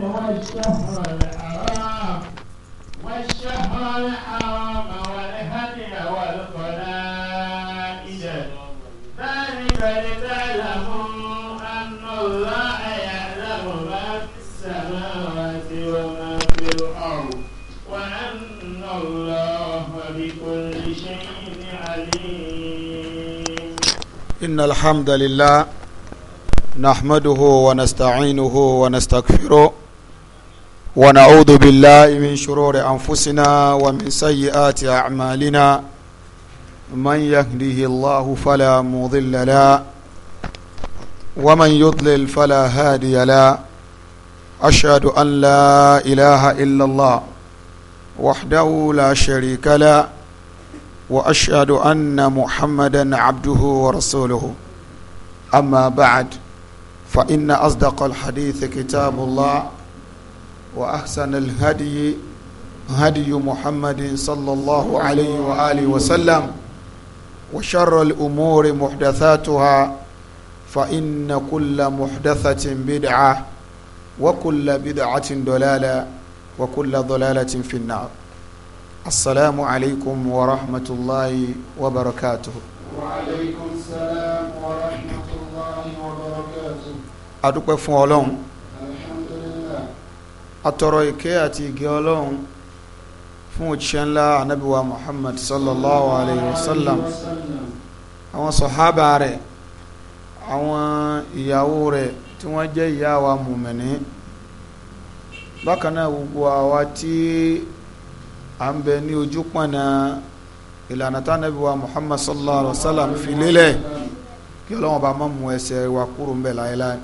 والشهر الحرام والشهر الحرام والهدي ذلك أن الله يعلم ما في السماوات وأن الله بكل شيء عليم إن الحمد لله نحمده ونستعينه ونستغفره ونعوذ بالله من شرور أنفسنا ومن سيئات أعمالنا من يهده الله فلا مضل له ومن يضلل فلا هادي له أشهد أن لا إله إلا الله وحده لا شريك له وأشهد أن محمدا عبده ورسوله أما بعد فإن أصدق الحديث كتاب الله وأحسن الهدي هدي محمد صلى الله عليه وآله وسلم وشر الأمور محدثاتها فإن كل محدثة بدعة وكل بدعة ضلالة وكل ضلالة في النار السلام عليكم ورحمة الله وبركاته وعليكم السلام ورحمة الله وبركاته أدوك فون atọrọ ìkẹ́ àti ìgẹ́ ọlọ́run fún òjíṣẹ́ ńlá anábíwá muhammad sallallahu alayhi wa sallam àwọn sọ̀hábà rẹ̀ àwọn ìyàwó rẹ̀ tí wọ́n jẹ́ ìyá wa mùmìnì bákan náà gbogbo àwa tí a ń bẹ ní ojú pọ̀nà ìlànà tánàbíwá muhammad sallallahu alayhi wa sallam fi lélẹ̀ kí ọlọ́run bá má mú ẹsẹ̀ wa kúrò ń bẹ̀ láéláé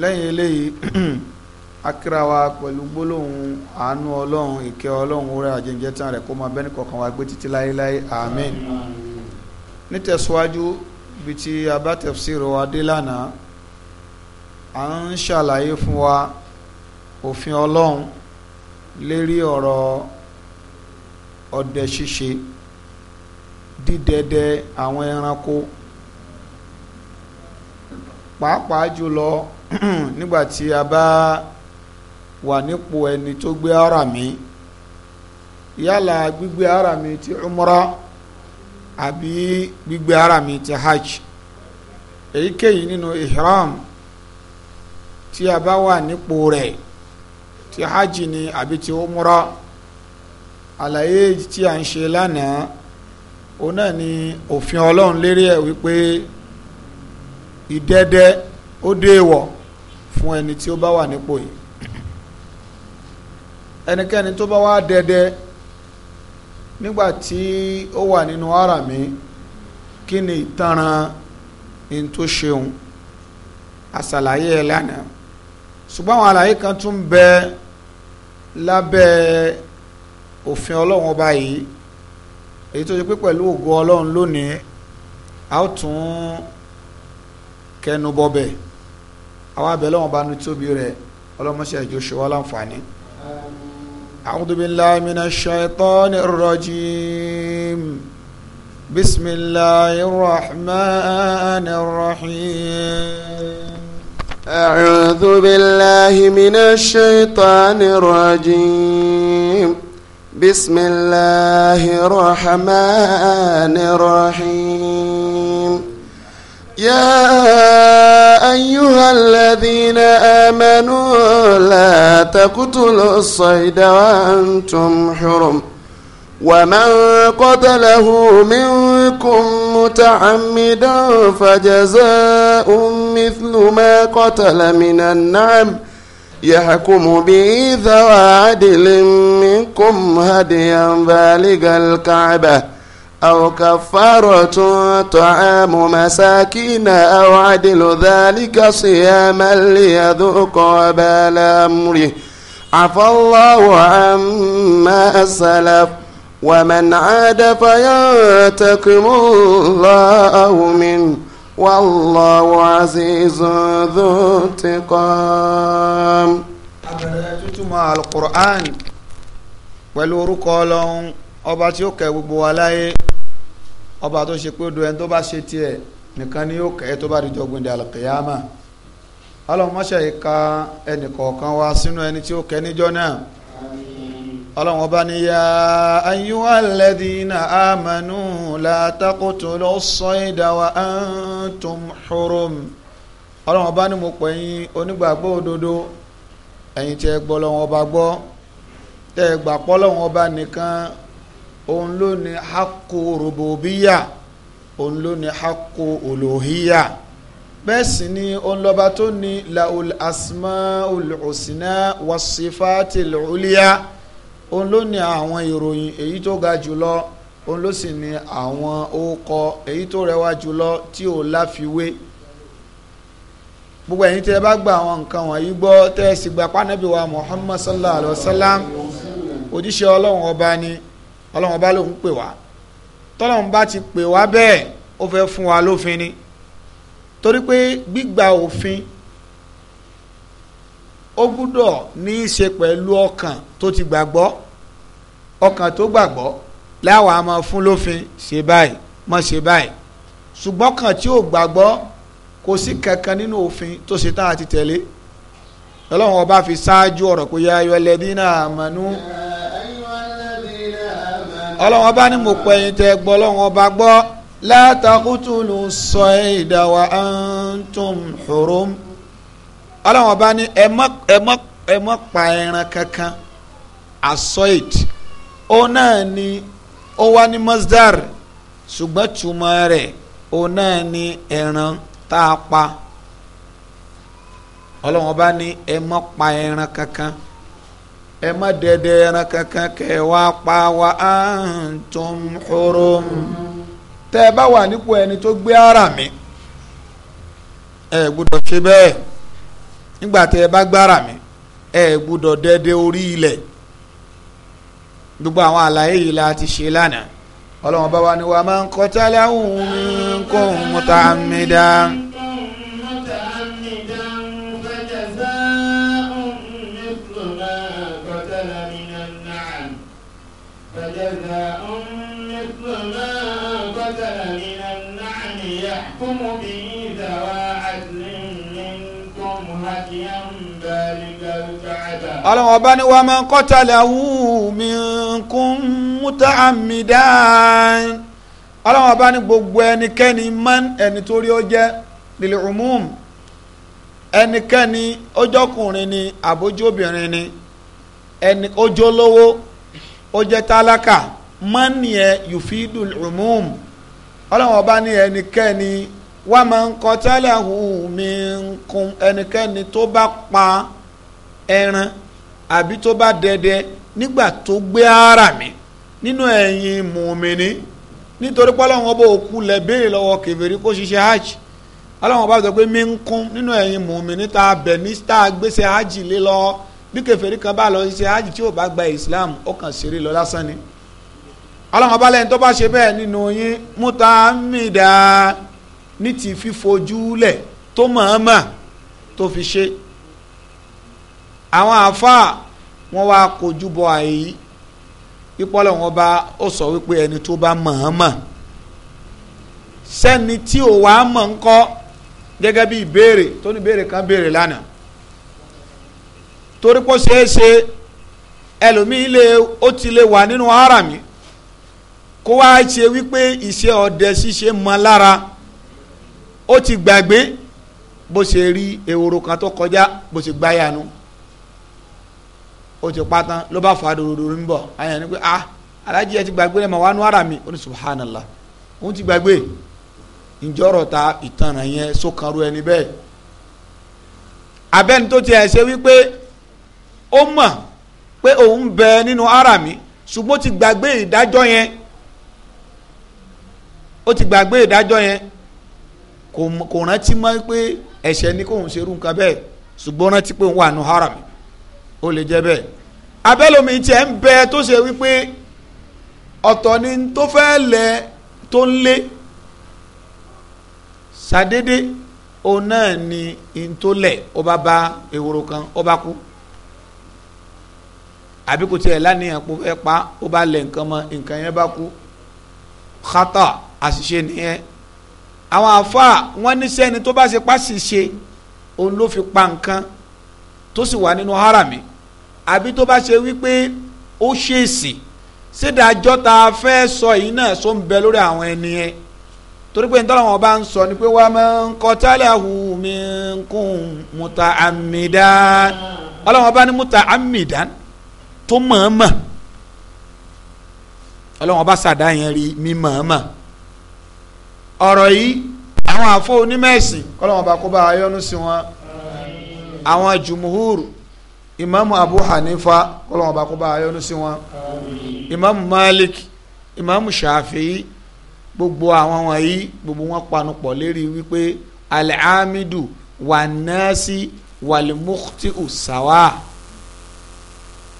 lẹ́yìn eléyìí akírawa pẹ̀lú gbólóhùn àánú ọlọ́run ìkẹ́ ọlọ́run orí àjẹjẹ tán rẹ̀ kó máa bẹ́ni kọ̀ọ̀kan wá gbé títí láéláé àmín nítẹ̀síwájú bíi ti abátẹ̀síro adélànà à ń ṣàlàyé fún wa òfin ọlọ́run lérí ọ̀rọ̀ ọdẹ ṣíṣe dídẹdẹ àwọn ẹranko pàápàá jùlọ nígbàtí a bá wà nípò ẹni tó gbé ara mi yálà gbígbé ara mi ti umra àbí gbígbé ara mi ti hajj èyíkéyìí nínú ihram tí a bá wà nípò rẹ̀ ti hajj ni àbí ti umra àlàyé tí a ń ṣe lánàá òun náà ni òfin ọlọ́run lérí ẹ̀ wípé ìdẹ́dẹ́ ó dé fún ẹni tí ó bá wà nípò yìí ẹnikẹ́ni tó bá wá dẹ́dẹ́ nígbà tí ó wà nínú ara mi kí ni ìtanràn in tó ṣeun àṣàlàyé ẹ lánàá ṣùgbọ́n àwọn àlàyé kan tún bẹ lábẹ́ òfin ọlọ́run ọba yìí èyí tó ṣe pé pẹ̀lú ògo ọlọ́run lónìí a ó tún kẹnu bọbẹ̀ àwọn abẹ́lẹ́ wọn bá nu tóbi rẹ̀ ọlọ́mọṣẹ́ ìjọ ṣe wá láǹfààní. a'udhu billahi minash shaitanir rajim bismillahir rahim. a'udhu billahi minash shaitanir rajim. بسم الله يا أيها الذين آمنوا لا تقتلوا الصيد وأنتم حرم ومن قتله منكم متعمدا فجزاء مثل ما قتل من النعم يحكم به ذو عدل منكم هديا بالغ الكعبه أو كفارة طعام مساكين أو عدل ذلك صياما ليذوق وبال أمره عفى الله عما سلف ومن عاد فينتقم الله منه والله عزيز ذو انتقام túmọ̀ alukur'an pẹ̀lú orúkọ ọlọ́run ọba tí ọba tó ṣe pé do ẹni tó bá ṣe tiẹ̀ nìkan ni yóò kẹ́ tó bá di jọgbìn di alqiyama ọlọmọṣẹ ìka ẹnì kọ̀ọ̀kan wa sínú ẹni tí ó kẹ́ níjọ́ náà ọlọ́wọ́n bá ní ya ayyuhal ladhina amanu la taqtulu as-sayda wa antum hurum ọlọ́wọ́n bá ní mo pè yín onígbàgbọ́ òdodo ẹ̀yin tí ẹ gbọ́ lọ́wọ́n ọba gbọ́ tẹ́ ẹ gbà pọ́ lọ́wọ́n ọba nìkan òun ló ní hako rububiya òun ló ní hako olohiya bẹ́ẹ̀ sì ni òun lọ́ba tó ní laul asmaul husna wasifatil uliya òun ló ní àwọn ìròyìn èyí tó ga jùlọ òun ló sì ní àwọn orúkọ èyí tó rẹwà jùlọ tí ò láfiwé gbogbo ẹ̀yin tẹ́ ẹ bá gba àwọn nǹkan wọ̀nyí gbọ́ tẹ́ ẹ sì gba pánẹ́bí wa Muhammad sallallahu alayhi wa sallam òjíṣẹ́ ọlọ́run ọba ni ọlọ́run bá lòun pè wá tọ́lọ́run bá ti pè wá bẹ́ẹ̀ ó fẹ́ fún wa lófin ni torí pé gbígba òfin ó gbúdọ̀ ní í ṣe pẹ̀lú ọkàn tó ti gbàgbọ́ ọkàn tó gbàgbọ́ láwa máa fún lófin ṣe báyìí má ṣe báyìí ṣùgbọ́n kan tí ò gbàgbọ́ kò sí kankan nínú òfin tó ṣe tá a ti tẹ̀lé ọlọ́run ọba fi ṣáájú ọ̀rọ̀ pé yá ẹlẹ́dínà àmọ́nú ọlọ́wọ́n bá ní mo pẹ́ yín tẹ́ gbọ́ ọlọ́wọ́n bá gbọ́ látàkùtùlù sọ ìdá wa antum hurum ọlọ́wọ́n bá ní ẹ mọ́ pa ẹran kankan asoid ó náà ni ó wá ní masdar ṣùgbọ́n túmọ̀ rẹ̀ ó náà ni ẹran tá a pa ọlọ́wọ́n bá ní ẹ pa ẹran kankan. ẹ má ẹran kankan kẹ wá pa wá tẹ ẹ wà nípò ẹni tó gbé ara mi ẹ ṣe bẹ́ẹ̀ nígbà ẹ bá ara mi ẹ dẹdẹ orí ilẹ̀ gbogbo àwọn àlàyé yìí la ti ṣe lánàá ọlọ́run wa ni máa ń kọ́ tálẹ́ àwọn ohun نحكم به ذوى عدل منكم هديا بالغ الكعبة ألو بني ومن قتله منكم متعمدا ọlọ́wọ́n bá ní gbogbo ẹnikẹ́ni man ẹni tó rí ó jẹ́ lílẹ̀ umum ẹnikẹ́ni ọjọ́kùnrin ni àbójóbìnrin ni ẹni ojólówó ó jẹ́ man yẹn yufidul umum ọlọ́run ọba ní ẹnikẹ́ni wà máa ń kọ́ tẹ́lẹ̀ hù mí kún ẹnikẹ́ni tó bá pa ẹran àbí tó bá dẹdẹ nígbà tó gbé ara mi nínú ẹ̀yin mùmíní nítorí pọ́lọ́run ọba òkú lẹ béèrè lọ́wọ́ kèfèrí kó ṣiṣẹ́ hajj ọlọ́run ọba sọ pé mí ń kún nínú ẹ̀yin mùmíní tá a bẹ̀ ní tá a gbèsè hajj lé lọ bí kèfèrí kan bá lọ ṣiṣẹ́ hajj tí ò bá gba Islam ó kàn ṣeré lọ lásán ni. ọlọ́run ọba lẹ́yìn tó bá ṣe bẹ́ẹ̀ nínú yín mútàmídà ní ti fífojúlẹ̀ tó mọ̀ọ́mọ̀ tó fi ṣe àwọn àáfàá wọn wá kojú bọ àyè ìpọ́lọ̀ wọn bá ó sọ wípé ẹni tó bá mọ̀ọ́mọ̀ sẹ́ni tí ò wá mọ̀ ń kọ́ gẹ́gẹ́ bí ìbéèrè tó ní ìbéèrè kan béèrè lánàá torí pé ó ṣeé ṣe ẹlòmíín lè ó ti lè wà nínú ara mi kó wá ṣe wípé iṣẹ́ ọdẹ ṣíṣe mọ́ lára ó ti gbàgbé bó ṣe rí ehoro kan tó kọjá bó ṣe gbáyanu ó ti pátán ló bá fà á ń bọ̀ àyàn ni pé ah alájí ẹ ti gbàgbé rẹ mà wá nú ara mi ó ní subhanallah òun ti gbàgbé ìjọrọ ta ìtànà yẹn sókanru ẹni bẹ́ẹ̀ abẹ́ni tó tiẹ̀ ṣe wípé ó mọ̀ pé òun bẹ nínú ara mi ṣùgbọ́n ti gbàgbé ìdájọ́ yẹn ó ti gbàgbé ìdájọ́ yẹn kò rántí mọ́ pé ẹ̀ṣẹ̀ ni kóun ṣerú nǹkan bẹ́ẹ̀ ṣùgbọ́n rántí pé òun wà nù haram ó lè jẹ́ bẹ́ẹ̀ abẹ́lómi tiẹ̀ ń bẹ tó ṣe wípé ọ̀tọ̀ ni tó fẹ́ lẹ tó ń lé ṣàdédé òun náà ni ntólẹ̀ ó bá bá ehoro kan ó bá kú àbí tiẹ̀ lánìyàn pé fẹ́ pa ó bá lẹ̀ nǹkan mọ́ nǹkan yẹn bá kú xátà àṣìṣe nìyẹn àwọn àfáà wọn ní sẹ́ni tó bá ṣe pàṣìṣe òun ló fi pa nǹkan tó sì wà nínú harami àbí tó bá ṣe wípé ó ṣèèsì sídàájọ́ tá a fẹ́ sọ yìí náà sọ ń bẹ lórí àwọn ẹni yẹn torí pé nítorí àwọn bá ń sọ ni pé wàá máa ń kọ́ tálẹ̀ hù mí kún muta amidan ọlọ́wọ́n bá ní muta amidan tó mọ̀ọ́mọ̀ ọlọ́wọ́n bá sàdá yẹn rí mi mọ̀ọ́mọ̀ ọ̀rọ̀ yìí àwọn àfọ onímẹ̀sìn kọ́lọ́wọ́n bá kó bá ayọ́nu sí wọn àwọn jùmùhúrù ìmáàmù abu hanifa kọ́lọ́wọ́n bá kó bá ayọ́nu sí wọn ìmáàmù malik ìmáàmù shafi'i gbogbo àwọn wọ̀nyí gbogbo wọn panupọ̀ lérí wípé alhamidu wà nẹ́ẹ̀sì wàlímùtì ọ̀sáwà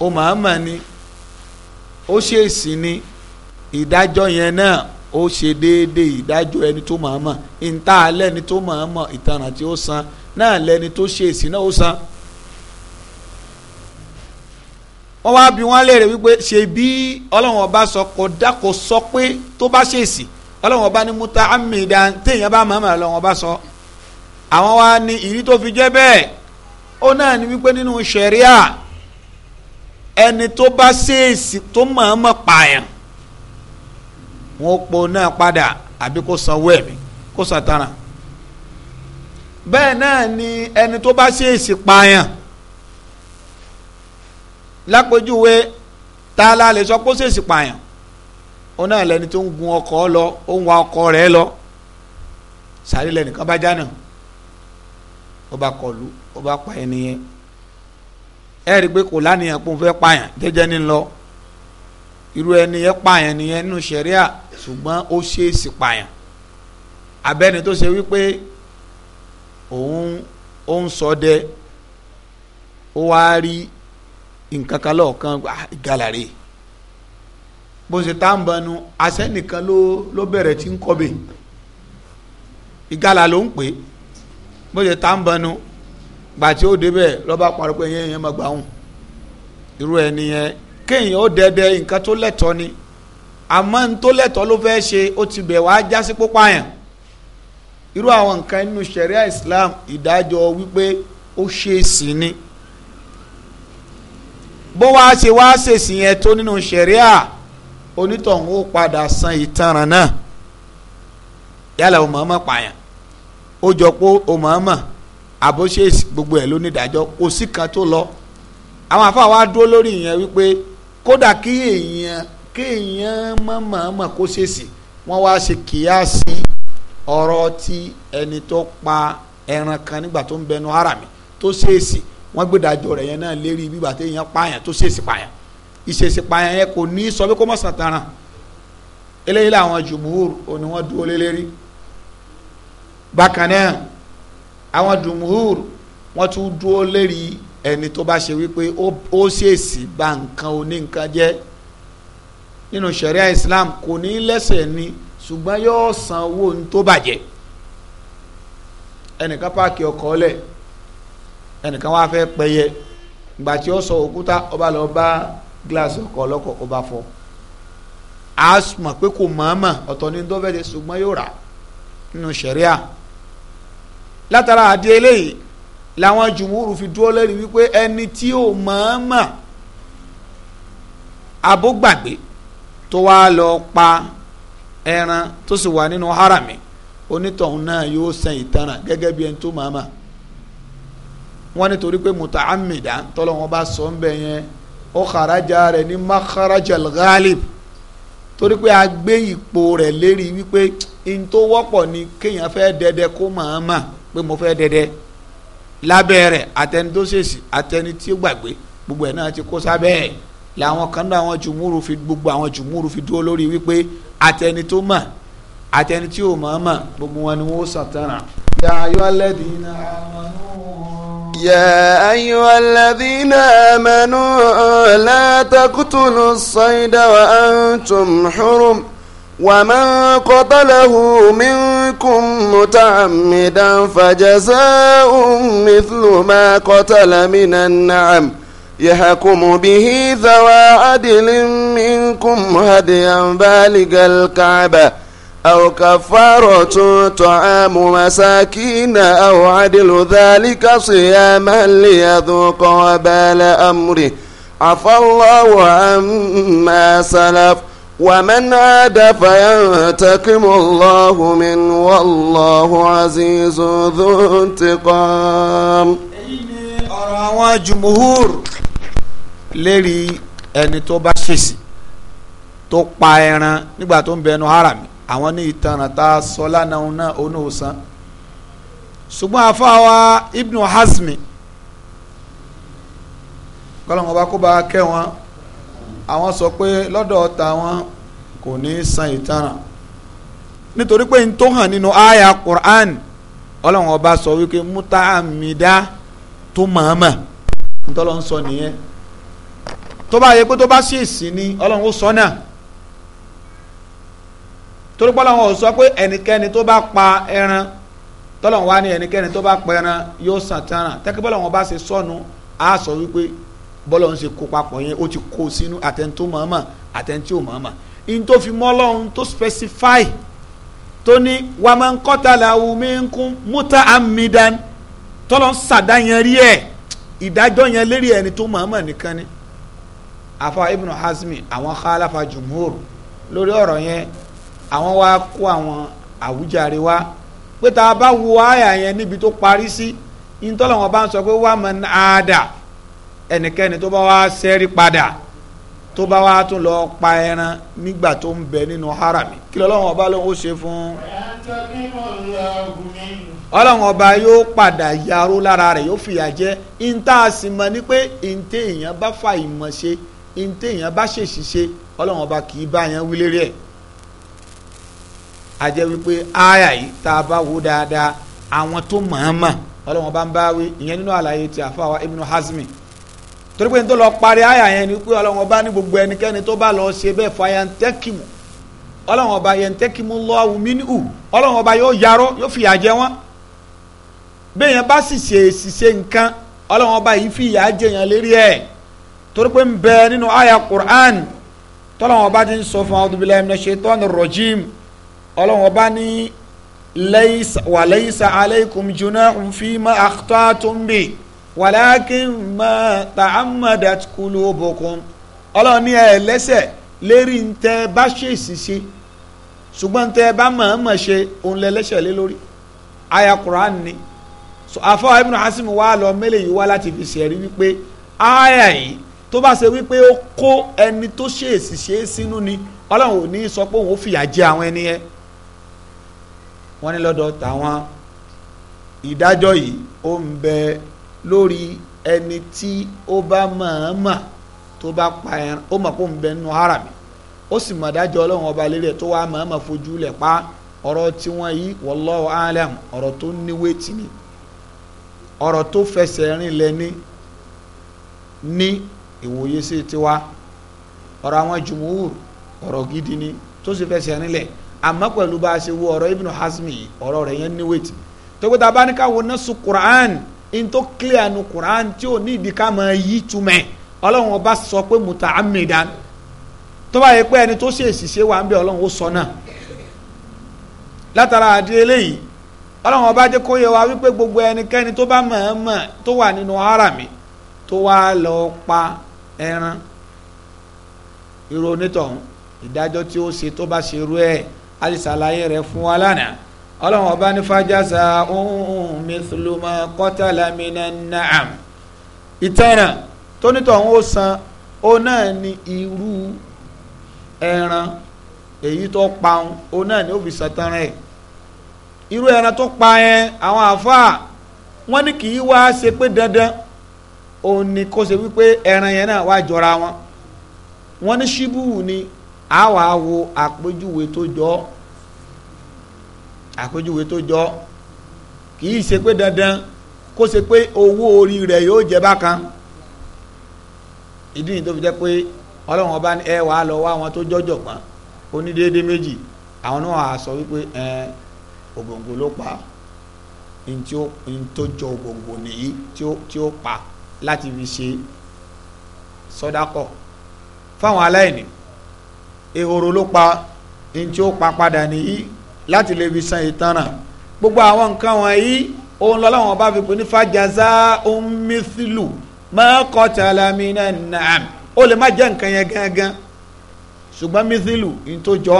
ó ni ó ṣèèsì ni ìdájọ́ yẹn náà ó ṣe déédéé ìdájọ́ ẹni tó máa mọ̀ ìta lẹ́ni tó máa mọ̀ ìtanràn tí ó san náà lẹ́ni tó ṣe èsì náà ó san. wọ́n wá bí wọ́n léèrè wípé ṣe bí ọlọ́run ọba sọ kò dákò sọ pé tó bá ṣe èsì ọlọ́run ọba ní muta amidan téèyàn bá mọ̀ ọ́mọ́ ọlọ́run ọba sọ. àwọn wa ní ìrí tó fi jẹ́ bẹ́ẹ̀ ó náà ní wípé nínú ṣẹ̀ríà ẹni tó bá ṣe èsì tó máa mọ̀ pààyàn wọn ó po náà padà àbí kó sanwó ẹ̀mí kó sàtàrà bẹ́ẹ̀ náà ni ẹni tó bá ṣèèṣì pààyàn lápèjúwe tá a la lè sọ pé ó ṣèèṣì pààyàn ó náà lẹni tó ń gun ọkọ̀ lọ ó ń wa ọkọ̀ rẹ̀ lọ sáré lẹnìkan bá jánà ó bá kọlu ó bá pa ẹni yẹn ẹ rí i pé kò lánìyàn pé òun fẹ́ pààyàn jẹ́jẹ́ ní lọ irú ẹni yẹn pààyàn nìyẹn nínú sẹ̀ríà ṣùgbọ́n ó ṣeé sì pààyàn abẹ́ni tó ṣe wípé òun ó ń ṣọdẹ ó wá rí nǹkan kan lọ́ọ̀kan ah, ìgalàre bó ṣe tá ń bọnu asẹ́nìkan ló ló bẹ̀rẹ̀ tí ń kọ́bẹ̀ ìgalà ló ń pè bó ṣe tá ń bọnu gbà tí ó débẹ̀ lọ́ba pariwo yẹn yẹn máa gbà hùn irú ẹni yẹn kéèyàn ó dẹdẹ nǹkan tó lẹ́tọ̀ọ́ ni àmọ́ n tó lẹ́tọ̀ọ́ ló fẹ́ẹ́ ṣe ó ti bẹ̀ wá já pópá yẹn irú àwọn nǹkan nínú ṣẹ̀ríà Islam ìdájọ́ wípé ó ṣe sí ni bó wá ṣe wá ṣèṣì yẹn tó nínú ṣẹ̀ríà onítọ̀hún ó padà san ìtanràn náà yálà ó mọ̀ọ́mọ̀ pààyàn ó jọ pé ó mọ̀ọ́mọ̀ àbóṣe gbogbo ẹ̀ ló kò sí kan tó lọ àwọn àfáà wa dúró lórí ìyẹn wípé kódà kí èèyàn kéèyàn mọ̀mọ́mọ́ kó ṣèṣì wọ́n wá ṣe kíyàsí ọ̀rọ̀ tí ẹni tó pa ẹran kan nígbà tó ń bẹnu ara mi tó ṣèṣì wọ́n gbé dájọ́ rẹ̀ yẹn náà lérí bíbà tó yẹn pààyàn tó ṣèṣì pààyàn ìṣèṣì pààyàn yẹn kò ní sọ pé kó mọ̀ sàtàràn eléyìí làwọn jùmùúr òní wọ́n dúró lé lérí bákan náà àwọn jùmùúr wọ́n tún dúró lérí ẹni tó bá ṣe wípé ó ṣèṣì bà nǹkan oníǹkan jẹ́ nínú ṣẹ̀ríà Islam kò ní lẹ́sẹ̀ ni ṣùgbọ́n yóò san owó ní tó bàjẹ́ ẹnìkan páàkì ọkọ̀ ọ̀lẹ̀ ẹnìkan wá fẹ́ pẹyẹ ìgbà tí ó sọ òkúta ọba lọ bá gíláàsì ọkọ̀ ọlọ́kọ̀ ọba fọ́ a mọ̀ pé kò mọ̀ọ́mọ̀ ọ̀tọ̀ ní tó fẹ́ẹ́ ṣùgbọ́n yóò rà nínú ṣẹ̀ríà látara àdé eléyìí làwọn jùmúrù fi dúró lẹ́rìí wípé ẹni tí ò mọ̀ọ́mọ̀ abógbàgbé tó wá lọ pa ẹran tó sì wà nínú harami onítọ̀hún náà yóò san ìtanràn gẹ́gẹ́ bí ẹni tó màmá wọ́n nítorí pé muta'ammida tọ́lọ́wọ́n bá sọ ń bẹ̀ yẹn ó kharaja rẹ̀ ní makharajal ghalib torí pé a gbé ipò rẹ̀ lérí wípé n tó wọ́pọ̀ ni kéèyàn fẹ́ dẹdẹ kó màmá pé mo fẹ́ dẹdẹ lábẹ́ rẹ̀ àtẹni tó ṣèṣì àtẹni tí ó gbàgbé gbogbo ẹ̀ náà ti kó sábẹ́ ẹ̀ làwọn kan náà àwọn jùmúrù fi gbogbo àwọn jùmúrù fi dúró lórí wípé àtẹni tó mọ̀ àtẹni tí ò mọ̀ mọ̀ gbogbo wọn ni wọ́n sàtẹ̀ràn. yà ayọ́ lẹ́dí iná يا أيها الذين آمنوا لا تقتلوا الصيد وأنتم حرم ومن قتله منكم متعمدا فجزاء مثل ما قتل من النعم يحكم به ذوى عدل منكم هديا بالغ الكعبة أو كفارة طعام مساكين أو عدل ذلك صياما ليذوق وبال أمره عفى الله عما سلف ومن عاد فينتقم الله من والله عزيز ذو انتقام ọ̀rọ̀ àwọn lérí ẹni tó bá ṣèṣì tó pa ẹran nígbà tó ń bẹ ẹnu haram àwọn ní ìtanràn tá a sọ lánàá náà onóòsàn ṣùgbọ́n afáwa ibnu hasmi kọ́lọ́mù ọba kó bá kẹ́ wọn àwọn sọ pé lọ́dọ̀ tàwọn kò ní í san ìtanràn nítorí pé n tó hàn nínú àyà Qur'an ọlọ́run ọba sọ wípé mútàmídá tó màmá ntọ́lọ́ ń sọ nìyẹn tó bá yẹ pé tó bá sí ìsìn ni ọlọ́run ó sọ náà torí pé ọlọ́run ó sọ pé ẹnikẹ́ni tó bá pa ẹran tọ́lọ́run wá ní ẹnikẹ́ni tó bá pa ẹran yóò sàn tán tẹ́kí bọ́lọ́run bá ṣe sọnù á sọ wípé bọ́lọ́run ṣe kó papọ̀ yẹn ó ti kó sínú àtẹ̀ntó mọ̀ọ́mọ̀ àtẹ̀ntí mọ̀ọ́mọ̀ in tó fi mọ́ ọlọ́run tó specify tó ní wàmọ̀ńkọ́tàlàwù mi ń kún mútà àmìdán tọ́lọ́run ṣàdáyẹn rí ẹ̀ ìdájọ́ yẹn lérí ẹni tó mọ̀ọ́mọ̀ nìkan ni afa ibn hazmi àwọn khalafa jumhur lórí ọ̀rọ̀ yẹn àwọn wá kó àwọn àwùjáre wá pé tá a bá wo àyà yẹn níbi tó parí sí ìtọ́lọ̀ wọn bá ń sọ pé wà mọ̀ ní àdà ẹnikẹ́ni tó bá wá sẹ́rí padà tó bá wá tún lọ pa ẹran nígbà tó ń bẹ nínú harami kí lọ́lọ́wọ́n ọba ló ń ṣe fún. ọlọ́wọ́n ọba yóò padà yarú lára rẹ̀ yóò fìyà jẹ ìntàsímọ̀ ni pé ìntẹ̀ èèyàn bá fa ìmọ̀ ṣe ntẹ̀yàn bá ṣèṣì ṣe ọlọ́run ọba kì í bá yẹn wí lérí ẹ̀ a jẹ́ wípé aya yìí tá a bá wo dáadáa àwọn tó mọ̀ọ́mọ̀ ọlọ́run ọba ń bá wí ìyẹn nínú àlàyé ti àfàwà Ibn Hazmi torí pé n tó lọ parí aya yẹn ni pé ọlọ́run ọba ní gbogbo ẹnikẹ́ni tó bá lọ ṣe bẹ́ẹ̀ fayantekimu ọlọ́run ọba yantekimu lọ́wọ́ mínú ọlọ́run ọba yóò yarọ́ yóò fìyà jẹ wọ́n bẹ́ẹ̀ yẹn bá sì ṣe èsì ṣe nǹkan ọlọ́run ọba yìí fìyà jẹ yẹn lérí ẹ̀ torí pé ń bẹ nínú àyà Qur'an tọ́lọ́wọ́n bá ti ń sọ fún a'udhu billahi minash shaitanir rajim ọlọ́wọ́n bá ní wa laysa alaykum junahun fima akhtatum bi walakin ma ta'ammadat qulubukum ọlọ́wọ́n ní ẹ̀ lẹ́sẹ̀ lérí ń tẹ́ bá ṣèṣì ṣe ṣùgbọ́n tẹ́ bá mọ̀ọ́mọ̀ ṣe òun lẹ lẹ́sẹ̀ lé lórí àyà Qur'an ni so àfọwọ́ ibùdó hasim wà lọ mẹ́lẹ̀ yìí wá láti fi ṣẹ̀rí wípé àyà yìí tó bá ṣe wípé ó kó ẹni tó ṣèèsì ṣe é sínú ni ọlọ́run ò ní sọ pé òun ó fìyà jẹ àwọn ẹni yẹn wọ́n ní lọ́dọ̀ tàwọn ìdájọ́ yìí ó ń bẹ lórí ẹni tí ó bá mọ̀ọ́mọ̀ tó bá pa ẹran ó mọ̀ kó ń bẹ nínú harami ó sì mọ̀ dájọ́ ọlọ́run ọba lérí ẹ̀ tó wá mọ̀ọ́mọ̀ fojú lẹ̀ pa ọ̀rọ̀ tí wọ́n yí wallahu alam ọ̀rọ̀ tó níwé tì ní ọ̀rọ̀ tó fẹsẹ̀ rìn lẹ́ni ní ìwòye sí tiwa ọ̀rọ̀ àwọn jùmùúr ọ̀rọ̀ gidi ni tó sì fẹsẹ̀ nílẹ̀ àmọ́ pẹ̀lú bá a ṣe wo ọ̀rọ̀ Ibn Hazmi ọ̀rọ̀ rẹ̀ yẹn ní wètì tókòtà bá ní ká wo nọ́ọ̀sù Qur'an in tó clear nu Qur'an tí ò ní ìdí ká mọ yí túmẹ̀ ọlọ́run ọba sọ pé muta'ammidan tó bá yẹ pé ẹni tó ṣe ṣe wà ń bẹ ọlọ́run ó sọ náà látara àdé eléyìí ọlọ́run ọba jẹ́ kó yẹ wa wípé gbogbo ẹnikẹ́ni tó bá mọ̀ọ́mọ̀ tó wà nínú haram tó wá lọ pa ẹran irú onítọ̀hún ìdájọ́ tí ó ṣe tó bá ṣe irú ẹ̀ á lè ṣàlàyé rẹ̀ fún wa lánàá ọlọ́run ọba ní fàjásà ọ̀hún mẹ́sàlùmọ́ kọ́tàlámínà nàám ìtanràn tónítọ̀hún ó san ó náà ní irú ẹran èyí tó paun ó náà ní ó fi sàtàràn ẹ̀ irú ẹran tó pa yẹn àwọn àáfàá wọ́n ní kì í wá ṣe pé dandan òun ni kó ṣe wípé ẹran yẹn náà wá jọra wọn wọn ní ṣíbùú ni a wàá wo àpèjúwe tó jọ àpèjúwe tó jọ kì í ṣe pé dandan kó ṣe pé owó orí rẹ̀ yóò jẹ bákan ìdí yìí tó fi jẹ́ pé ọlọ́run ọba ẹ wàá lọ wá àwọn tó jọjọ pọ́n onídéédé méjì àwọn náà á sọ wípé ẹ ló pa ntí ó ntó jọ ògòǹgò nìyí tí ó pa láti fi ṣe sọdákọ̀ fáwọn aláìní ehoro ló pa ní tí ó pa padà nìyí láti lè fi san ìtanràn gbogbo àwọn nǹkan wọ̀nyí òun lọ́lọ́wọ́n bá fi pè ní fàjàzá omísìlù mọ́kọ́tàlámínà nàám ó lè má jẹ́ nǹkan yẹn gángan ṣùgbọ́n mísìlù ní tó jọ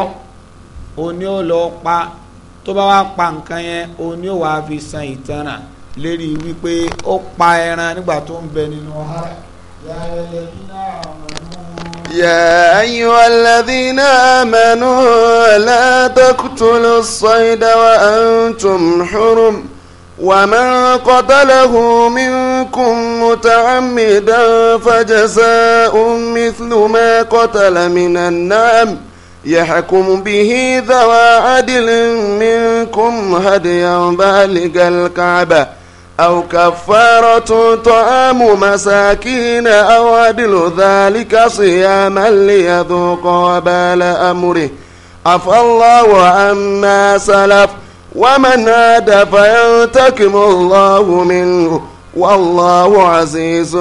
òun ni ó lọ pa tó bá wá pa nǹkan yẹn òun ni ó wàá fi san ìtanràn lérí wípé ó pa ẹran nígbà tó ń bẹ nínú ọ̀hún. يا أيها الذين آمنوا لا تقتلوا الصيد وأنتم حرم ومن قتله منكم متعمدا فجزاء مثل ما قتل من النعم يحكم به ذوى عدل منكم هديا بالغ الكعبه أو كفارة طعام مساكين أو عدل ذلك صياما ليذوق وبال أمره عفى الله عما سلف ومن عاد فينتكم الله منه والله عزيز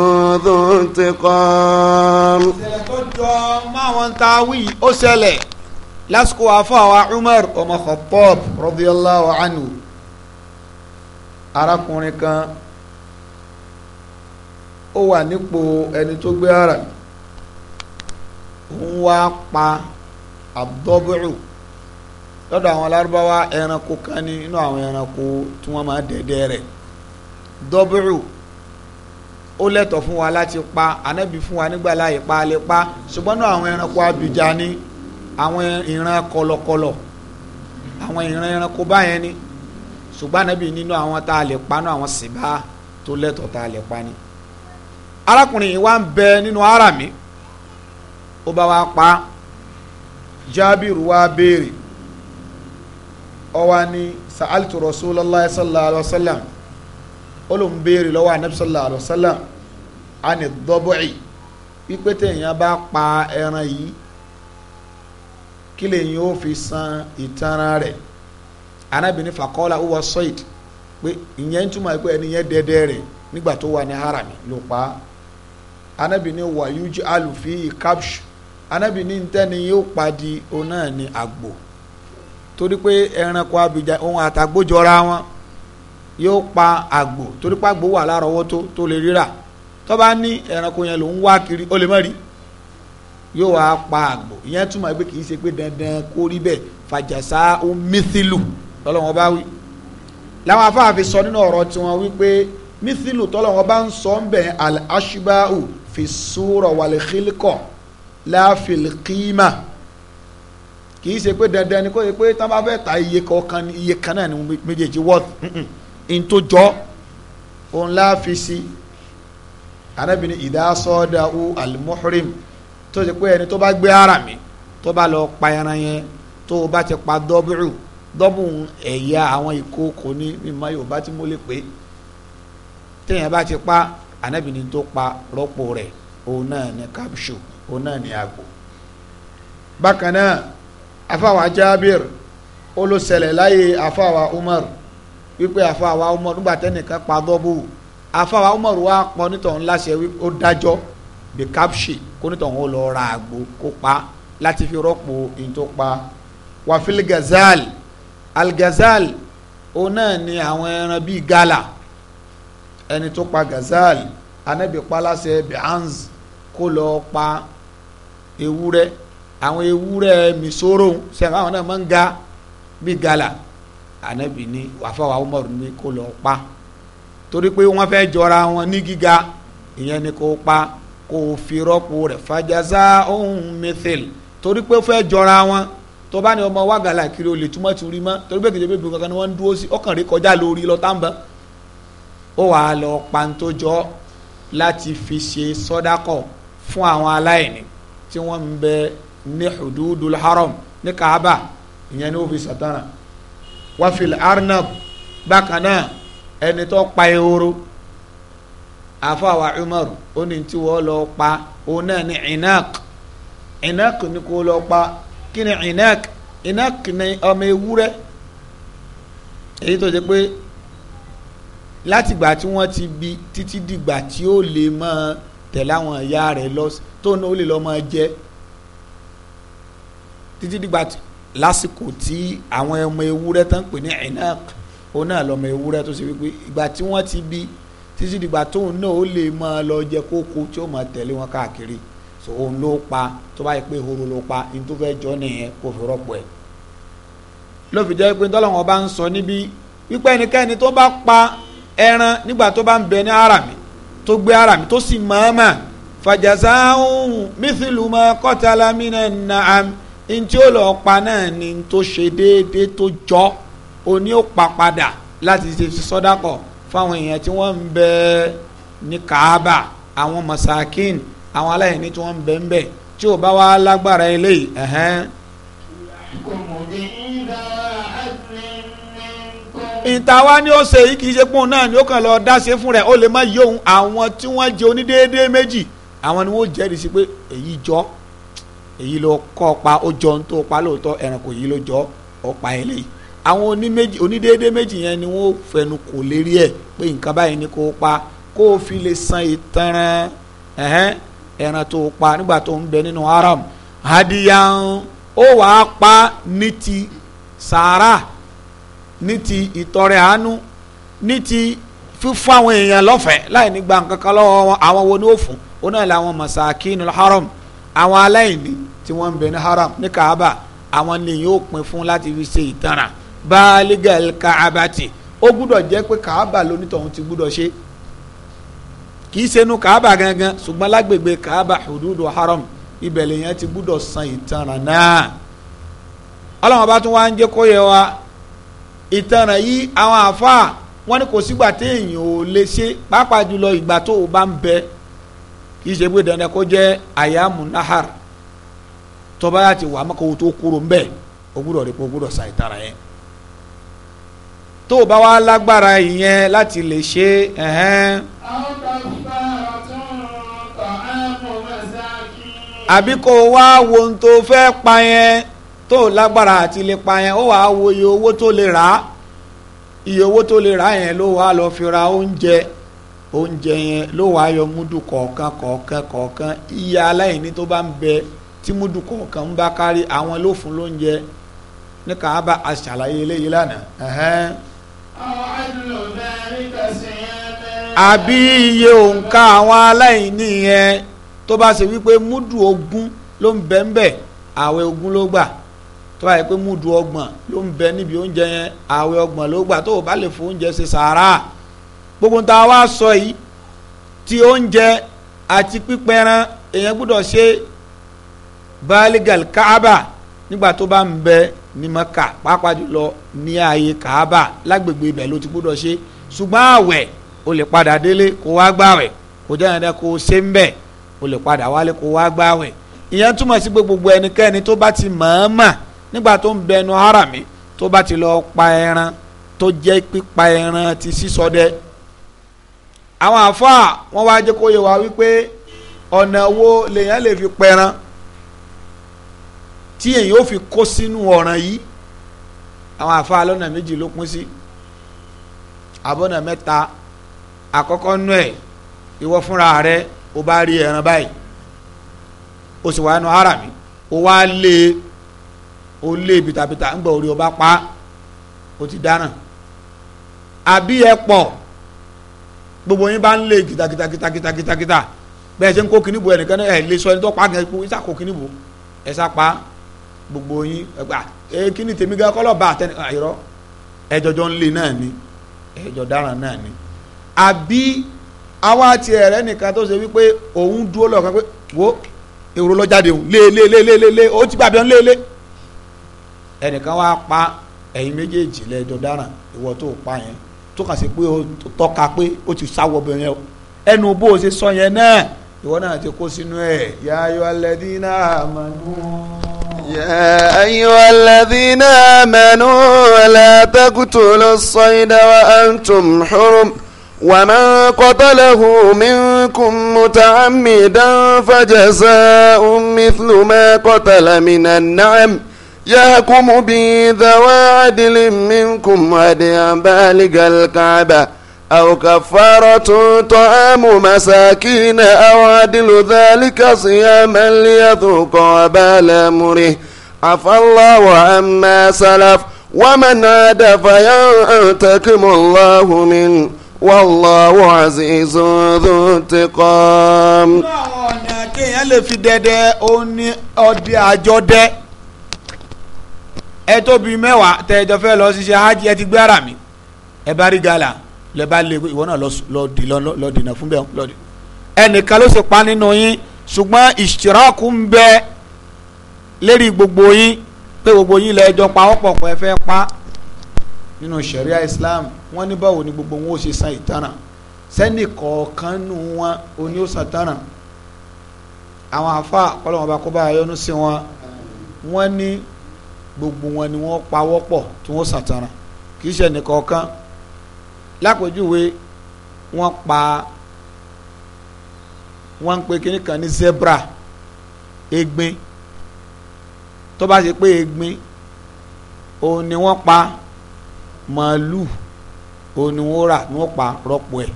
ذو انتقام máwọn táwí ó ṣẹlẹ̀ lásìkò arákùnrin kan ó wà nípò ẹni tó gbé ara ń wá pa abdọ́bùrù lọ́dọ̀ àwọn alárúbáwá ẹranko kan ní inú àwọn ẹranko tí wọ́n máa dẹ̀dẹ̀ rẹ̀ dọ́bùrù ó lẹ́tọ̀ fún wa láti pa ànábì fún wa nígbà láàyè pa lè pa ṣùgbọ́n náà àwọn ẹranko abìjà ni àwọn ìran kọlọkọlọ àwọn ìran ẹranko báyẹn ni ṣùgbọ́n anabi nínú àwọn tá a lè panú àwọn sìbá tó lẹ́tọ̀ọ́ tá a lè pani arákùnrin yìí wá ń bẹ nínú ara mi ó bá wa pa Jábìrù wa béèrè ó wá ní sa'altu rasulallah sallallahu alaihi wa sallam ó ló ń béèrè lọ́wọ́ anabi sallallahu alaihi wa a ní dọ́bọ̀ì wípé téèyàn bá pa ẹran yìí kí lèyìn ó fi san ìtanràn rẹ̀ arábìnrin fakọ́lá ó wọ sọ́ìd pé ìyẹn túmọ̀ pé ẹni yẹn dẹ́dẹ́ rẹ̀ nígbà tó wà ní harami ló pa á arábìnrin wà yújú àlùfí kapṣu arábìnrin tẹ́ni yóò padi òun náà ní àgbò torí pé ẹranko abidjan ohun àtàgbójọra wọn yóò pa àgbò torí pé àgbò wà lárọ̀ọ́wọ́tó tó lè ríra tó bá ní ẹranko yẹn ló wá kiri ó lè má rí yóò wá pa àgbò ìyẹn túmọ̀ pé kì í ṣe pé dandan kó bẹ́ẹ̀ fàjàsá ó mítìlù tọ́lọ́wọ́n bá wí làwọn afáàfin sọ nínú ọ̀rọ̀ tiwọn wípé mísìlù tọ́lọ́wọ́n bá ń sọ ń bẹ̀ al-ashba'u fi sura wal-khilqa la fil qima kì í ṣe pé dandan ni kò yẹ pé tá a bá fẹ́ ta iye kan iye kan náà ni méjèèjì wọ́ọ̀tù ntójọ́ òun láàfin sí arábìnrin ìdásọ́dáwó al tó ṣe pé ẹni tó bá gbé ara mi tó bá lọ pa ẹran yẹn tó bá ti pa dọ́bìrù dọ́bù ẹ̀yà àwọn ìkookò ní mímọ yorùbá tí mo lè pé téèyàn bá ti pa anábìíní tó pa rọ́pò rẹ̀ òun náà ní kapṣu òun náà ní àgbò. bákan náà afáwa jábìr ó ló ṣẹlẹ̀ láyé afáwa umar wípé afáwa umar nígbà tẹ́nìkan pa dọ́bù afáwa umar wa pọn nítorí láṣẹ ó dájọ́ bí kapṣi kó nítorí ó lọ ra àgbò kó pa láti fi rọ́pò ìtòpa wàfíìl gazal algazal òun náà ni àwọn ẹran bíi gala ẹni tó pa gazal anabi palasẹ behanz kó lọ pa ewúrẹ́ àwọn ewúrẹ́ misoro sẹwọn àwọn náà máa ń ga bíi gala anabi ni àfọwọ́ Umar ni kó lọ pa torí pé wọ́n fẹ́ jọra wọn ní gíga ìyẹn ni kó pa kó fi rọ́pò rẹ̀ fajaza ohun mithil torí pé ó fẹ́ jọra wọn. tó bá ní ọmọ wá gàlà kiri o lè túmọ̀ tún rí mọ́ torí pé kìjọba ìbùkún kankan wọ́n ń dúró sí ọkàn rí kọjá lórí lọ ó wàá lọ láti fi ṣe sọ́dákọ̀ fún àwọn aláìní tí wọ́n ń bẹ ní haram ní kaaba ìyẹn ní òfin sàtánà wàfíìl arnab bákan náà ẹni tó pa ehoro àfọwà umar tí wọ́n lọ pa òun náà ní inaq inaq ni kò kí inak inak ni ọmọ ewúrẹ́ èyí tó ṣe pé látìgbà tí wọ́n ti bí títí dìgbà tí ó lè máa tẹ̀lé àwọn ìyá rẹ̀ lọ tó ní ó lè lọ́ máa jẹ títí dìgbà lásìkò tí àwọn ọmọ ewúrẹ́ tán pè ní inak òun náà lọ́mọ ewúrẹ́ tó ṣe wípé ìgbà tí wọ́n ti bí títí dìgbà tóun náà ó lè máa lọ jẹ kókó tí ó máa tẹ̀lé wọn káàkiri so òun ló pa tó bá yẹ pé ehoro ló pa ní tó fẹ́ jọ nìyẹn kò fi rọ́pò ẹ̀ ló fi jẹ́ pé tọ́lọ́wọ́n bá ń sọ níbí wípé ẹnikẹ́ni tó bá pa ẹran nígbà tó bá ń bẹ ní arami tó gbé arami tó sì mọ̀ọ́mọ̀ fàjàsáhùn mísìlùmọ́ kọ́tàlámínà nàám ntí ó lọ pa náà ni tó ṣe déédéé tó jọ òní ó pa padà láti ṣe sọ́dákọ̀ fáwọn èèyàn tí wọ́n ń bẹ ní kaaba àwọn masakin àwọn aláìní tí wọ́n ń bẹ ń bẹ tí ò bá wá lágbára eléyìí ẹ̀hẹ́n. ìtawá ni ó ṣe yìí kì í ṣe pọ́n náà ni ó kàn lọ dá ṣe fún rẹ̀ ó lè má yí òun àwọn tí wọ́n jẹ onídéédé méjì àwọn ni wọ́n jẹ́rìí sí pé èyí jọ èyí ló kọ́ pa ó jọ ń tó pa lóòótọ́ ẹranko yìí ló jọ ó pa eléyìí àwọn oníméjì onídéédé méjì yẹn ni wọ́n fẹnu kò lérí ẹ̀ pé nǹkan báyìí ni kò pa kó o fi lè san ìtanràn ẹran tó pa nígbà tó ń bẹ nínú haram hadiyan ó wàá pa ní ti sàárà ní ti ìtọrẹ àánú ní ti fífún àwọn èèyàn lọ́fẹ̀ẹ́ láì ní gba nǹkan kan lọ́wọ́ àwọn wo ni ó fún ó náà làwọn masakinul haram àwọn aláìní tí wọ́n ń bẹ ní haram ní kaaba àwọn ni yóò pin fún láti fi ṣe ìtanràn baaligal kaabati ó gbúdọ̀ jẹ́ pé kaaba lónítọ̀hún ti gbúdọ̀ ṣe kì í ṣẹnu kaaba gangan ṣùgbọ́n lágbègbè kaaba hududu haram ibẹ̀ lèyàn ti gbúdọ̀ san ìtanràn náà ọlọ́wọ́n bá tún wá ń jẹ́ kó yẹ wa ìtanràn yìí àwọn àáfàá wọ́n ní kò sígbà téèyàn ò lè ṣe pàápàá jùlọ ìgbà tó o bá ń bẹ kì í ṣe pé dandan kó jẹ́ ayamu nahar tọba yà ti wà á mọ́kàwó tó kúrò ń bẹ̀ o gbúdọ̀ rí pé o gbúdọ̀ sa ìtara yẹn tó o bá wá lágbára ìyẹn láti lè ṣe ẹ̀hẹ́n. àbí kó o wá wo ohun tó fẹ́ pa yẹn tó lágbára àti lè pa yẹn ó wàá wo iye owó tó lè rà á iye owó tó lè rà yẹn ló wàá lọ fi ra oúnjẹ oúnjẹ yẹn ló wàá yọ múdù kọ̀ọ̀kan kọ̀ọ̀kan kọ̀ọ̀kan iye aláìní tó bá ń bẹ tí múdù kọ̀ọ̀kan ń bá kárí àwọn ló fún lóúnjẹ ní kàá bá a ṣàlàyé eléyìí lánàá. àbí iye òǹkà àwọn aláìní yẹn tó bá ṣe wípé múdù ogún ló ń bẹ ńbẹ àwẹ̀ ogún ló gbà tó bá yẹ pé múdù ọgbọ̀n ló ń bẹ níbi oúnjẹ yẹn àwẹ̀ ọgbọ̀n ló gbà tó o bá lè fún oúnjẹ ṣe sàárà gbogbo ń ta wá sọ yìí ti oúnjẹ àti pípẹran èèyàn gbọ́dọ̀ ṣe baaligal kaaba nígbà tó bá ń bẹ ní maka pàápàá jùlọ ní ààyè kaaba lágbègbè ibẹ̀ ló ti gbọ́dọ̀ ṣe ṣùgbọ́n àwẹ̀ o lè padà délé kó wá gbàwẹ̀ kó jẹ́ yẹn dẹ́ kó ṣe ń bẹ̀ o lè padà wálé kó wá gbáwẹ̀ ìyẹn túmọ̀ sí pé gbogbo ẹnikẹ́ni tó bá ti mọ̀ọ́mà nígbà tó ń bẹnu harami tó bá ti lọ pa ẹran tó jẹ́ pípa ẹran ti sísọdẹ àwọn àfáà wọn wá jẹ́ kó yé wa wípé ọ̀nà wo lèèyàn lè fi pẹran tí èyàn ó fi kó sínú ọ̀ràn yìí àwọn àfáà lọ́nà méjì ló pín sí abọ́nà mẹ́ta àkọ́kọ́ nú ẹ̀ ìwọ fúnra rẹ̀ ó bá rí ẹran báyìí ó sì wá nu ara mi ó wá lé e, ó lé e bitapita ńgbà orí ọba pa ó ti dáná àbí ẹ pọ̀ gbogbo yín bá ń lé e kìtàkìtàkìtàkìtàkìtà bẹ́ẹ̀ ṣe ń kó kíní bu ẹnìkan náà ẹ̀ lè sọ ẹni tó pa kìí kó ìsàkó kíní bu ẹ̀ sá pa gbogbo yín ẹgbà ẹ kíní tèmi gan kọ́lọ̀ bá àtẹni àyọ̀rọ̀ ẹjọ́jọ́ ń lé náà ni ẹjọ́ dáràn náà ni àbí àwọn ti ẹ̀rẹ́ nìkan tó ṣe wípé òun dúró lọ́ọ̀kan pé wo èrò lọ jáde òun léèléèléèlé ó ti gbàgbé léèlé ẹnìkan wá pa ẹ̀yin méjèèjì lẹ́ẹ̀dọ̀ dáràn ìwọ tó pa yẹn tó kà sí pé o tọ́ka pé ti sáwọ́ yẹn ẹnu bó o ṣe sọ yẹn náà ìwọ náà ti kó sínú ẹ̀ أيها الذين ومن قتله منكم متعمدا فجزاء مثل ما قتل من النعم يهكم به ذوى عدل منكم وديا بالغ الكعبة أو كفارة طعام مساكين أو عدل ذلك صياما ليذوق وبال أمره عفى الله عما سلف ومن عاد فينتقم الله منه wallahu azizun dhu intiqam. ọ̀nà kéèyàn lè fi dẹ́dẹ́ ó ọdẹ àjọ dẹ́ ẹ tóbi mẹ́wàá tẹ̀jọ́ fẹ́ lọ ṣiṣẹ́ hajj ẹ ti gbé ara mi ẹ bá rí gàlà lẹ bá lé ìwọ náà lọ dìnnà fún bẹ́ẹ̀ lọ ẹnìkan ló ṣe pa nínú yín ṣùgbọ́n ìṣìrákù ń bẹ lérí gbogbo yín pé gbogbo yín lẹ́ẹ̀jọ pa ọ̀pọ̀ ọ̀pọ̀ ẹ fẹ́ pa nínú Sharia Islam wọ́n ní báwo ni gbogbo wọn ó ṣe san ìtanràn sẹ́ni kọ̀ọ̀kan nù wọn oní ó san tanràn àwọn afa kọ́lọ́wọ́n bá kó bá yọnu sí wọn wọ́n ní gbogbo wọn ni wọ́n pawọ́ pọ̀ tí wọ́n san tanràn kì í ṣe nìkọ̀ọ̀kan lápèjúwe wọ́n pa wọ́n pe kinní kan ní zebra egbin tó bá ṣe pé egbin òun ni wọ́n pa màálù oníwòrà ni wọ́n pa rọ́pò ẹ̀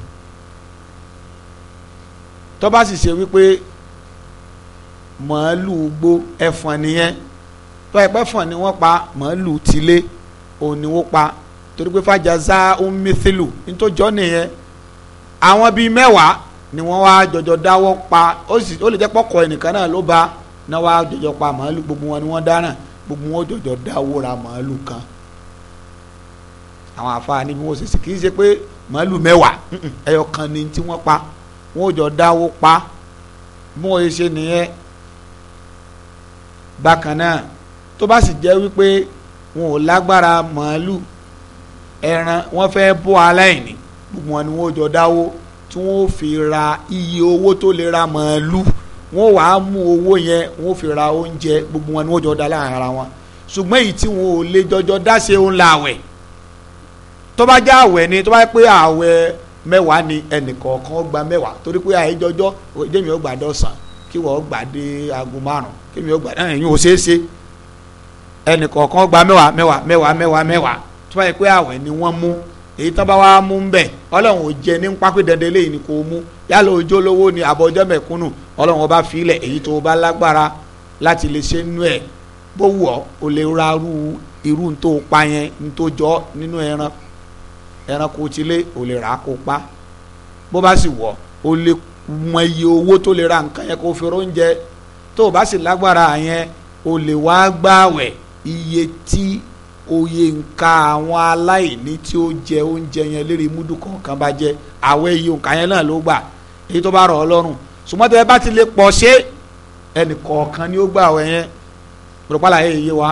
tó bá sì ṣe wípé màálù gbó ẹ̀fọn nìyẹn tó ẹ̀pẹ́ fọn ni wọ́n pa màálù tilé oníwó pa torí pé fàjàzá omithelu nítòjọ́ nìyẹn àwọn bíi mẹ́wàá ni wọ́n wá jọjọ dáwọ́ pa ó lè jẹ́ pọ́kọ ẹnìkan náà ló bá náà wá jọjọ pa màálù gbogbo wọn ni wọ́n dáràn gbogbo wọn jọjọ dáwọ́ ra màálù kan àwọn àfáà ní bí wọ́n ṣe sì kì í ṣe pé màálù mẹ́wàá ẹyọ kan ni tí wọ́n pa wọ́n jọ dáwó pa bí wọ́n ṣe nìyẹn bákan náà tó bá sì jẹ́ wípé wọn ò lágbára màálù ẹran wọ́n fẹ́ bọ́ aláìní gbogbo wọn ni wọ́n jọ dáwó tí wọ́n fi ra iye owó tó lè ra màálù wọ́n wàá mú owó yẹn wọ́n fi ra oúnjẹ gbogbo wọn ni wọ́n jọ dá láàárín ara wọn ṣùgbọ́n èyí tí wọn ò lè jọjọ dá ṣe òun làwẹ̀ tó bá jẹ́ àwẹ̀ ni tó bá pé àwẹ̀ mẹ́wàá ni ẹnìkọ̀ọ̀kan gba mẹ́wàá torí pé àìjọjọ́ jẹ́mi ó gbà dọ́sàn kí wọ́n gbà dé aago márùn kí mi ó gbà ẹ̀yìn ò ṣeé ṣe ẹnìkọ̀ọ̀kan gba mẹ́wàá mẹ́wàá mẹ́wàá mẹ́wàá mẹ́wàá tó bá yẹ pé àwẹ̀ ni wọ́n mú èyí tán bá wá mú ń bẹ̀ ọlọ́run ò jẹ ní pápẹ́ dandan eléyìí ni kò mú yálà ọjọ́ lówó ni àbọ̀jọ́ mẹ̀kúnnù ọlọ́run ọba fílẹ̀ èyí tó bá lágbára láti lè ṣe nínú ẹ̀ bó ọ́ o lè ra irú irú pa yẹn ń jọ nínú ẹran ẹranko tilé ò lè rà á kó pa bó bá sì wọ̀ ó lè mọ iye owó tó lè ra nǹkan yẹn kó fi oúnjẹ tó o bá sì lágbára yẹn o lè wá gbààwẹ̀ iye tí oye nǹkan àwọn aláìní tí ó jẹ oúnjẹ yẹn lérí múdù kọ̀ọ̀kan bá jẹ àwẹ̀ iye nǹkan yẹn náà ló gbà èyí tó bá rọ̀ ọ́ lọ́rùn sùmọ́tẹ́ bá ti lè pọ̀ ṣe ẹnì kọ̀ọ̀kan ni ó gbààwẹ̀ yẹn pèlúpàlà yẹn yé wa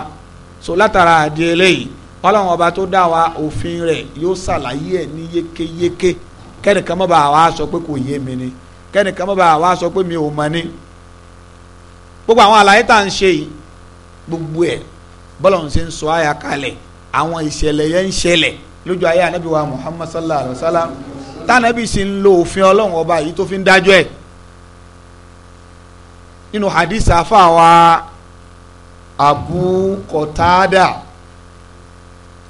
so látara àdìẹ lẹ́yìn ọlọ́run ọba tó dá wa òfin rẹ̀ yóò ṣàlàyé ẹ̀ ní yékéyéké kẹ́nìkan má bàa sọ pé kò yé mi ni kẹ́nìkan má bàa wá sọ pé mi ò mọ̀ ni gbogbo àwọn àlàyé tá à ń ṣe yìí gbogbo ẹ̀ bọ́lọ̀hún ṣe ń sọ àyà kalẹ̀ àwọn ìṣẹ̀lẹ̀ yẹn ń ṣẹlẹ̀ lójú ayé anabi wa muhammad sallallahu alayhi wa sallam tànàbí sì ń lo òfin ọlọ́run ọba yìí tó fi ń dájọ́ ẹ̀ nínú hadith afa wa abu kọtaada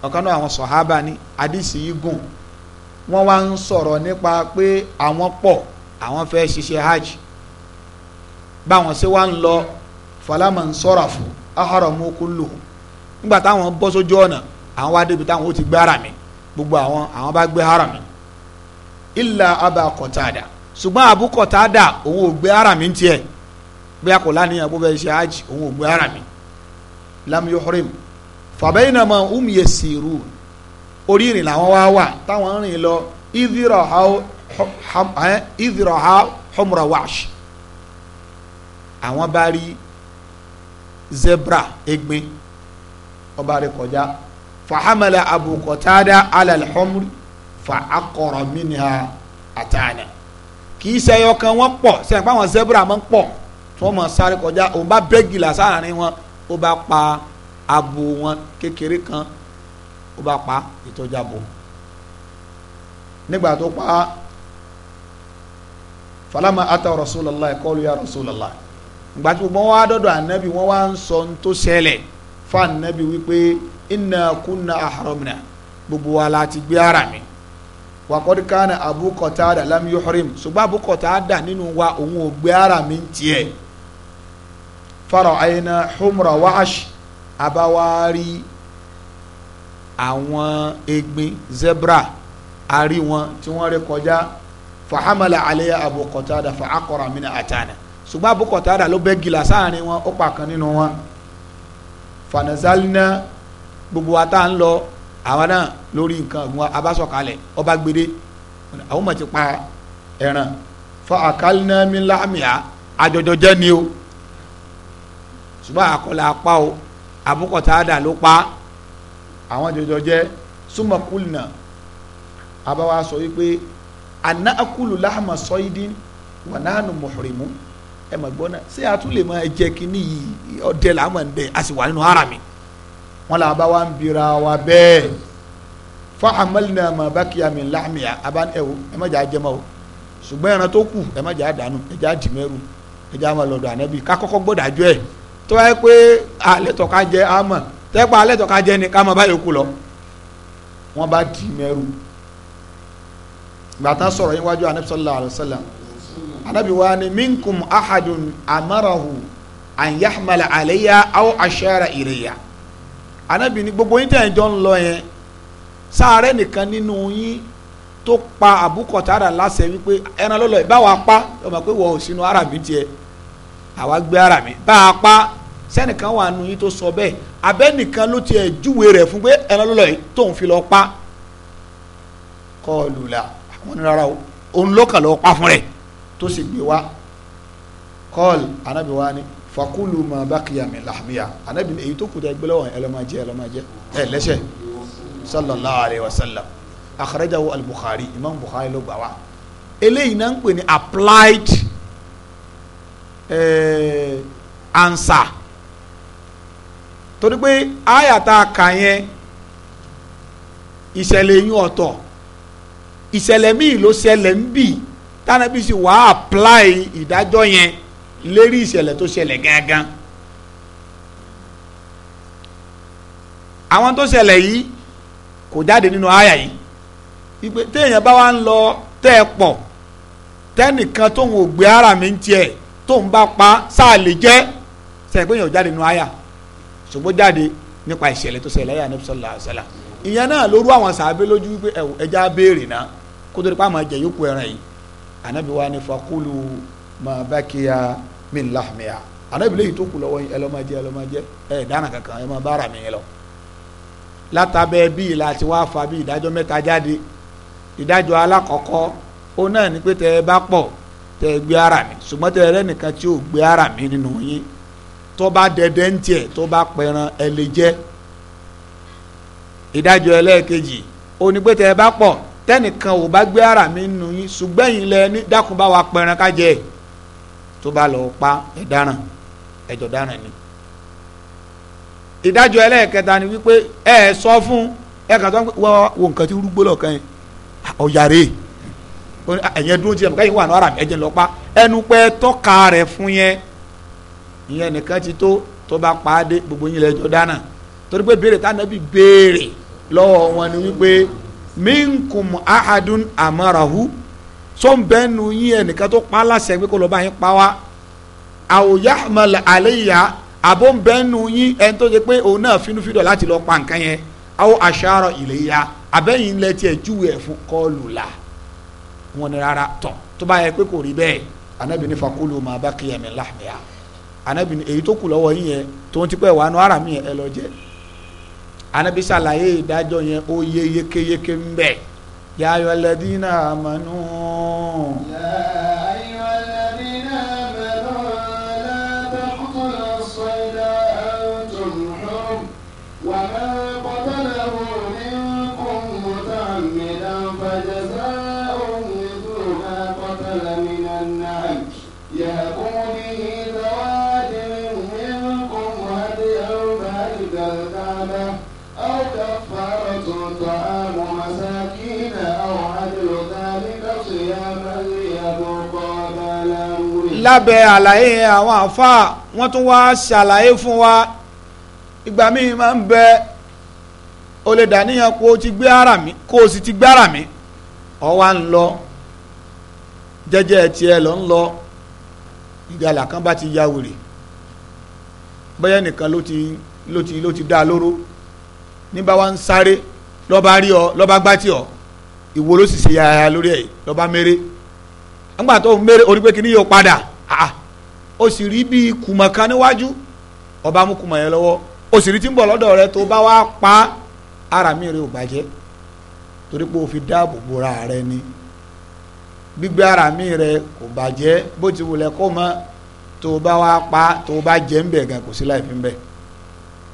ọ̀kan náà àwọn sọ̀hábà ní àdìsí yìí gùn wọ́n wá ń sọ̀rọ̀ nípa pé àwọn pọ̀ àwọn fẹ́ ṣiṣẹ́ hajj báwọn ṣe wá ń lọ falama ń sọ̀rọ̀ fún ahọ́rọ̀mú kúlù nígbà táwọn bọ́ sójú ọ̀nà àwọn wá débi táwọn ó ti gbé ara mi gbogbo àwọn àwọn bá gbé ara mi ilà abà kọ̀tàdà ṣùgbọ́n àbú òun ò gbé ara mi ń tiẹ̀ bí a kò láníyàn bó fẹ́ ṣe hajj òun ò gbé ara mi lam yuhrim fàbẹ́yìnàmọ́ um yẹ sírù orí ìrìn làwọn wá wà táwọn ń rìn lọ ìdírọ̀ ha humra wash àwọn bá rí zebra egbin ọba rẹ kọjá fahamala abu qatada alalhomri fa akọrọ minha atana kì í ṣẹyọ kan wọn pọ̀ sẹyìn pé àwọn zebra máa ń pọ̀ tí wọn máa sáré kọjá òun bá bẹ́gìlà sáàárín wọn ó bá pa abo wọn kékeré kan ó bá pa ìtọ́jà bò nígbà tó pa falama ata rasulallah kọlu ya rasulallah gbàtí wọn wá dọdọ anabi wọn wá ń sọ tó ṣẹlẹ̀ fún anabi wípé inna kunna ahramna gbogbo wa la ti gbé ara mi wakọdi kana abu kọtaada lam yuhrim ṣùgbọ́n abu kọtaada nínú wa òun ò gbé ara mi tiẹ̀ fara ayina humra waashi abáwárí àwọn egbin zebra àrí wọn tí wọ́n rí kọjá fahamala aleya abu kọtada fa akọra mina atana ṣùgbọ́n abu kọtada ló bẹ́ gila sáàrin wọn ó pa kan nínú wọn fanazalina gbogbo wa tá à ń lọ àwọn náà lórí nǹkan ọ̀gbun abásọ̀kalẹ̀ ọba gbede àwọn ọmọ ti pa ẹran fa àkálínà mi láàmìá ni o ṣùgbọ́n àkọlẹ̀ apá o Abu Qatada ló pa àwọn jọjọ jẹ́ summa kulna abawa sọ wípé ana akulu lahama sọ́yìdín wà nánú muhrimun ẹ mà gbọ́n náà ṣé a tún lè máa jẹ kínní yìí ọdẹ là á mọ̀ a sì wà nínú harami wọn là bá ń bira wa bẹ́ẹ̀ fa amalina ma bakiya min lahmiya aban ẹ wo ẹ má jẹ́ àjẹmọ́ o ṣùgbọ́n ẹran tó kù ẹ má jẹ́ àdánù ẹ jẹ́ àdìmẹ́rù ẹ jẹ́ àwọn ọlọ́dọ̀ ànábì ká gbọ́dọ̀ àjọ ẹ̀ tó wáyé pé alẹ́ tọ́ka jẹ àmọ̀ tẹ́pẹ́ alẹ́ tọ́ka jẹ ni ká máa bá yòókù lọ wọ́n bá mẹ́rù gbàtà sọ̀rọ̀ anabi ni minkum ahadun amarahu an alayya aw ashara anabi ni gbogbo yín tẹ̀ jọ ń lọ yẹn sáré nìkan nínú yín tó pa àbúkọ̀tàrà wípé ẹran lọ́lọ́ ọmọ pé wọ́n ò sínú àwa gbé ara mi bá a pa sẹ́nìkan wà nù yín tó sọ bẹ́ẹ̀ abẹ́nìkan ló tiẹ̀ júwe rẹ̀ fún pé ẹran lọ́lọ́ yìí tóun fi lọ pa kọlù la àwọn onírara òun lọ́kàn lọ́ọ́ pa fún rẹ̀ tó sì gbé wa kọlù anabi wa ni fakulu ma bakiya mi lahmiya anabi èyí tó kù tẹ gbẹlẹ wọn ẹlọmajẹ ẹlọmajẹ ẹ lẹsẹ sallallahu alayhi wa sallam akhrajahu al imam bukhari ló gbà wá eléyìí náà ń pè ní applied Eh, ansa torí pé àyàtà kà yẹn ìṣẹ̀lẹ̀ yín ọ̀tọ̀ ìṣẹ̀lẹ̀ míì ló ṣẹlẹ̀ ń bì tánàbí sì wàá apply ìdájọ́ yẹn lérí ìṣẹ̀lẹ̀ tó ṣẹlẹ̀ gángan àwọn tó ṣẹlẹ̀ yìí kò jáde nínú àyà yìí ìpè téèyàn bá wà ń lọ tẹ́ ẹ pọ̀ tẹ́nìkan tóun ò gbé ara mi ń tiẹ̀ tó ń bá pa sáà lè jẹ́ sẹ́yìn pé èèyàn jáde nu àyà ṣùgbọ́n jáde nípa ìṣẹ̀lẹ̀ tó ṣẹlẹ̀ àyà nípa sọ̀lá àṣàlà ìyẹn náà ló rú àwọn sàábé lójú wípé ẹja béèrè náà kó tó di pa àmọ́ ẹ̀jẹ̀ yókù ẹran yìí ànábi wa ni fakulu ma bakiya min lahmiya ànábi léyìí tó kù lọ́wọ́ yín ẹlọ́mọdé ẹlọ́mọdé ẹ̀ dáná kankan ẹ̀ máa bára mi yẹn lọ. látàbẹ́ bíi láti wá fa bíi ìdájọ́ mẹ́ta jáde ìdájọ́ alákọ̀ọ́kọ́ ó náà ní pé ẹ bá pọ̀ tẹ ẹ gbé ara mi ṣùgbọ́n tẹ ẹ lẹ́nìkan tí ò gbé ara mi nínú yín tó bá dẹdẹ ń tiẹ̀ tó bá pẹran ẹ lè jẹ ìdájọ́ ẹlẹ́ẹ̀kejì onígbé tẹ ẹ bá pọ̀ tẹnìkan ò bá gbé ara mi nínú yín ṣùgbọ́n ẹ̀yin lẹ ní dákun bá wa pẹran ká tó bá lọ pa ẹ dáràn ẹjọ́ dáràn ni ìdájọ́ ẹlẹ́ẹ̀kẹta ni wípé ẹ sọ fún ẹ kàn tó wọ nǹkan tí rúgbó lọ̀kan yẹn ọ̀yàrá yìí Ah, ẹ̀yẹn dúró tiẹ̀ káyìn wà ní ara mi ẹ̀jẹ̀ lọ́pa ẹnu pẹ́ tọ́ka rẹ̀ fún yẹn ìyẹn nìkan ti tó tó bá pa á dé gbogbo yín lẹ́jọ́ dáná torí pé béèrè tánàbí béèrè lọ́wọ́ wọn ni wípé minkum ahadun amarahu sọ́nbẹ́nu yín ẹnìkan tó pa á láṣẹ pé kó lọ́ọ́ bá yín pa wá àwòyáhàmàlà àléyà àbọ̀nbẹ́nu yín ẹni tó ṣe pé òun náà fínúfíndọ̀ láti lọ́ọ́ pa nǹkan yẹn àwọn àṣàrọ̀ ìléyà àbẹ́yìn lẹ́tí ẹ̀ júwe ẹ̀ fún kọ́ọ̀lù là wọn ni rárá tọ̀ tó bá yẹ pé kò rí bẹ́ẹ̀ anabi ní fakulu ma baqiya min lahmiha anabi èyí tó kù lọ́wọ́ yín yẹn tó ń tipẹ́ wàánu ara mi yẹn ẹ lọ jẹ anabi ṣàlàyé ìdájọ́ yẹn ó yé yékéyéké ń bẹ̀ yā ayyuhalladhīna āmanū. lábẹ́ àlàyé àwọn àfáà wọ́n tún wá ṣàlàyé fún wa ìgbà míì máa ń bẹ o lè dàníyàn kó o ti gbé ara mi kó o sì ti gbé ara mi ọ wá ń lọ jẹ́jẹ́ tiẹ̀ lọ ń lọ ìgalà kan bá ti ya wèrè bẹ́ẹ̀ nìkan ló ti ló ti ló ti dá a lóró ní bá wa ń sáré lọ́ba rí ọ lọ́ba gbá tí ọ ìwo ló sì ṣe yàrá lórí ẹ̀ lọ́ba méré nígbà tó ń méré orí pé kí ni yóò padà ah o sì rí bíi kùmọ̀ kan níwájú ọba mú kùmọ̀ yẹn lọ́wọ́ o sì rí tí ń bọ̀ lọ́dọ̀ rẹ tó bá wá pa ara mi rẹ ò bàjẹ́ torí pé o fi dáàbò bora rẹ ni gbígbé ara mi rẹ kò bàjẹ́ bó ti wulẹ̀ kó mọ́ tó bá wá pa tó bá jẹ́ ń bẹ̀ gan kò sí láì fi ń bẹ̀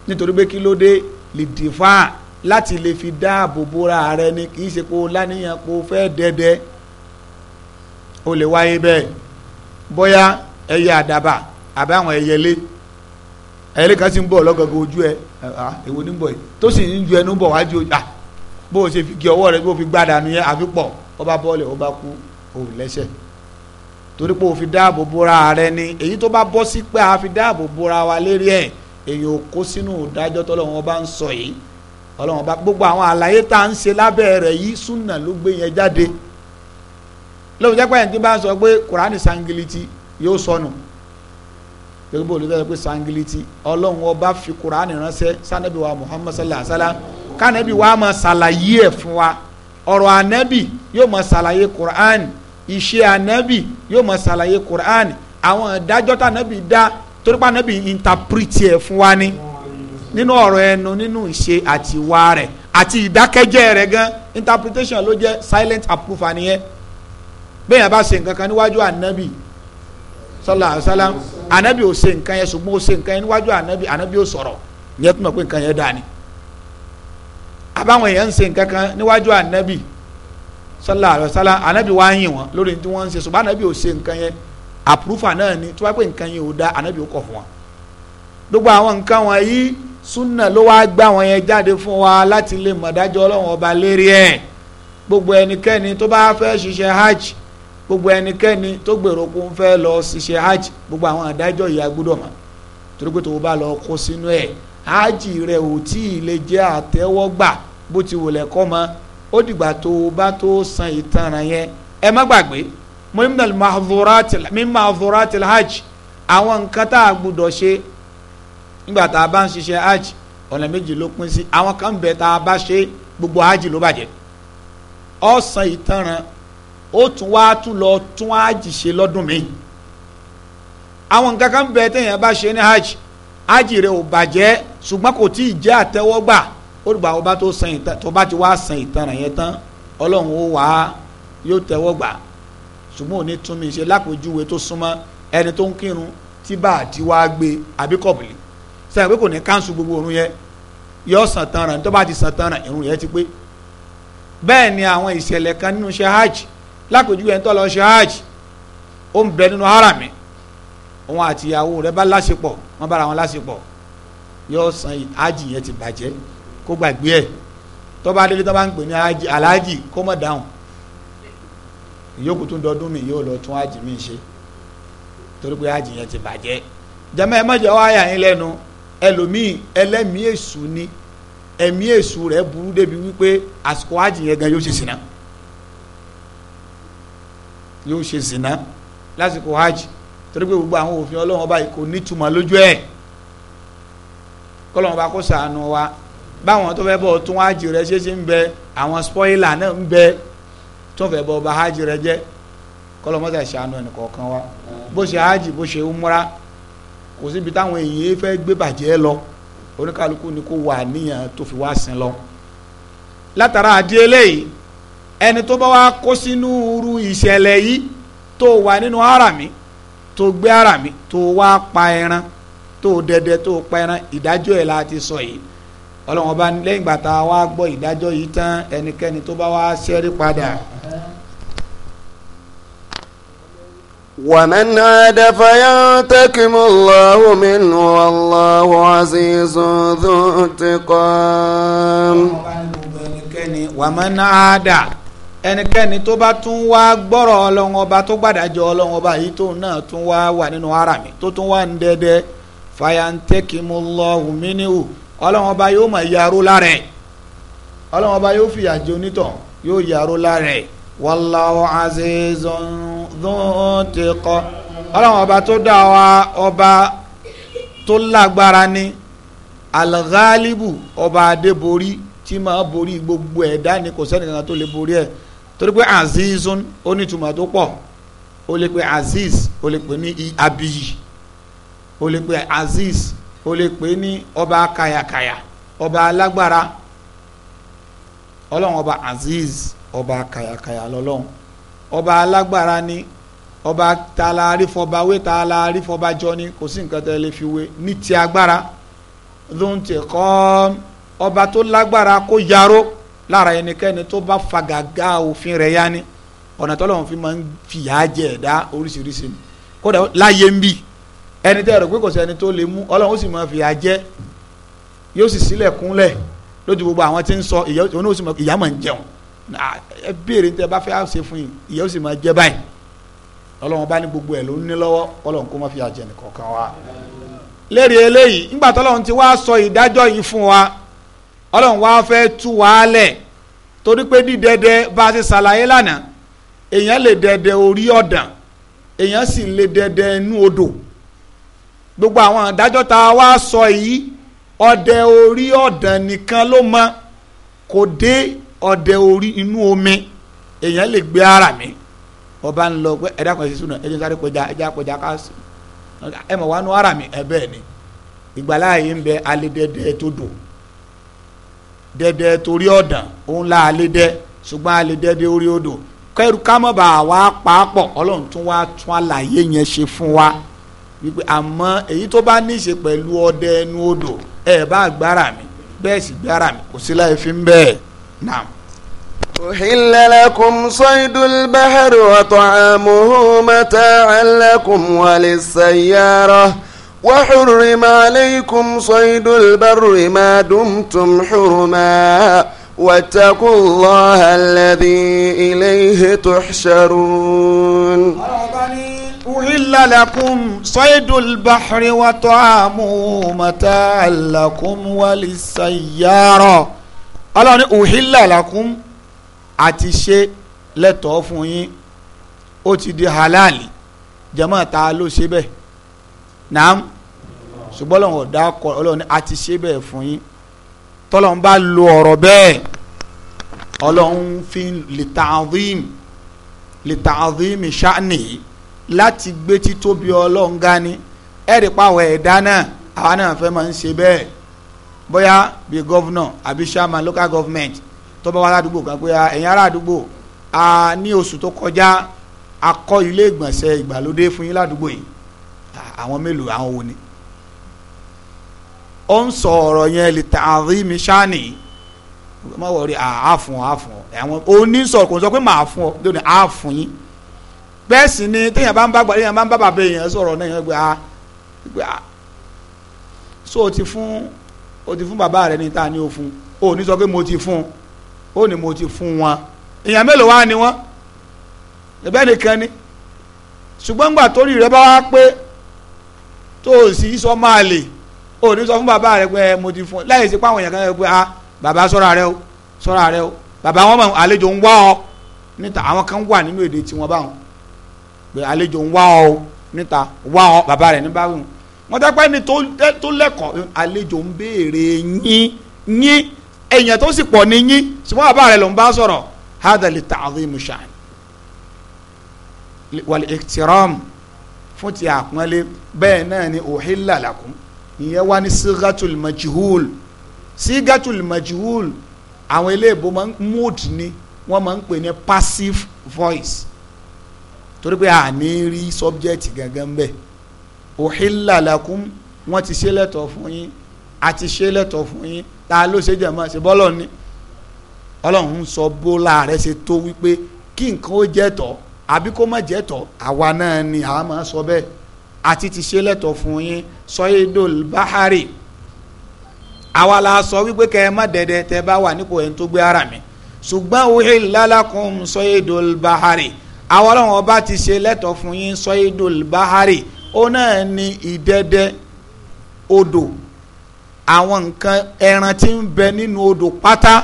nítorí pé kí ló dé lè dìfà láti lè fi dáàbò bora rẹ ni kì í ṣe pé o láníyàn pé o fẹ́ dẹ́dẹ́ o lè wáyé bẹ́ẹ̀ bóyá ẹyẹ àdàbà àbí àwọn ẹyẹlé ẹyẹlé kan sì ń bọ̀ lọ́gọ̀gọ̀ ojú ẹ èwo ní bọ̀ yìí tó sì ń ju ẹnu bọ̀ wájú ojú à bó o ṣe fi gé ọwọ́ rẹ bó o fi gbádà nu yẹn àfi pọ̀ ó bá bọ́ọ̀lì ó bá kú ó lẹ́sẹ̀ torí pé o fi dáàbò bóra rẹ ni èyí tó bá bọ́ sí pé a fi dáàbò bóra wa lérí ẹ̀ èyí ò kó sínú ìdájọ́ tọ́lọ́wọ́n bá ń sọ yìí ọlọ́wọ́n bá gbogbo àwọn àlàyé tá à ń ṣe lábẹ́ rẹ̀ yìí súnà ló gbé yẹn jáde lóun jẹ́ pé ẹni tí bá sọ pé kùránì sangiliti yóò sọnù gẹ́gẹ́ bó olùdókòwò pé sangiliti ọlọ́run ọba fi kùránì ránṣẹ́ sanabi wa muhammad sallallahu alayhi wa sallam kanabi wa ma ṣàlàyé ẹ̀ fún wa ọ̀rọ̀ anabi yóò ma ṣàlàyé kùránì iṣẹ́ anabi yóò ma ṣàlàyé kùránì àwọn ìdájọ́ tá anabi dá torí pé anabi interprete ẹ̀ fún wa ni nínú ọ̀rọ̀ ẹnu nínú ìṣe àti ìwà rẹ̀ àti ìdákẹ́jẹ́ rẹ̀ gan interpretation ló jẹ́ silent approval nìyẹn bẹ́ẹ̀ yẹn bá ṣe nǹkan kan níwájú ànábì sallallahu alaihi wasallam ànábì ò ṣe nǹkan yẹn ṣùgbọ́n ó ṣe nǹkan yẹn níwájú ànábì ànábì ò sọ̀rọ̀ ìyẹn tó mọ̀ pé nǹkan yẹn dáa ni àbáwọn èèyàn ń ṣe nǹkan kan níwájú ànábì sallallahu alaihi wasallam ànábì wá yìn wọn lórí tí wọ́n ń ṣe ṣùgbọ́n ànábì ò ṣe nǹkan yẹn àpúrúfà náà ni tó wá pé nǹkan yẹn ò dáa ànábì ò kọ̀ fún wọn gbogbo àwọn nǹkan wọn yìí súnà ló wá gbá wọn yẹn jáde fún wa láti lè mọ̀ ọlọ́run ọba lérí ẹ̀ gbogbo ẹnikẹ́ni tó bá fẹ́ ṣiṣẹ́ hajj gbogbo ẹnikẹ́ni tó gbèrò kó ń fẹ́ lọ ṣiṣẹ́ hajj gbogbo àwọn àdájọ́ yìí agbọ́dọ̀ mọ̀ torí bá lọ kó sínú ẹ̀ hajj rẹ̀ ò tí ì lè jẹ́ àtẹ́wọ́gbà bó ti wòlẹ̀ kọ́ mọ́ ó dìgbà tó o bá tó san hajj àwọn nǹkan tá a ṣe hajj ọ̀nà méjì ló pín sí àwọn gbogbo hajj ló bàjẹ́ san ìtanràn ó tún wá tún lọ tún hajj ṣe lọ́dún mi àwọn nǹkan kan bẹ téèyàn bá ṣe ní hajj hajj rẹ ò bàjẹ́ ṣùgbọ́n kò tí ì jẹ́ àtẹ́wọ́gbà ó dùgbà ó bá tó san ìtàn tó bá ti wá san ìtanràn yẹn tán ọlọ́run ó wá yóò tẹ́wọ́gbà ṣùgbọ́n ò ní tún mi ṣe lápòjúwe tó súnmọ́ ẹni tó ń kírun tí bá a ti wá gbé àbí kọ̀bìlì sẹ́yìn pé kò ní káńsù gbogbo òrun yẹn yọ san tanràn tó bá ti san tanràn ìrun yẹn ti pé bẹ́ẹ̀ ni àwọn ìṣẹ̀lẹ̀ kan nínú iṣẹ́ hajj lákòjúwe ń tọ́ lọ ṣe hajj ó ń bẹ nínú harami òun àti ìyàwó rẹ̀ bá láṣepọ̀ wọ́n bára wọn láṣepọ̀ yóò san hajj yẹn ti bàjẹ́ kó gbàgbé ẹ̀ tó bá délé tó bá ń pè ní aláàjì kó mọ̀ dáhùn ìyókù tún dọdún mi yóò lọ tún hajj mi ṣe torí pé hajj yẹn ti bàjẹ́ jẹ́mọ́ ẹ mọ̀jọ́ wáyà yín lẹ́nu ẹlòmíì ẹlẹ́mìí èṣù ni ẹ̀mí èṣù rẹ̀ burú débi wípé àsìkò hajj yẹn gan yóò ṣe sí yóò ṣe zina lásìkò hajj torí pé gbogbo àwọn òfin ọlọ́run ọba yìí kò nítumọ̀ lójú ẹ̀ kọ́lọ́run ọba kó sàánú wa báwọn tó fẹ́ bọ̀ tún hajj rẹ ṣe ṣe ń bẹ àwọn spoiler náà ń bẹ tó fẹ́ bọ̀ ọba hajj rẹ jẹ́ kọ́lọ́run ọba sàánú ẹnì kọ̀ọ̀kan wa bó ṣe hajj bó ṣe umra kò síbi táwọn èèyàn fẹ́ gbé bàjẹ́ lọ oníkálukú ni kó wà níyàn tó fi wá sin lọ látara àdí eléyìí ẹni tó bá wá kó sínú irú ìṣẹ̀lẹ̀ yìí tó wà nínú harami tó gbé harami tó wá pa ẹran tó dẹdẹ tó pa ẹran ìdájọ́ ẹ̀ la ti sọ yìí ọlọ́wọ́n bá lẹ́yìn ìgbà tá a wá gbọ́ ìdájọ́ yìí tán ẹnikẹ́ni tó bá wá ṣẹ́rí padà. ومن عاد فينتقم الله منه والله عزيز ذو انتقام ومن عاد ẹnikẹ́ni tó bá tún wá gbọ́rọ̀ ọlọ́run ọba tó gbàdájọ́ ọlọ́run ọba yìí tóun náà tún wá wà nínú ara mi tó tún wá ń dẹ́dẹ́ ọlọ́run ọba yóò mọ̀ yarú lára ẹ̀ ọlọ́run ọba yóò fìyà ọba tó dá wa gbogbo ẹ̀dá ni kò tó lè borí torí pé azizun ó ní ìtumọ̀ tó pọ̀ ó lè pe aziz o lè pe ní abiyi o lè pe aziz o lè pe ní ọba kayakaya ọba alágbára ọlọ́run ọba aziz ọba kayakaya lọ́lọ́run ọba alágbára ni ọba talaari fọba wé talaari fọba jọ ni kò sí nǹkan fi wé ní ti agbára ló ń kọ́ ọba tó lágbára kó lára ẹnikẹ́ni tó bá fagagá òfin rẹ̀ yá ni ọ̀nà fi máa ń fìyà jẹ ẹ̀dá oríṣiríṣi ni kódà láyé ń bì ẹni tẹ́ ẹ̀rọ pé kò sí ẹni tó lè mú ọlọ́run ó sì máa fìyà jẹ yóò sì sílẹ̀ kúnlẹ̀ lójú gbogbo àwọn tí ń sọ ìyá ó sì fún yìí ìyá ó sì máa jẹ báyìí ọlọ́run bá ní gbogbo ẹ̀ ló ń ní lọ́wọ́ ọlọ́run kó má fìyà jẹ nìkan wa sọ ìdájọ́ yìí fún wa ọlọ́run wá fẹ́ tú wá lẹ̀ torí pé bá a ti ṣàlàyé lánàá èèyàn lè dẹdẹ orí ọ̀dàn èèyàn sì lè dẹdẹ inú odò gbogbo àwọn àdájọ́ tá sọ yìí ọdẹ orí ọ̀dàn nìkan ló mọ kò dé ọdẹ orí inú omi èèyàn lè gbé ara mi dẹdẹ torí ọ̀dàn òun là á lé dẹ ṣùgbọ́n a lè dẹdẹ orí odò kẹrù kámọ́bà wá pàápọ̀ ọlọ́run tún wá tún àlàyé yẹn ṣe fún wa wípé àmọ́ èyí tó bá ní í ṣe pẹ̀lú ọdẹ ẹnu odò ẹ bá gbára mi bẹ́ẹ̀ sì gbára mi kò sí láì fi ń bẹ́ẹ̀ náà. أحل لكم صيد البحر وطعامه متاعا لكم وللسيارة وحرم عليكم صيد البر ما دمتم حرما واتقوا الله الذي إليه تحشرون أحل لكم صيد البحر وطعامه متاعا لكم وللسيارة ọlọ́run ní لكم lakum لتوفين ṣe حلالي جماعة yín ó naam ṣùgbọ́n ọlọ́run ọ̀dà kọ ọlọ́run ní a ti ṣe bẹ́ẹ̀ fún yín tọ́lọ́run bá lo ọ̀rọ̀ bẹ́ẹ̀ ọlọ́run fi litaazim litaazim ṣáàní láti gbé títóbi ọlọ́run gani ẹ̀rí pàwọ̀ ẹ̀dá náà àwa náà fẹ́ máa ń ṣe bẹ́ẹ̀ bóyá bí gọ́vnọ̀ àbí chairman local government tó bá wà ládùúgbò kan pé ẹ̀yin ará àdúgbò a ní oṣù tó kọjá a ilé ìgbọ̀nsẹ̀ ìgbàlódé fún yín ládùúgbò yìí àwọn mélòó àwọn wo ni ó ń sọ ọ̀rọ̀ yẹn lè ta'dhimi shani má wọ rí àá fún ọ àá fún kò sọ pé màá fún ọ lónìí àá yín bẹ́ẹ̀ sì ni téèyàn bá ń bá gbàdéèyàn bá ń bá bàbá èèyàn sọ̀rọ̀ náà yẹn gbé a gbé a so o ti fún o ti fún bàbá rẹ ní ta ni o fún o ní sọ pé mo ti fún o ní mo ti fún wọn èèyàn mélòó wá ni wọn ẹ̀bẹ̀ nìkan ni ṣùgbọ́n gbà torí rẹ bá wá pé tó o sì sọ máa lè o ní sọ fún bàbá rẹ pé mo ti fún ọ láyé sí pé àwọn èèyàn kan yẹ pé ah bàbá ṣọ́ra rẹ o ṣọ́ra rẹ o bàbá wọn mọ àlejò ń wá ọ níta àwọn kan wà nínú èdè tiwọn báwọn pé àlejò ń wá ọ o níta wá ọ bàbá rẹ ní báwí wọn dápẹ́ ni tó lẹ́kọ̀ọ́ àlejò ń béèrè yín yín èèyàn tó sì pọ̀ ní yín ṣùgbọ́n bàbá rẹ ló ń bá sọ̀rọ̀ hadha li ta'dhim shan wal fún ti àpọ́nlé bẹ́ẹ̀ náà ni uhilla lakum ìyẹn wá ní sigatul majhul sigatul majhul àwọn eléèbó máa ń mood ni wọ́n máa ń pè ní passive voice torí pé àní rí subject gangan bẹ́ẹ̀ uhilla lakum wọ́n ti ṣe lẹ́tọ̀ fún yín àti ṣe lẹ́tọ̀ fún yín ta ló ṣe jẹ̀mọ́ ṣe bọ́lọ̀ ni ọlọ́run sọ bó láàrẹ̀ ṣe tó wípé kí nǹkan ó jẹ́ tọ́ àbí kó má jẹ́ tọ́ àwa náà ni a máa sọ bẹ́ẹ̀ àti ti ṣe lẹ́tọ̀ fún yín sọ́yédol báhárì àwa la sọ wípé kẹ́ ẹ má dẹ́dẹ́ tẹ́ bá wà nípò ẹ̀ ń tó gbé ara mi ṣùgbọ́n òhìn lálàkùn sọ́yédol báhárì àwa ọlọ́run ọba ti ṣe lẹ́tọ̀ fún yín sọ́yédol báhárì ó náà ni ìdẹ́dẹ́ odò àwọn nǹkan ẹran tí ń bẹ nínú odò pátá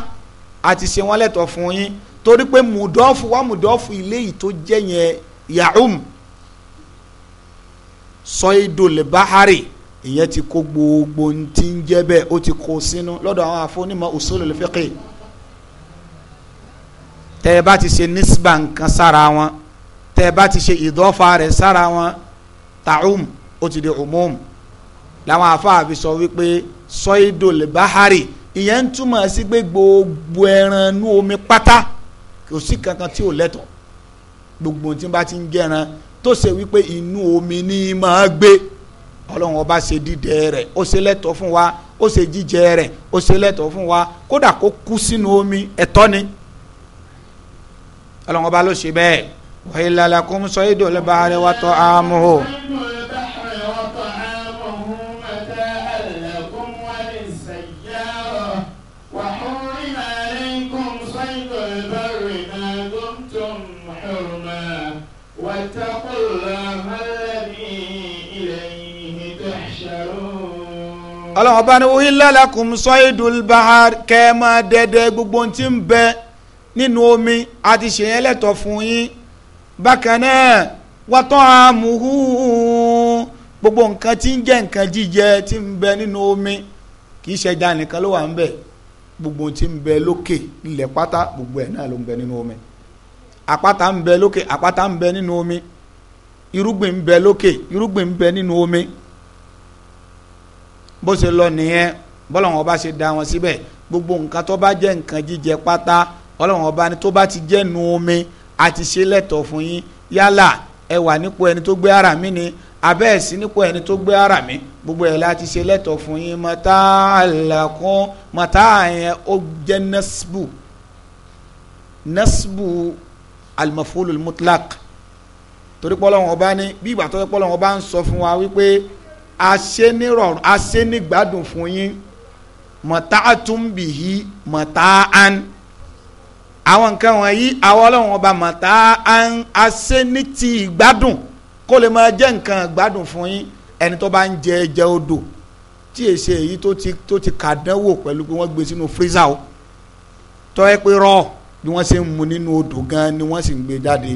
àti ṣe wọ́n lẹ́tọ̀ fún yín torí pé mùdọ́fù wa mùdọ́fù ilé yìí tó jẹ́ yẹn yahum sọ́ìdòlè báhárì ìyẹn ti kó gbogbo ti ń jẹ́ bẹ́ẹ̀ ó ti kó sínú lọ́dọ̀ àwọn afọ́nímọ̀ usulul tẹ́ ẹ bá ti ṣe nisba nǹkan sára wọn tẹ́ ẹ bá ti ṣe ìdọ́fà rẹ̀ sára wọn ta'um ó ti di umum làwọn afáàfi sọ wípé sọ́ìdòlè báhárì ìyẹn ń túmọ̀ sí pé gbogbo ẹran inú omi pátá kò sí kankan tí ò lẹ́tọ̀ gbogbo tí n bá ti ń jẹran tó ṣe wípé inú omi ni máa gbé ọlọ́run ọba ṣe dídẹ rẹ̀ ó ṣe lẹ́tọ̀ fún wa ó ṣe jíjẹ rẹ̀ ó ṣe lẹ́tọ̀ fún wa kódà kó kú sínú omi ẹ̀tọ́ ni ọlọ́run ọba ló ṣe bẹ́ẹ̀ wàhálà kò ń sọ ìdòlẹ́bàárẹ̀ wàtọ́ àmọ́ o. ọlọ́run ọba ni uhilla lakum saydul bahar kẹ́ ẹ máa gbogbo ohun tí ń bẹ nínú omi a ti ṣe yẹn lẹ́tọ̀ fún yín bákan náà gbogbo nǹkan tí ń jẹ́ nǹkan jíjẹ tí ń bẹ nínú omi kì í nìkan ló wà gbogbo tí ń bẹ lókè ilẹ̀ pátá gbogbo ẹ̀ náà ló ń bẹ nínú omi àpáta ń bẹ lókè àpáta ń omi. bó ṣe lọ nìyẹn bọ́lọ́wọ́n bá ṣe da wọn síbẹ̀ gbogbo nǹkan tó bá jẹ́ nǹkan jíjẹ pátá ọlọ́wọ́n bá ní tó bá ti jẹ́ nu omi àti ṣe lẹ́tọ̀ fún yín yálà ẹ wà nípò ẹni tó gbé ara mi ni abẹ́ ẹ̀ sí nípò ẹni tó gbé ara mi gbogbo ẹ̀ láti ṣe lẹ́tọ̀ fún yín mọ́tà àlàkùn mọ́tà yẹn ó jẹ́ nẹ́sìbù nẹ́sìbù alimọ̀fólùmùtlák torí pé bá ní bí ìgbà tó pé Ọlọ́hun bá ń sọ fún wa wípé asenirọrùn asenigbadun fún yín mọ̀tàtúnbìhí mọ̀tàán àwọn nǹkan wọ̀nyí àwọn ọlọ́run ọba mọ̀tàán asenitì gbádùn kó lè máa jẹ́ nǹkan gbádùn fún yín ẹni tó bá ń jẹ ẹjẹ odò tí èsì èyí tó ti tó ti kàdánwò pẹ̀lú pé wọ́n gbé sínú fírísà o tọ́ ẹ pé rọ bí wọ́n ṣe ń mu nínú odò gan ni wọ́n sì ń gbé jáde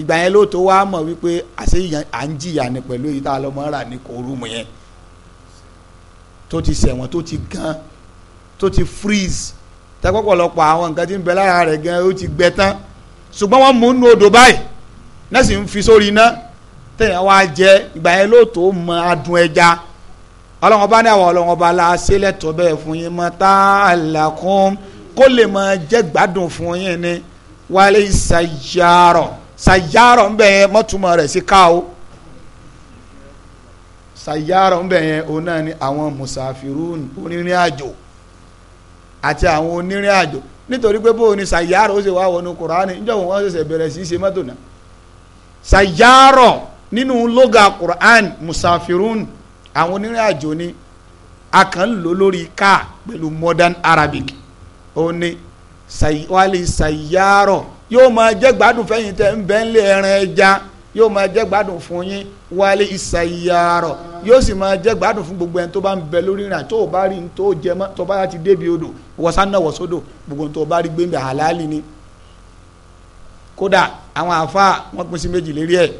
ìgbà yẹn ló tó wá mọ̀ wípé àṣé à ń jìyà ni pẹ̀lú èyí tá a lọ mọ́ rà ní kòrúmù yẹn tó ti ṣẹ̀wọ̀n tó ti gan tó ti freeze tẹ́kọ̀pọ̀lọpọ̀ àwọn nǹkan tí ń bẹ lára rẹ̀ gan ó ti gbẹ tán ṣùgbọ́n wọ́n mú un nu odò báyìí náà sì ń fi sórí iná tẹ̀yàn wá jẹ ìgbà yẹn ló tó mọ adùn ẹja ọlọ́wọ́n bá ní àwọn ọlọ́wọ́n bá la ṣe lẹ́tọ̀ọ́ bẹ́ẹ̀ fún yín mọ́ tá a là kún kó lè mọ jẹ́ gbádùn fún yín ni wálé ìsàyàrọ̀ sàyàrọ̀ ń bẹ̀ yẹn mọ́túmọ̀ rẹ̀ sí ká o sàyàrọ̀ ń bẹ̀ yẹn òun náà ni àwọn mùsàfirun onírìn àjò àti àwọn onírìn àjò nítorí pé bóun ni sàyàrọ̀ ó sì wá wọnú kùránì níjọ́ wọn wọ́n ṣẹ̀ṣẹ̀ bẹ̀rẹ̀ sí í ṣe mọ́tò náà sàyàrọ̀ nínú lóga kùránì mùsàfirun àwọn onírìn àjò ni a kàn ń lò lórí ká pẹ̀lú modern arabic òun ni wálé sàyàrọ̀ yóò máa jẹ́ gbádùn fẹ́yìn tẹ́ ń bẹ́ ń lé ẹran ẹja yóò máa jẹ́ gbádùn fún yín wálé ìsàyàrọ̀ yóò sì máa jẹ́ gbádùn fún gbogbo ẹni tó bá ń bẹ lórí ìrìn àjò tó bá rí tó jẹ mọ́ tó bá ti débi odò wọ́sánáwọ̀ sódò gbogbo tó bá rí gbẹ̀mbẹ̀ àlàálì ni. kódà àwọn àáfàá wọn pín sí méjì lérí ẹ̀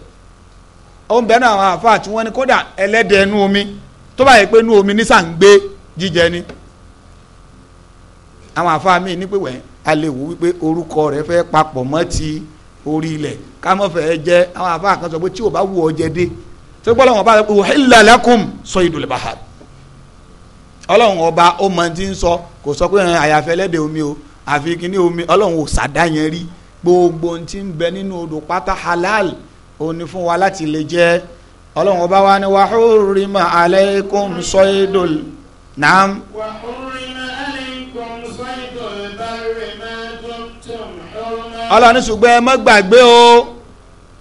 ó ń bẹ́ẹ̀ àwọn àáfàá tí wọ́n ní kódà ẹlẹ́dẹ̀ẹ́ nú omi tó bá yẹ pé nú omi ní sàǹgbé jíjẹ ni àwọn àáfàá míì ní pé wẹ̀yìn a lè wò wípé orúkọ rẹ̀ fẹ́ papọ̀ mọ́ ti orí ilẹ̀ kámọ́fẹ́ jẹ́ àwọn àfa kan sọ pé tí o bá wù ọ jẹ dé tó gbọ́dọ̀ wọn bá rẹ uhilla lakum saydul bahar ọlọ́run ọba ó mọ ti ń sọ kò sọ pé àyàfẹ́ lẹ́dẹ̀ omi o àfi kíní omi ọlọ́run ò sàdá yẹn rí gbogbo ohun tí ń bẹ nínú odò pátá halal òní fún wa láti lè jẹ ọlọ́run ọba wa ni wàhúrìmọ̀ alaykum saydul naam. wàhúrìmọ̀. ọlọ́ni ṣùgbọ́n ẹ má gbàgbé o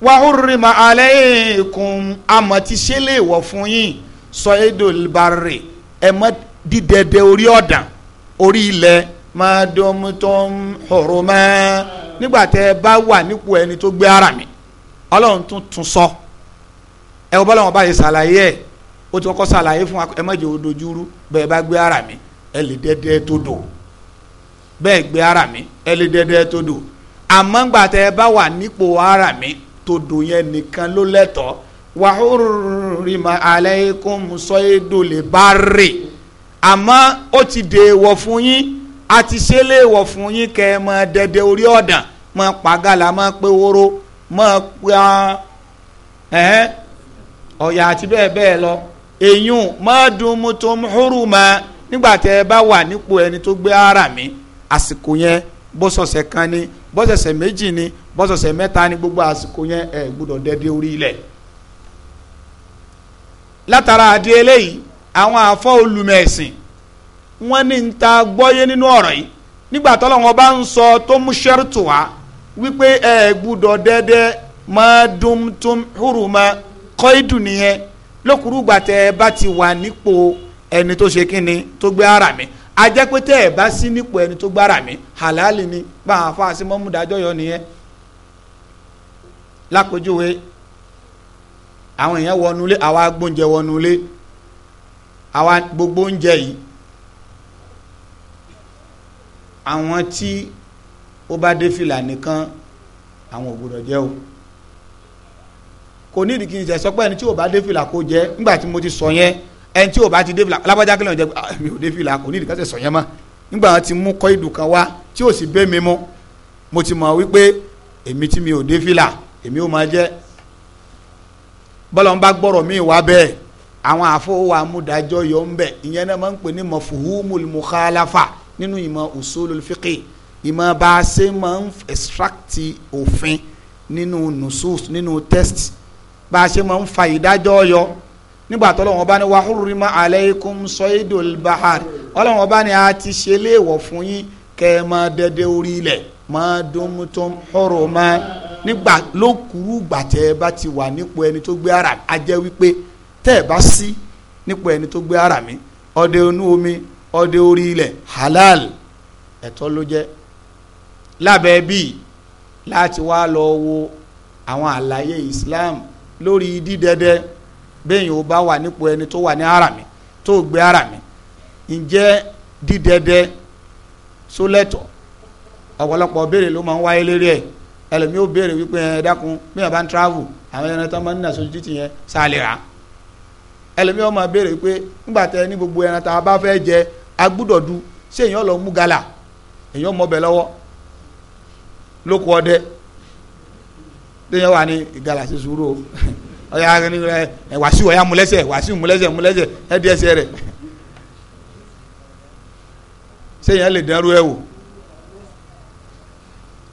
wàhùrìmà alaykum àmọ́ ti ṣe lè wọ̀ fún yín sọ èdò ìbárẹ̀ ẹ má dídẹ̀dẹ̀ orí ọ̀dàn orí ilẹ̀ máa dọ́mú tó ń hòrò mẹ́ nígbà tẹ́ ẹ bá wà nípò ẹni tó gbé ara mi ọlọ́run tún tún sọ ẹ wọ́n bọ́lá wọn bá yẹ ṣàlàyé ẹ̀ ó ti kọ́kọ́ ṣàlàyé fún ẹ má jẹ́ odojúrú bẹ́ẹ̀ bá gbé ara mi ẹ lè dẹ́dẹ́ tó dò bẹ́ẹ̀ gbé ara mi ẹ lè dẹ́dẹ́ tó dò àmọ́ gbà tẹ́ ẹ bá wà nípò ara mi tòdò yẹn nìkan ló lẹ́tọ̀ọ́ wàhùrìmà aláìkún sọ́yédò lè bá rè àmọ́ ó ti dè wọ̀ fún yín a ti ṣe lè wọ̀ fún yín kẹ́ ẹ mọ dẹdẹ orí ọ̀dàn mọ pàgàlà mọ pé wóró mọ pa ọ̀yà àti bẹ́ẹ̀ bẹ́ẹ̀ lọ èyún mọ́ọ́dúnmú tó ń húrù mọ́ nígbà tẹ́ ẹ bá wà nípò ẹni tó gbé ara mi àsìkò yẹn bọ́sọ̀sẹ̀ kan ni bọ́sọ̀sẹ̀ méjì ni bọ́sọ̀sẹ̀ mẹ́ta ni gbogbo àsìkò yẹn ẹ gbọ́dọ̀ dẹ́dẹ́ orí ilẹ̀ látara àdé eléyìí àwọn àfọ olùmẹ̀sìn wọ́n ní ń ta gbọ́yé nínú ọ̀rọ̀ yìí nígbà tọ́lọ́wọ́n bá ń sọ tó mú ṣẹ́rùtù wá wípé ẹ dẹ́dẹ́ kọ́ ìdùn nìyẹn ajẹ́ pé tẹ́ ẹ̀ bá sí nípò ẹni tó gbára mi halali ni bá àwọn afáàsí mọ́múdájọ́ yọ nìyẹn lápèjúwe àwọn èèyàn wọnúlé àwa gbóúnjẹ wọnúlé àwa gbogbo oúnjẹ yìí àwọn tí ó bá dé fìlà nìkan àwọn ò gbọdọ̀ o kò nídìí kí n jẹ́ sọ pé ẹni tí ò bá dé fìlà kó jẹ́ nígbà tí mo ti sọ yẹn ẹni tí o bá ti dé fìlà alábàjá kílẹ̀ ọ̀jẹ̀ ah, mi ò dé fìlà kò ní ìdíkàsẹ̀ sọ̀yẹ́ mọ́ nígbà wọn ti mú kọ́ ìdù kan wá tí o sì bẹ́ mi mọ́ mo ti mọ̀ wípé èmi tí mi ò dé fìlà èmi ò máa jẹ́ bọ́lá ń bá gbọ́rọ̀ mi wá bẹ́ẹ̀ àwọn àfọwọ́ amúdájọ́ yọ ń bẹ̀ ìyẹn náà máa ń pè ní mafhumul mukhalafa nínú ìmọ̀ usulul fiqi ìmọ̀ bá a ṣe máa ń extract òfin nínú nusus nínú test bá a ṣe máa ń fa ìdájọ́ yọ nígbà tó lọ́wọ́n bá ní wa hurrima alaykum saydul bahar ọlọ́wọ́n bá ní a ti ṣe léèwọ̀ fún yín kẹ́ ẹ máa dẹdẹ orí ilẹ̀ máa dumtum huruma nígbà lókùrú gbàtẹ́ ẹ bá ti wà nípò ẹni tó gbé ara a jẹ́ wípé tẹ́ ẹ bá sí nípò ẹni tó gbé ara mi ọdẹ onú omi ọdẹ orí ilẹ̀ halal ẹ̀tọ́ ló jẹ́ lábẹ́ bíi láti wá lọ wo àwọn àlàyé Islam lórí dídẹdẹ bẹ́ẹ̀ yóò bá wà nípò ẹni tó wà ní harami tó gbé harami ǹjẹ́ dídẹ́dẹ́ sólẹ́tọ̀ ọ̀pọ̀lọpọ̀ béèrè ló máa ń wáyé lérí ẹ̀ ẹlòmíì ó béèrè wípé ẹ dákun bí bá ń travel àwọn ẹran tó máa ń nà sójú títì yẹn sálẹ̀ ẹlòmíì ó máa béèrè wípé nígbà tẹ ní gbogbo ẹran tá a bá fẹ́ jẹ agbúdọ̀ du ṣé èèyàn lọ mú gala èèyàn mọ ọbẹ̀ lọ́wọ́ wà ní ìgalà sí ọ̀yà ẹ̀ wàásù ọ̀yà múlẹ́sẹ̀ wàásù múlẹ́sẹ̀ múlẹ́sẹ̀ ẹ̀ díẹ̀ sẹ́ rẹ̀ sẹ́yìn ẹ̀ lè dẹ́rú ẹ̀ wò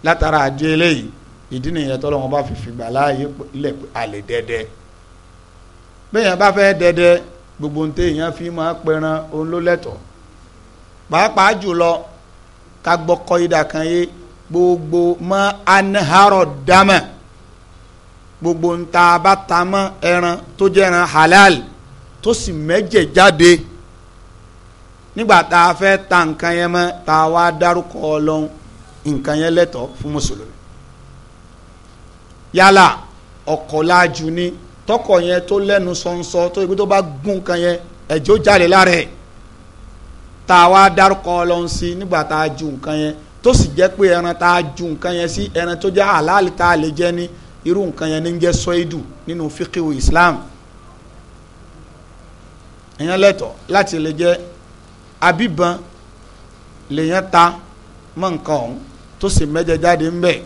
látara àdé eléyìí ìdí nìyẹn tọ́lọ́ wọn bá fi fìgbà láàyè lẹ̀ àlè dẹ́dẹ́ bẹ́ẹ̀ yẹn bá fẹ́ dẹ́dẹ́ gbogbo ń tẹ́ èèyàn fi máa pẹran òun ló lẹ́tọ̀ọ́ pàápàá jùlọ ká gbọ́ kọ́ ìdà kan yé gbogbo mọ́ anaharo dámẹ́ gbogbo ń ta bá ta mọ́ ẹran tó jẹ́ ẹran halal tó sì mẹ́jẹ̀ jáde nígbà tá a fẹ́ ta nǹkan yẹn mọ́ tá a wá dárúkọ ọlọ́run nǹkan yẹn lẹ́tọ̀ọ́ fún mùsùlùmí yálà ọkọ̀ láàjù ni tọkọ̀ yẹn tó lẹ́nu sọ̀nsọ̀ tó ibi tó bá gún nǹkan yẹn ẹ̀jẹ̀ ó jáde lára ẹ̀ tá a wá dárúkọ ọlọ́run sí nígbà tá a ju nǹkan yẹn tó sì jẹ́ pé ẹran tá a ju nǹkan yẹn sí ẹran tó jẹ́ àlàálì tá a lè jẹ ni irú nǹkan yẹn ní ń jẹ́ sọ́ídù nínú fíkìwù islam èèyàn lẹ́tọ̀ láti lè jẹ́ abíban lèèyàn ta mọ́ nǹkan ọ̀hún tó sì mẹ́jẹ jáde ń bẹ̀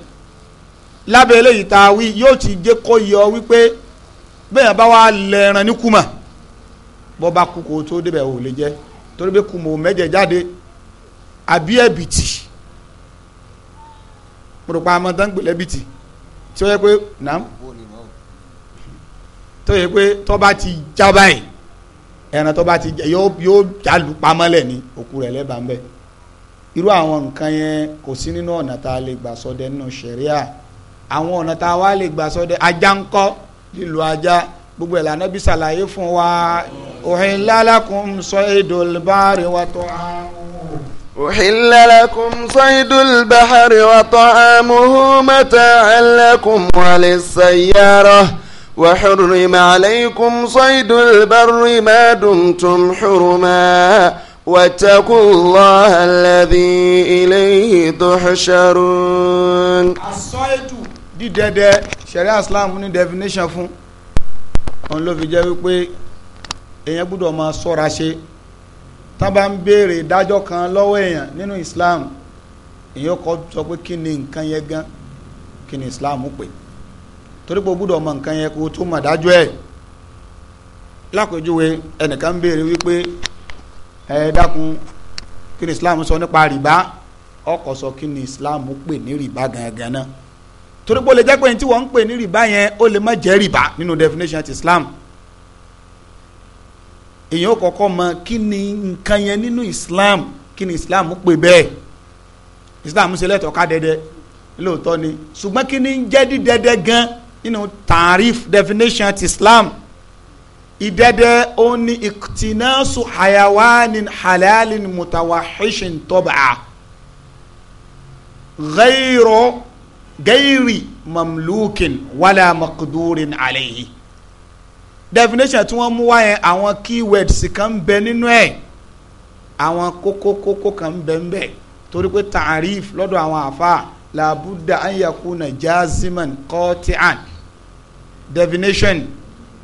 lábẹ́ eléyìí tá a wí yóò ti jẹ́ kó yọ wípé bẹ́ẹ̀ bá wà lẹ́ẹ̀ràn ní kùmà bọ́ bá kú kó tó débẹ̀ ò lè jẹ́ torí pé kùmà ò mẹ́jẹ jáde àbí ẹ̀bìtì mo rò pa amọ̀dáǹgbèlẹ́bìtì. E tí ó yẹ pé nam tó yẹ pé tó bá ti já báyìí ẹran tó bá ti já yóò yóò já lù pamọ́ lẹ̀ ní òkú rẹ̀ lẹ́bàá bẹ́ẹ̀ irú àwọn nǹkan yẹn kò sí nínú ọ̀nà tá a lè gbà ṣọdẹ nínú ṣẹ̀ríà àwọn ọ̀nà tá a wá lè gbà ṣọdẹ ajá ń kọ́ lílo ajá gbogbo ẹ̀ lànà bí ṣàlàyé fún wa uhilla lakum saydul bari wa ta'am. أحل لكم صيد البحر وطعامه متاعا لكم وللسيارة وحرم عليكم صيد البر ما دمتم حرما واتقوا الله الذي إليه تحشرون الصيد دي دادة شريعة اسلام ní definition fún òun ló fi jẹ́ wípé èèyàn gbọ́dọ̀ máa ṣọ́ra ṣe tán bá ń béèrè ìdájọ́ kan lọ́wọ́ èèyàn nínú Islam èèyàn kọ́ sọ pé kí ni nǹkan yẹn gan kí ni Islam pè torí pé o gbúdọ̀ mọ nǹkan yẹn kó o tó mọ̀ dájọ́ ẹ̀ lápèjúwe ẹnìkan ń béèrè wípé ẹ dákun kí ni Islam sọ nípa rìbá ọkọ̀ sọ kí ni Islam pè ní rìbá gangan náà torí pé o lè jẹ́ pé ní tí wọ́n ń pè ní rìbá yẹn ó lè má jẹ́ rìbá nínú definition ti Islam. No èèyàn kọ́kọ́ mọ kí ni nǹkan yẹn nínú Islam kí ni Islam pè bẹ́ẹ̀ Islam ṣe lẹ́tọ̀ọ́ ká dẹ́dẹ́ lóòótọ́ ni ṣùgbọ́n kí ni ń jẹ́ dídẹ́dẹ́ gan nínú tarif definition ti Islam ìdẹ́dẹ́ ó ní ìtìnásù hayawanin halalin mutawahishin tọ́bà ghayro gayri mamlukin wala maqdurin definition tí wọ́n mú wá yẹn àwọn keywords kan ń bẹ nínú ẹ̀ àwọn kókó kókó kan ń bẹ ń bẹ torí pé taarif lọ́dọ̀ àwọn àfa làbúdà anyakuna jaziman kọ́tíàn definition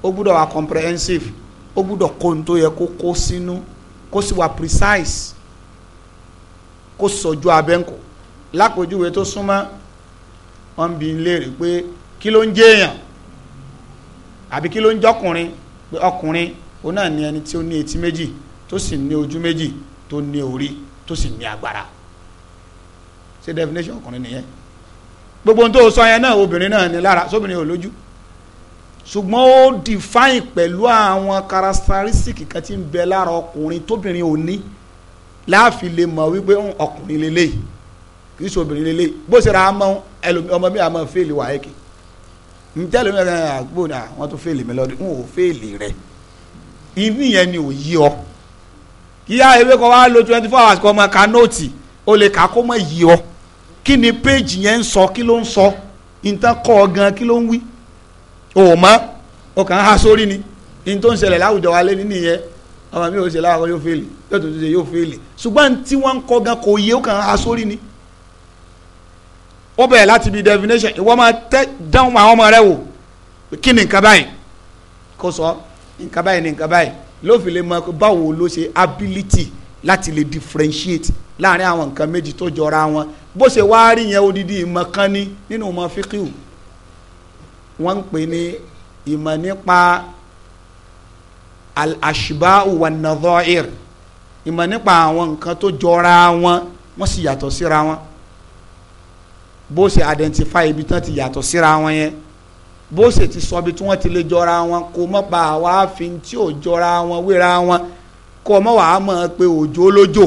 ó gbúdọ̀ wà comprehensive ó gbúdọ̀ kó n tó yẹ kó kó sínú kó sì wà precise kó sọjú abẹ́ǹkọ́ lápèjúwe tó súnmọ́ wọn bí n léèrè pé kí ló ń jẹ́ èèyàn àbí kí ló ń jọkùnrin pé ọkùnrin òun náà ni ẹni tí ó ní etí méjì tó sì ní ojú méjì tó ní orí tó sì ní agbára ṣe definition ọkùnrin nìyẹn gbogbo ohun tó sọ yẹn náà obìnrin náà ní lára sóbìnrin ò lójú ṣùgbọ́n ó define pẹ̀lú àwọn karasitarisiki kan tí ń bẹ lára ọkùnrin tóbìnrin ò ní láàfin lè mọ̀ wípé ọkùnrin lélẹ́yìí kì í ṣe obìnrin lélẹ́yìí bó ṣe ra ọmọ mi àmọ́ fèèlì wàhálà kìí njẹ́ lómi ẹ̀ka àgbo ni àwọn tó fèlè mi lọ́dún n ò fèlè rẹ̀ inú yẹn ni ò yí ọ kíá ewé kan wá lo twenty four hours kan ọmọ ká nóòtì o lè kà kó mọ̀ yí ọ kí ni péjì yẹn ń sọ kí ló ń sọ nǹkan kọ́ ọ gan kí ló ń wí o mọ̀ o kàn ń ha sórí ni n tó ń ṣẹlẹ̀ láwùjọ wa lé nínú yẹn ọmọ mi ò ṣe láwọn yóò fèlè yóò tó ṣe yóò fèlè ṣùgbọ́n tí wọ́n ń kọ́ gan kò yé o kàn ha sórí ni ó bẹ̀rẹ̀ láti bi definition ìwọ máa tẹ́ dáhùn àwọn ọmọ rẹ wò kí ni nǹkan báyìí kó sọ nǹkan báyìí ni nǹkan báyìí ló fi lè mọ báwo ló ṣe ability láti lè differentiate láàrin àwọn nǹkan méjì tó jọra wọn bó ṣe wá rí yẹn odidi ìmọ̀ kan ní nínú ìmọ̀ fíkìú wọ́n ń pè ní ìmọ̀ nípa al-ashba'u wan-nadha'ir ìmọ̀ nípa àwọn nǹkan tó jọra wọn wọ́n sì yàtọ̀ síra wọn bó ṣe identify ibi tán ti yàtọ̀ síra wọn yẹn bó ṣe ti sọ ibi tí wọ́n ti lè jọra wọn kó mọ́ pa àwa àfin tí ò jọra wọn wéra wọn kó mọ́ wàá mọ̀ pé òjò lójò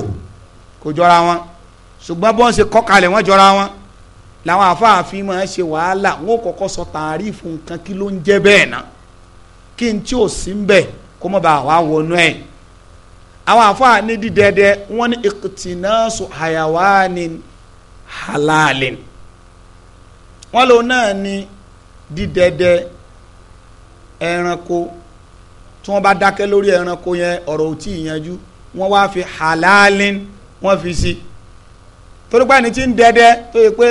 kò jọra wọn ṣùgbọ́n bó ń ṣe kọ́kalẹ̀ wọ́n jọra wọn làwọn àfáàfin máa ń ṣe wàhálà wọn ò kọ́kọ́ sọ tààrífù nǹkan kí ló ń jẹ́ bẹ́ẹ̀ náà kí n tí ò sí ń bẹ̀ kó mọ́ bá wa wọnú ẹ̀ àwọn àfáà dídẹ́dẹ́ wọ́n ní ìkùtìnà sùn hayawanin halalin wọ́n lò náà ni dídẹdẹ ẹranko tí wọ́n bá dákẹ́ lórí ẹranko yẹn ọ̀rọ̀ ò tí wọ́n wá fi halalin wọ́n fi sí torí pé ẹni tí ń dẹdẹ tó yẹ pé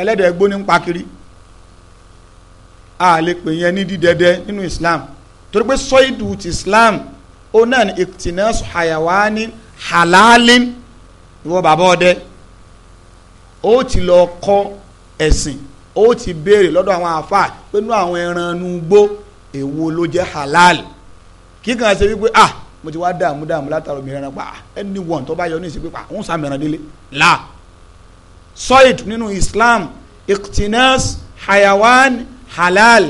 ẹlẹ́dẹ̀ gbóni ń pakiri a lè pè yẹn ní dídẹdẹ nínú Islam torí pé sọ́ìdù ti Islam ó náà ní ìtìnà hayawani halalin ìwọ bàbá ọdẹ ó ti lọ kọ́ ẹ̀sìn ó ti béèrè lọ́dọ̀ àwọn àáfàá pé nú àwọn ẹran inú èwo ló jẹ́ halal kíkan ṣe wípé ah mo ti wá dààmú dààmú látara omi ẹran pa ah, anyone tó bá yọ ní ìsìn pípa ah, òun sàmì ẹran délé la soid nínú Islam iqtinas hayawan halal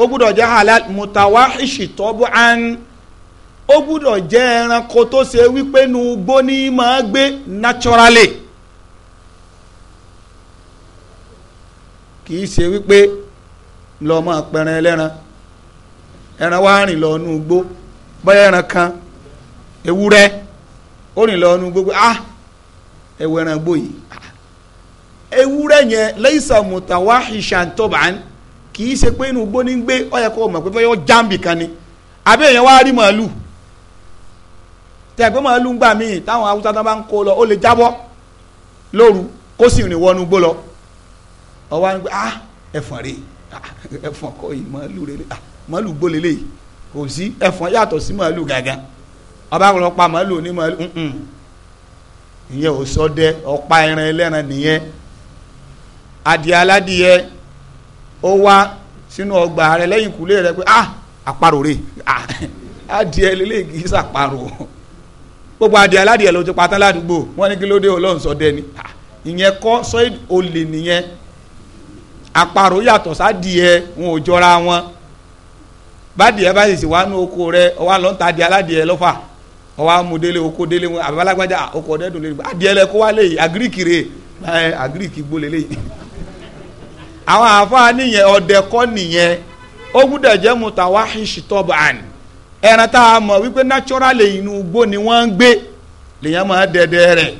ó gbúdọ̀ jẹ́ halal mutawahishi tọ́bùán ó gbúdọ̀ jẹ́ ẹranko tó ṣe wípé nu gbóní máa gbé naturally kì í ṣe wípé lọ́mọ pẹran ẹlẹ́ran ẹran wá rìn lọ inú igbó bọ́yá ẹran kan ewúrẹ́ ó rìn lọ inú igbó pé ah ẹ̀wọ̀ ẹran igbó yìí ah, ewúrẹ́ yẹn lẹ́yìísà wá ìṣàǹtọ̀bàn kì í ṣe pé inú igbó ní gbé ó yẹ kó mọ̀ pé yọ jáàmbì kan ni àbí èèyàn wá rí màálù tẹ̀gbọ́n màálù ń gbà míì táwọn haúsá tán bá ń kó lọ ó lè jábọ́ lóru kó sì rìn wọnú igbó lọ. ọwọ́ àwọn ah ẹ̀fọn rè ah, ẹ̀fọn kọ́ yìí màálù rè ah, màálù gbólé lè kò sí ẹ̀fọn yàtọ̀ sí màálù gàgà ọba àwọn ọpa màálù ní màálù ìyẹn ò sọ dẹ ọpa ẹran ẹlẹ́ran nìyẹn adìẹ aládìẹ ó wá sínú ọgbà rẹ lẹ́yìn kùlé rẹ pé ah àparò rè ah adìẹ lélẹ́yìn kì í sàparò gbogbo adìẹ aládìẹ ló ti patán ládùúgbò wọn ní kí ló dé ọlọ́run sọ dẹ ni ah, ìyẹn kọ́ sọ olè nìyẹn àparò yàtọ̀ sádìẹ wọn ò jọra wọn bádìẹ bá sì sì wá nú oko rẹ ọwọ́ àlọ́ ń ta adìẹ aládìẹ lọ́fà ọwọ́ amúdélé oko délé wọn àbálágbájá oko ọ̀dẹ́dùn lè gbà adìẹ lẹ kó wá léyìí agiriki rè ẹ agiriki gbólé léyìí àwọn àáfàá nìyẹn ọ̀dẹ kọ́ nìyẹn ó gbúdọ̀ jẹ́ ẹran tá a wípé natural inú igbó ni wọ́n ń gbé lèyàn máa dẹ̀dẹ̀ rẹ̀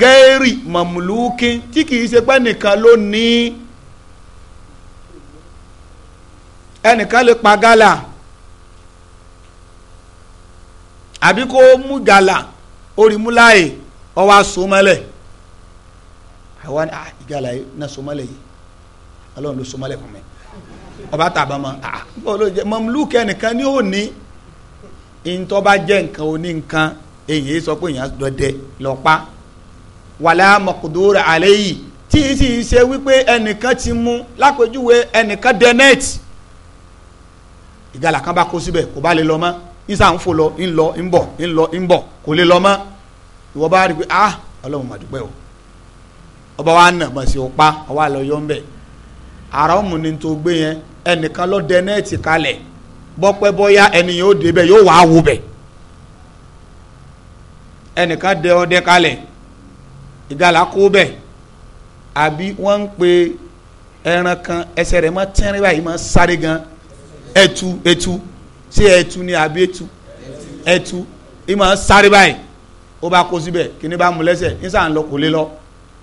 gẹ́rì mọ̀mùlùkì tí kì í ṣe pẹ́ nìkan ẹnìkan lè pa gálà àbí kó mú gálà orí mú láàyè ọwọ́ asomọ́lẹ̀ àwa ni ah gálà yìí náà somọ́lẹ̀ yìí ọlọ́run ló somọ́lẹ̀ fún mi ọba tàbá ma ah bọ́ọ̀ ni ó ní ntọ́ba jẹ́ nǹkan oní nǹkan èyí sọ pé èèyàn dọdẹ lọ́pa wàlá mọ̀kúndúrà àlẹ́ yìí tí ì sì ṣe wípé ẹnìkan ti mú lápèjúwe ẹnìkan dẹ́nẹ́ẹ̀tì ìgalà kan bá kó síbẹ̀ kò bá lè lọ mọ́ isa ń fò lọ ń lọ kò lè lọ mọ́ ìwọ bá rí pé ah ọlọ́run mà o ọba wa nà mọ̀ sí o pa ọwọ́ àlọ́ ń bẹ̀ ara ọ̀mù ni tó gbé yẹn ẹnìkan dẹ nẹ́ẹ̀tì kalẹ̀ bọ́pẹ́ bọ́yá ẹnìyàn ó débẹ̀ yóò wá wò bẹ̀ ẹnìkan dẹ ọdẹ kalẹ̀ ìgalà kó bẹ̀ àbí wọ́n ń pe ẹran kan ẹsẹ̀ rẹ̀ mọ́ sáré gan ẹtu ẹtu ṣé ẹtu ni àbí ẹtu ẹtu ìmọ̀ sáré báyìí ó bá kó síbẹ̀ kí ni bá mú lẹ́sẹ̀ nísà ń lọ kò lé lọ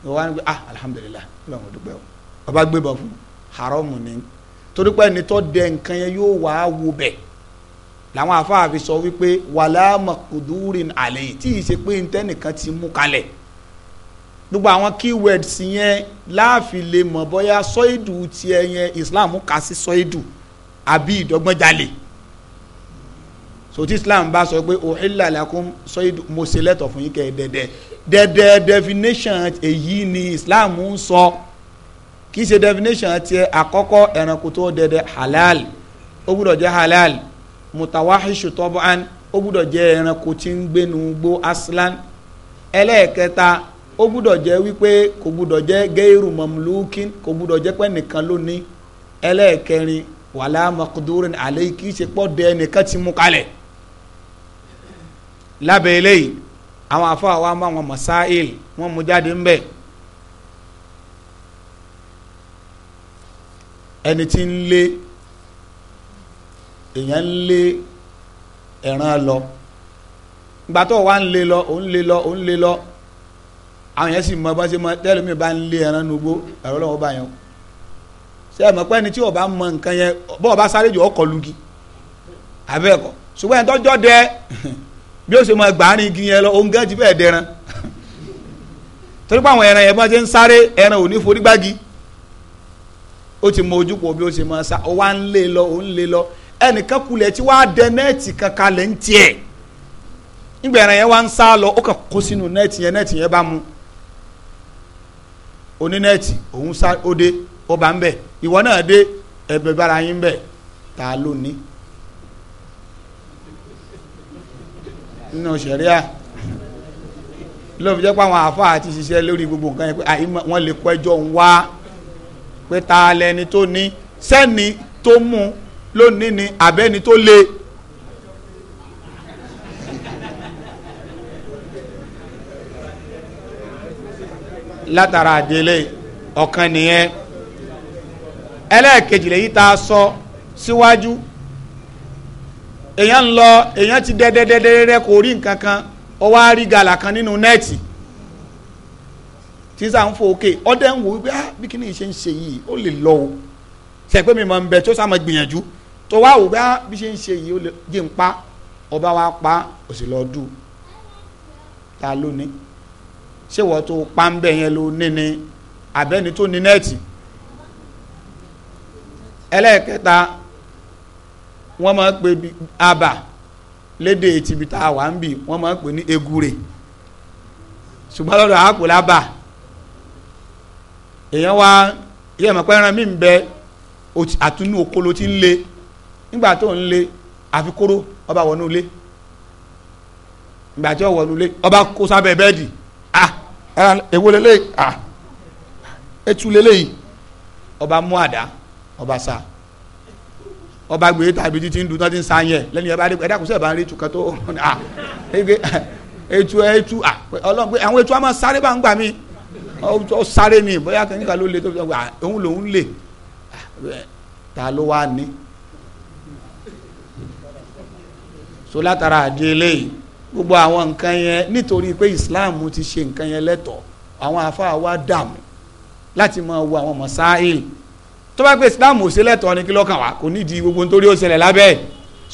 ó wá ní pé ah alhamdulilah ọlọ́run ò dúpẹ́ o bàbá gbé bọ̀ fún haramu ni torí pé ẹni tó dẹ nǹkan yẹn yóò wá wo bẹ̀ làwọn afáàfin sọ wípé wàlá makudurin àlè tí ì ṣe pé ntẹ́nìkan ti mú kalẹ̀ gbogbo àwọn keywords yẹn láàfin lè mọ̀ bóyá sọ́ìdù tiẹ̀ yẹn Islam kà sí sọ́ìdù. So àbí ìdọ́gbọ́njalè sòtí Islam bá sọ pé uhilla lakum sọ́yìn mo ṣe fún yín definition èyí ni Islam ń sọ kì í ṣe definition tiẹ̀ àkọ́kọ́ ẹranko tó halal ó gbúdọ̀ jẹ́ halal mutawahishu tọ́bọ̀án ó gbúdọ̀ jẹ́ ẹranko tí ń gbénu gbó aslan ẹlẹ́ẹ̀kẹta ó gbúdọ̀ jẹ́ wípé kò gbúdọ̀ jẹ́ geiru mamlukin kò gbúdọ̀ jẹ́ nìkan wàlá makudurin alẹ́ kì í ṣe pọ́ dẹ ẹnìkan ti mú kalẹ̀ lábẹ́ eléyìí àwọn afa wa máa wọn masáìl wọn mú jáde ń bẹ̀ ẹni tí ń lé èèyàn ń lé ẹ̀ràn lọ ìgbà tó wà ń lé lọ òun lé lọ òun lé lọ àwọn yẹn sì mọ bá ṣe mọ tẹ́lẹ̀ mi bá ń lé ẹran nugbó ẹ̀rọ lọ́wọ́ báyọ̀ ṣé ẹ mọ̀ pé ẹni tí ó bá mọ nǹkan yẹn bọ́ọ̀ bá sáré jù ọkọ̀ lugi àbẹ́ẹ̀kọ́ ṣùgbọ́n ẹni tọ́jọ́ dẹ bí ó ṣe mọ gbàárín igi yẹn lọ oúnjẹ ti fẹ́ẹ̀ dẹran torí pé àwọn ẹran yẹn bá ṣe ń sáré ẹran ò ní forí gbági ti mọ bí ṣe sa ọ wa ń lé lọ o ń lé lọ ẹnìkan kulẹ̀ tí wàá dẹ nẹ́ẹ̀tì kankan lẹ̀ ń tiẹ̀ nígbà ẹran yẹn wá ń sá lọ ó kàn kó sínú nẹ́ẹ̀tì yẹn nẹ́ẹ̀tì yẹn bá mu oní nẹ́ẹ̀tì òun sá ó dé ó bá ń bẹ̀ ìwọ náà dé ẹ̀bẹ̀ bára yín bẹ̀ ta ló ní. nínú sẹ̀ríà ló fi jẹ́ pé àwọn àáfàá àti ṣiṣẹ́ lórí gbogbo nǹkan yẹn pé wọ́n lè kọ́ ẹjọ́ ń wá pé ta lẹni tó ní sẹ́ni tó mú lónìí ni àbẹ́ni tó le. látara àdélé ọ̀kan nìyẹn ẹlẹ́ẹ̀kejì lèyí tá a sọ síwájú èèyàn ń lọ èèyàn ti dẹ́dẹ́dẹ́dẹ́dẹ́ kò rí nǹkan kan ó wá rí gàlà kan nínú nẹ́ẹ̀tì tíṣà ń fò òkè ọdẹ ń wò wípé ah, bí kí ni ìṣe ń ṣe yìí ó lè lọ o sẹ́pẹ́ mi máa ń bẹ tó sá máa gbìyànjú tó wá wò wípé ah, bí ṣe ń ṣe yìí ó lè jẹ́ ń pa ọba wa pa ó sì lọ dù ta lónìí ṣé wọ́n tó pa ń bẹ̀ yẹn ló ni àbẹ́ni tó ní nẹ́ẹ̀tì ẹlẹ́ẹ̀kẹta wọ́n máa ń pè aba, lédè tìbítà wà ń bì wọ́n máa ń pè ní egure ṣùgbọ́n lọ́dọ̀ èèyàn mọ̀ pé ẹran mi okolo ti ń le nígbà tó ń le ọba wọnú ilé ìgbà tí ó wọnú ilé ọba kó sábẹ́ bẹ́ẹ̀dì ah ẹran ah etu ọba mú ọba sa ọba gbé tàbí títí ń dun tọ́tí ń sa yẹn lẹ́nu yẹn bá rí ẹ̀dá kò sẹ́ẹ̀ bá rí ètù kan tó à ah, ètù ètù à ah, ọlọ́run pé àwọn ètù àmọ́ sáré bá ń gbà mí ó sáré ni bóyá kẹ́ńkà ló le tó fi sọ pé ah, òun lòun lè ta ló wá ní so látara àdé gbogbo àwọn nǹkan yẹn nítorí pé Islam ti ṣe nǹkan yẹn lẹ́tọ̀ọ́ àwọn afáà wa dààmú láti máa wo àwọn mọ̀sáìlì tó bá pé islam ò ṣe lẹ́tọ̀ọ́ ni kí lọ́kàn wá kò nídìí gbogbo nítorí ó ṣẹlẹ̀ lábẹ́ ẹ̀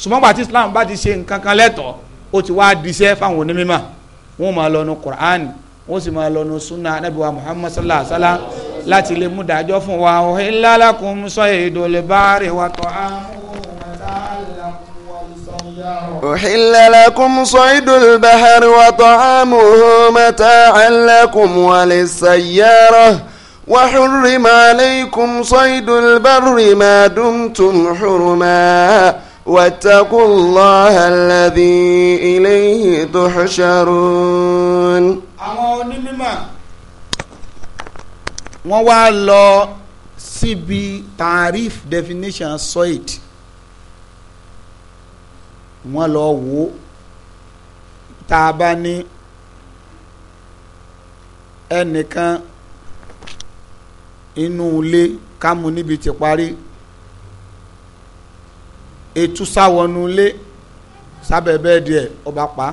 ṣùgbọ́n gbà tí islam bá ti ṣe nǹkan kan lẹ́tọ̀ọ́ ó ti wá diṣẹ́ fáwọn onímọ̀ wọn máa lọ nu quran wọn sì máa lọ nu sunna anabi wa muhammad sallallahu alaihi wa sallam láti lè mú dájọ́ fún wa uhilla lakum saydul bari wa ta'amuhu أحل لكم صيد البحر وطعامه متاعا لكم وللسيارة وحرم عليكم صيد البر ما دمتم حرما واتقوا الله الذي إليه تحشرون àwọn onímọ̀ wọ́n wá lọ síbi tarif definition soid wọ́n lọ wò ó tá a bá ní ẹnìkan inú ilé kámú níbi ti parí ètú sáwọnú ilé sábẹ́ bẹ́ẹ̀dì ẹ̀ ọba pa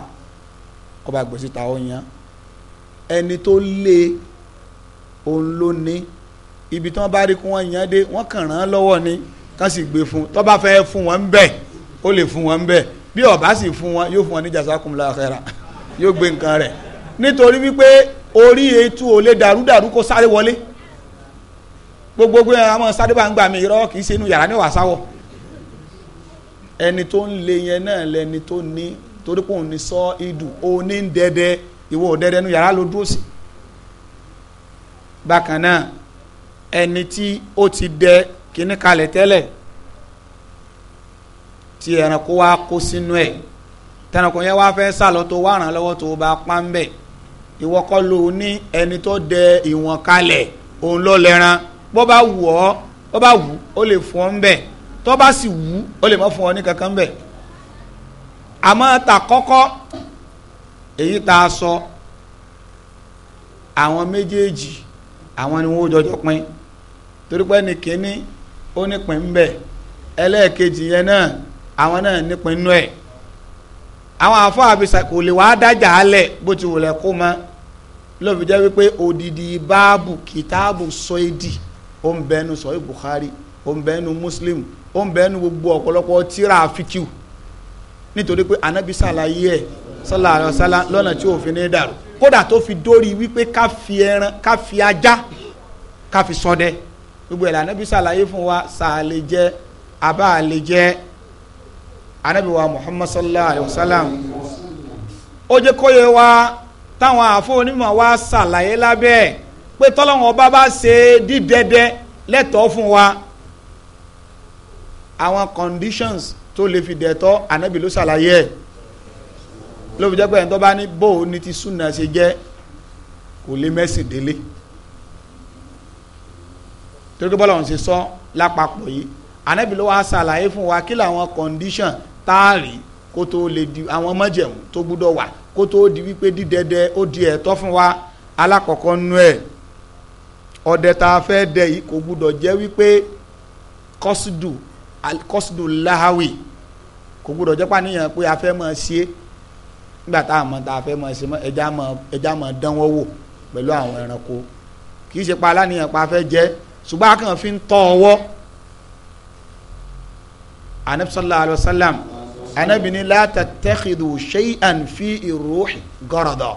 ọba gbèsìta ọyàn ẹni tó lé òun ló ní ibi tí wọ́n bá rí kí wọ́n yàn dé wọ́n kàn rán lọ́wọ́ ni ká sì gbé fún tó bá fẹ́ fún wọn bẹ́ẹ̀ ó lè fún wọn bẹ́ẹ̀ bí ọba sì fún wọn yóò fún wọn ní jazakumullah khaira yóò gbé nǹkan rẹ̀ nítorí wípé orí ètú ò dàrúdàrú kó sáré wọlé gbogbo gbé àwọn sádébà ń gbà mí irọ́ kì í ṣe inú yàrá ní wàsáwọ̀ ẹni tó ń le yẹn náà lẹni tó ní torí pé òun ní sọ idù òní ń dẹdẹ ìwọ ò dẹdẹ inú yàrá ló dúró sí bákan náà ẹni tí ó ti dẹ kíní kalẹ̀ tẹ́lẹ̀ tí ẹranko wa kó sínú ẹ̀ tẹnukọ yẹn wá fẹ́ sálọ tó wá ràn lọ́wọ́ tó bá pa ń bẹ̀ ìwọ kọ́ ló ní ẹni tó dẹ ìwọ̀n kalẹ̀ òun ló lẹ́ran bó bá wù ọ́ bó bá wù ó lè fún ọ ń bẹ̀ tó bá sì wù ó lè má fún ọ ní kankan ń bẹ̀ àmọ́ ta kọ́kọ́ èyí tá a sọ àwọn méjèèjì àwọn ni wọ́n jọjọ pín torí pé ní kínní ó nípìn ń bẹ̀ ẹlẹ́ẹ̀kejì yẹn náà àwọn náà nípìn nú ẹ̀ àwọn àfọ àbísà kò lè wá dájà alẹ̀ bó ti wù kó mọ́ lóbi wípé odidi báàbù kìtáàbù sọ èdì. So ó ń bẹnu sọ Bukhari ó ń bẹnu Muslim ó ń bẹnu gbogbo ọ̀pọ̀lọpọ̀ tíra fíkìú nítorí pé anabi ṣàlàyé ẹ̀ sallallahu alaihi wasallam lọ́nà tí òfin ní dàrú kódà tó fi dórí wípé ká fi ẹran ká fi ajá ká fi ṣọdẹ gbogbo ẹ̀ lànàbí ṣàlàyé fún wa sàlẹ̀ jẹ́ abá àlè jẹ́ anabi wa muhammad sallallahu alaihi wasallam ó jẹ́ kóye wa táwọn àfọ onímọ̀ wa ṣàlàyé lábẹ́ pé tọ́lọ́wọ́n ọba bá ṣe dídẹ́dẹ́ lẹ́tọ̀ọ́ fún wa àwọn conditions tó lè fi dẹ̀tọ́ ànábì ló ṣàlàyé ẹ̀ ló fi jẹ́ pé ẹ̀ńtọ́ bá ní bó o ní ti súnà ṣe jẹ́ kò lè mẹ́sìn délé torí pé bọ́lá òun ṣe sọ lápapọ̀ yìí ànábì ló wá ṣàlàyé fún wa kí làwọn condition tá a rí kó tó lè di àwọn mọ́jẹ̀mú tó gbúdọ̀ wà kó tó di wípé dídẹ́dẹ́ ó di ẹ̀tọ́ fún wa alákọ̀ọ́kọ́ nú ẹ̀. E ọdẹ tá a fẹ́ dẹ yìí kò gbúdọ̀ jẹ́ wípé kọ́sùdù kọ́sùdù láhàwì kò gbúdọ̀ jẹ́ pàníyàn pé a fẹ́ máa ṣe é nígbà tá a mọ̀ tá a fẹ́ máa ṣe mọ́ ẹja máa ẹja máa dán wọ́n wò pẹ̀lú àwọn ẹranko kì í ṣe pa aláníyàn pa fẹ́ jẹ́ ṣùgbọ́n a kàn fi ń tọ́ ọwọ́ anabi sallallahu alayhi wa sallam anabi fi irruhi garada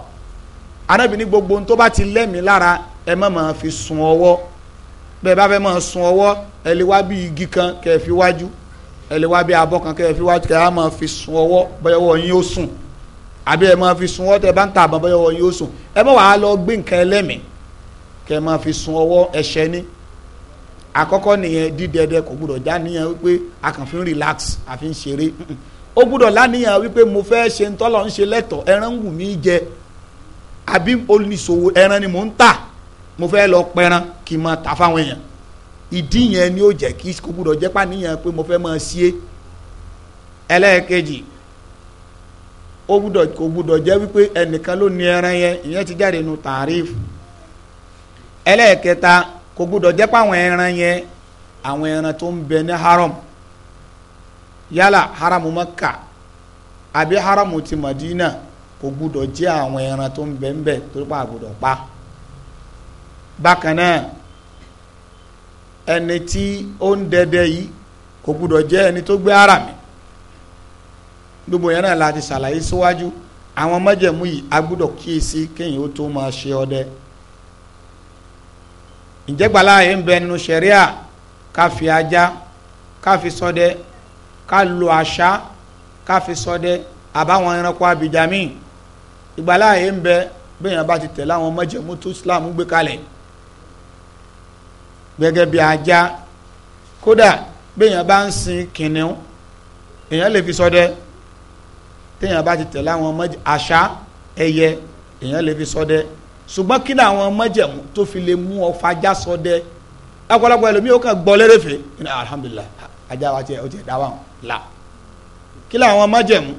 anabi gbogbo ohun ti lẹ́mìí lára ẹ má máa fi sun ọwọ́ bẹ́ẹ̀ bá fẹ́ máa sun ọwọ́ ẹ lè wá bí igi kan kẹ́ ẹ fi wájú ẹ lè wá bí abọ́ kan kẹ́ ẹ fi wájú kẹ́ ẹ máa fi sun ọwọ́ bóyá ọwọ́ yín ó sùn àbí ẹ máa fi sun ọwọ́ tẹ́ ẹ bá ń ta àbọ̀ bóyá ọwọ́ yín ó sùn ẹ má wàá lọ gbé nǹkan ẹlẹ́mìí kẹ́ ẹ máa fi sun ọwọ́ ẹ̀ṣẹ̀ ni àkọ́kọ́ nìyẹn dídẹ́dẹ́ kò gbúdọ̀ já níyàn wípé a kàn fi ń relax àfi ń ṣeré ó gbúdọ̀ láníyàn wípé mo fẹ́ ṣe ń tọ́lọ̀ ń ṣe lẹ́tọ̀ ẹran ń wù mí jẹ àbí oníṣòwò ẹran ni mò ń tà mo fẹ́ lọ pẹran kí n máa ta fáwọn èèyàn ìdí yẹn ni ó jẹ kí kò gbúdọ̀ jẹ́ pàníyàn pé mo fẹ́ máa sí é ẹlẹ́ẹ̀kejì ó gbúdọ̀ gbúdọ̀ jẹ́ wípé ẹnìkan ló ní ẹran yẹn ìyẹn ti jáde nu ẹlẹ́ẹ̀kẹta gbúdọ̀ jẹ́ ẹran yẹn haram yálà àbí ti Madina gbúdọ̀ jẹ́ àwọn ẹran tó bákan náà ẹni tí ó ń dẹdẹ yìí kò gbúdọ̀ jẹ́ ẹni tó gbé ara mi gbogbo yẹn náà láti ṣàlàyé síwájú àwọn májẹ̀mú yìí a gbúdọ̀ kíyèsí kéyìn ó tó máa ṣe ọdẹ ìjẹ́gbàláyé ń bẹ nínú ṣẹ̀ríà ká fi ajá ká fi ṣọdẹ ká lo àṣá ká fi ṣọdẹ àbáwọn ẹranko abìjà míì ìgbàláyé ń bẹ bẹ́ẹ̀ bá ti tẹ̀lé àwọn májẹ̀mú tó Islam gbé kalẹ̀ yìí gẹ́gẹ́ bí ajá kódà béèyàn bá ń sin kìnìún èèyàn lè fi ṣọdẹ téèyàn bá ti tẹ̀lé àwọn mọ́jẹ̀ àṣà ẹyẹ èèyàn lè fi ṣọdẹ ṣùgbọ́n kí ni àwọn mọ́jẹ̀mú tó fi lè mú ọ fajá ṣọdẹ ọ̀pọ̀lọpọ̀ ẹlòmíì ó kàn gbọ́ lérèfé alhamdulilayi ajá wa tiẹ̀ ó tiẹ̀ dá wa la kí ni àwọn mọ́jẹ̀mú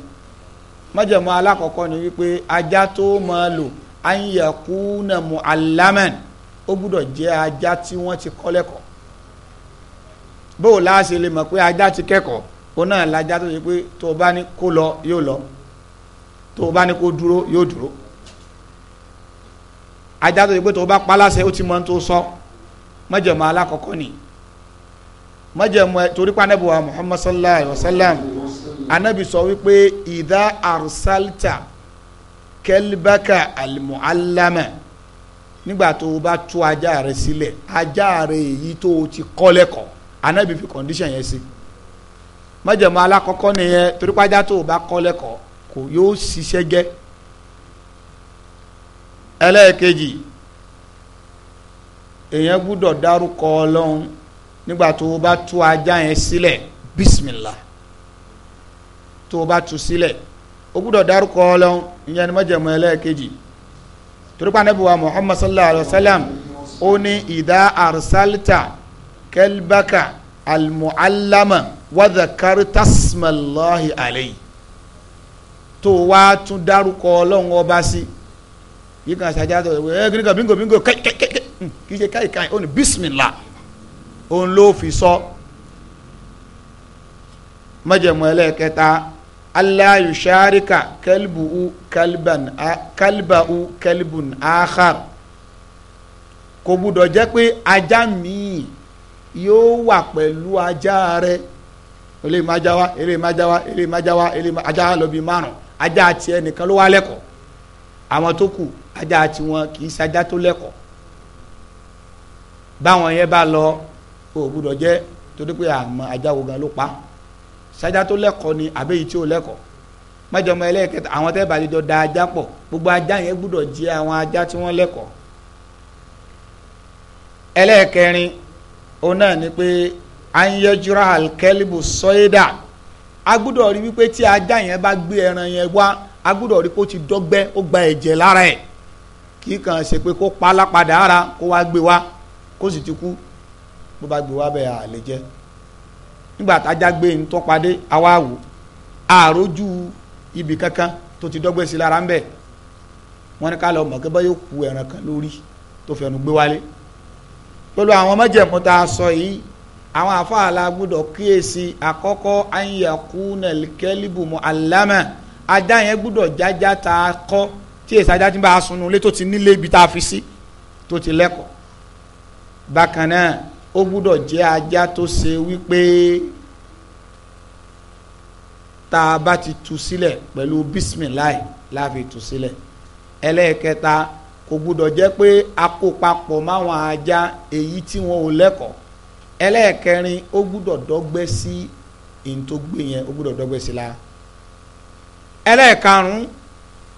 mọ́jẹ̀mú alákọ̀ọ́kọ́ ni wípé ajá tó máa lò ayẹ̀kú nàmú alámẹ́ni ó gbúdọ̀ jẹ́ ajá tí wọ́n ti kọ́ lẹ́kọ̀ọ́ bó o láṣẹ lè mọ̀ pé ajá ti kẹ́kọ̀ọ́ ó náà lajá tó ṣe pé tó o bá ní kó lọ yóò lọ tó o bá ní kó dúró yóò dúró ajá tó ṣe pé tó o bá paláṣẹ ó ti mọ tó sọ májẹ̀mú alákọ̀ọ́kọ́ ni májẹ̀mú torí pa anábì wa Muhammad sallallahu alayhi wa sallam anábì sọ wípé ìdá arsalta kẹlbaka alimualama. Al nígbà tó o bá tú ajá rẹ sílẹ̀ ajá rẹ èyí tó o ti kọ́ lẹ́kọ̀ọ́ anábì fi condition yẹn sí májẹ̀mú alákọ̀ọ́kọ́ nìyẹn torí tó o bá kọ́ lẹ́kọ̀ọ́ kò yóò ṣiṣẹ́ gẹ́ ẹlẹ́ẹ̀kejì èèyàn gbúdọ̀ dárúkọ ọlọ́run nígbà tó o bá tú ajá yẹn sílẹ̀ bísímìlà tó o bá tú sílẹ̀ o gbúdọ̀ dárúkọ ọlọ́run ìyẹn ni ẹlẹ́ẹ̀kejì. torípa anabi wa muhammad sallallahu alayhi wa sallam ó ní ìdá arsalta kẹlbaka almuallama wadakari tasmalahi alayhi tó wá tún dárúkọ ọlọ́run ọba sí yìí kan ṣàjà tó ẹ eh, gírígà bíngò bíngò kẹ́kẹ́kẹ́ hmm, kì í ṣe káyìkáyì ó ní bísímìlá òun ló fi sọ májẹ̀mú ẹlẹ́ẹ̀kẹta. So alla yusharika kalbu u kalban kalba u kalbun akhar kò gbúdọ̀ jẹ́ pé ajá míì yóò wà pẹ̀lú ajá rẹ eléyìí má já wa eléyìí má já wa eléyìí má já wa eléyìí má ajá lọ bíi márùn ajá tiẹ̀ nìkan ló wá lẹ́kọ̀ọ́ àwọn tó kù ajá tiwọn kì í ṣajá tó lẹ́kọ̀ọ́ báwọn yẹn bá lọ kò gbúdọ̀ jẹ́ torí pé àmọ́ ajá wo gan ló pa á sájà tó lẹ́kọ̀ọ́ ni àbẹ́yìí tí ò lẹ́kọ̀ọ́ mẹjọmọ ẹlẹ́ẹ̀kẹta àwọn tẹ́ balẹ̀ jọ da ajá pọ̀ gbogbo ajá yẹn gbúdọ̀ jẹ́ àwọn ajá tí wọ́n lẹ́kọ̀ọ́ ẹlẹ́ẹ̀kẹrin òun náà ni pé anyẹjura alkelibu sọ́yẹ́dà a gbúdọ̀ rí wípé tí ajá yẹn bá gbé ẹran yẹn wá a gbúdọ̀ rí pé ó ti dọ́gbẹ́ ó gba ẹ̀jẹ̀ lára ẹ̀ kì í kàn ṣe pé kó pa lápadà ara kó wá gbé wá kó sì ti kú bó bá gbé wá bẹ́ẹ̀ à nígbà tájá gbé ń tọ́padé àwa wò àròjù ibì kankan tó ti dọ́gbẹ́ sí lára ń bẹ̀ wọ́n ní ká lọ mọ̀ kébá yóò ku ẹran kan lórí tó fẹnu gbé wálé pẹ̀lú àwọn májẹ̀mú tá a sọ yìí àwọn àfàlà gbọ́dọ̀ kíyèsí àkọ́kọ́ ayẹ̀kú nàìkẹ́lìbùmọ̀ àlámà ajá yẹn gbọ́dọ̀ jájá tá a kọ́ tí èsì ajá ti bá a sunu lé tó ti nílé ibi tá a fi sí tó ti lẹ́kọ̀ọ́ bákan náà ó gbúdọ̀ jẹ́ ajá tó ṣe wípé tá a bá ti tú sílẹ̀ pẹ̀lú bisimilahi láfi tú sílẹ̀ ẹlẹ́ẹ̀kẹta kò gbúdọ̀ jẹ́ pé akópapọ̀ máwọn ajá èyí tí wọn ò lẹ́kọ̀ọ́ ẹlẹ́ẹ̀kẹrin ó gbúdọ̀ dọ́gbẹ́ sí èyí tó gbé yẹn ó gbúdọ̀ dọ́gbẹ́ sí la ẹlẹ́ẹ̀karùn-ún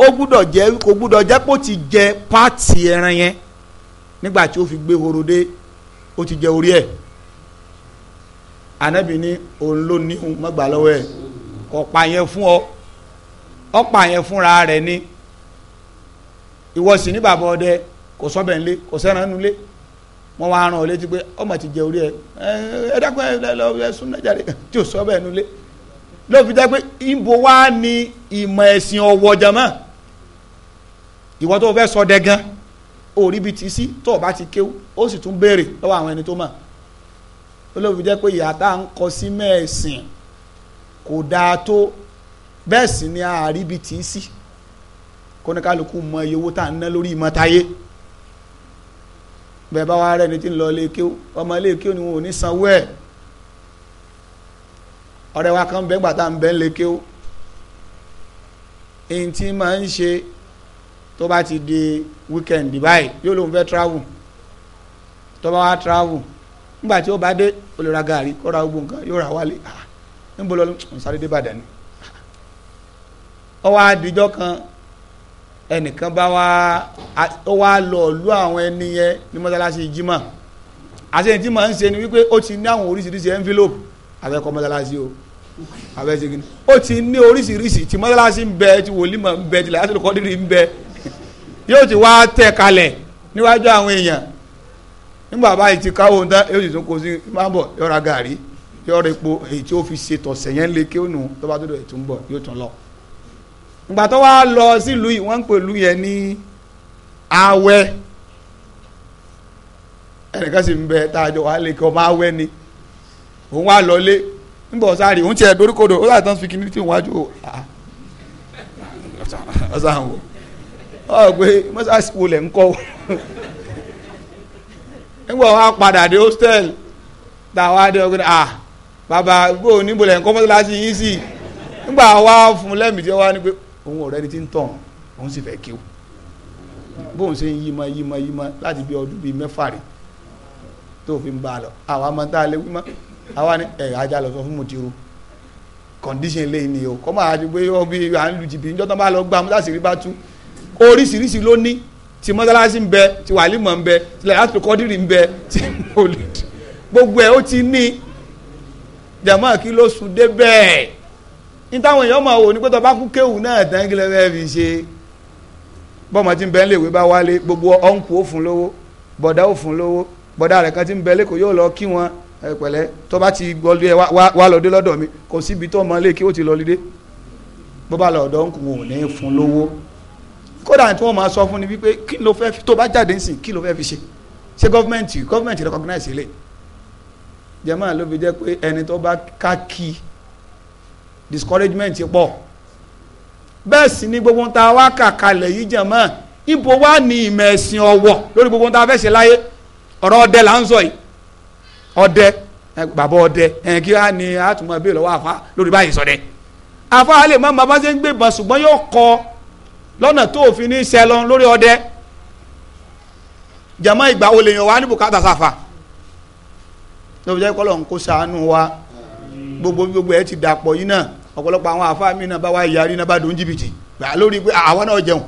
ó gbúdọ̀ jẹ́ kò gbúdọ̀ jẹ́ pé ó ti jẹ páàtì ẹran yẹn nígbà tí ó fi gbé horo dé ó ti jẹ orí ẹ̀ anabi ní òun ló níhun mọ́gbà lọ́wọ́ ẹ̀ ọ̀pá yẹn fún ọ ọ̀pá yẹn fúnra rẹ̀ ni ìwọ sì ní bàbá ọdẹ kò sọ́bẹ̀ ńlé kò sẹ́ran nulẹ̀ wọ́n wá rán ọ létí pé ọmọ ti jẹ orí ẹ ẹ dákun ẹ lọ ẹ sún náà tí ò sọ́bẹ̀ nulẹ̀ ló fi jẹ́ pé ibo wá ní ìmọ̀ ẹ̀sìn ọ̀wọ̀ jama ìwọ tó fẹ́ sọ dẹ gan òríbi ti sí tó o bá ti kéwú ó sì tún béèrè lọ́wọ́ àwọn ẹni tó mọ̀ olóòfin jẹ́ pé ìyá tá à ń kọ sí mẹ́ẹ̀sìn kò dáa tó bẹ́ẹ̀ sì ni àríbi ti sí kóníkálukú mọ iye owó tá à ń ná lórí ìmọ̀tayé bẹ́ẹ̀ bá wá rẹ́ni tí ń lọ ilé kéwú ọmọ ilé kéwú ni wọn ò ní sanwó ẹ̀ ọ̀rẹ́ wa kan bẹ́ẹ̀ gbà tá à ń bẹ́ẹ̀ lé kéwú èyí tí máa ń ṣe tó bá ti di weekend báyìí yóò lóun fẹ́ travel tó bá wá travel nígbà tí ó bá dé ó lè ra gàrí kó ra gbogbo nǹkan yóò wálé níbo ń sáré dé ni ọwọ́ àdìjọ́ kan ẹnìkan bá wá ó wá lọ lú àwọn ẹni yẹn ní mọ́sálásí jimá àti ẹni tí màá ń ṣe ni wípé ó ti ní àwọn oríṣiríṣi envelope o yóò ti wá tẹ kalẹ̀ níwájú àwọn èèyàn nígbà báyìí ti káwọ́ tán yóò sì tún kó sí mábọ̀ yọra gàrí yọra epo èyí tí ó fi ṣe tọ̀sẹ̀ yẹn lé kí ó nù tó bá tó ń bọ̀ yóò tún lọ. ìgbà tó wá lọ sílùú yìí wọ́n ń pè yẹn ní awẹ́ ẹnìkan sì ń bẹ tá a jọ lè kí ọmọ awẹ́ ni òun wá ọ pé mọ́sáàsì wo lẹ̀ ń kọ́ nígbà wọn padà dé hostel táwa dé ọgbẹ́ni à bàbá bó níbo lẹ̀ ń kọ́ mọ́sáàsì yín sí nígbà wa fún lẹ́mìí tí wọ́n wá ní ọ̀rẹ́ ni ti ń tàn òun sì fẹ́ kí o bóun ṣe ń yí ma yí ma yí ma láti fi ń bá a lọ àwa máa ń lé wí àwa ni o kọ́ máa pé wọ́n bí lu níjọ́ tán bá oríṣiríṣi ló ní ti mọ́sálásí ń bẹ ti wàlímọ̀ ń bẹ ti lẹ́yàtò kọ́dírì ń bẹ ti mọ̀lẹ́dì gbogbo ẹ̀ ó ti ní jàmáà kí ló sùn débẹ̀ ní táwọn èèyàn máa wò ní pé tó bá kú kéwù náà tán kí lẹ́fẹ́ fi ṣe bọ́mọ tí ń bẹ léwé bá wálé gbogbo ọ̀nkù ó fún lówó bọ̀dá ó fún lówó bọ̀dá rẹ̀ kan tí ń bẹ lẹ́kọ̀ọ́ yóò lọ kí wọn pẹ̀lẹ́ tó bá ti gbọ́dọ̀ ẹ wá lọ́dẹ lọ́dọ̀ mi kò síbi tó mọ lé kí ó ti lọ lídé bó bá lọ́dọ̀ ọ̀nkù wò ní fún lówó kódà tí wọ́n máa sọ fún ni wípé kí ló fẹ́ fi tó bá jáde ń sìn kí ló fẹ́ fi ṣe ṣé gọ́fìmẹ̀ntì gọ́fìmẹ̀ntì recognize ilé jẹ́mọ́ ló fi jẹ́ pé ẹni tó bá káàkì discouragement pọ̀ bẹ́ẹ̀ sì ni gbogbo ń ta wá kàkalẹ̀ yìí jẹ́mọ́ ibo wá ní ìmọ̀ ẹ̀sìn ọ̀wọ̀ lórí gbogbo ń ta fẹ́ ṣe láyé ọ̀rọ̀ ọdẹ là ń sọ yìí ọdẹ bàbá ọdẹ ẹ̀ kí á ní àtúmọ̀ bẹ́ẹ̀ lọ́wọ́ àfa lórí báyìí sọdẹ àfa alẹ́ mọ́ bàbá ṣe ń gbé ìbọn ṣùgbọ́n yóò kọ́ lọ́nà tó òfin ní sẹlọ lórí ọdẹ jama ìgbà wo lèèyàn wá ní bùkátà sáfà lọ́wọ́ jẹ́ kọ́lọ̀ ń kó sàánú wa gbogbo gbogbo ẹ ti dàpọ̀ yìí náà ọ̀pọ̀lọpọ̀ àwọn àfáà mi náà bá wá yarí náà bá dùn jìbìtì gbà lórí pé àwa náà jẹun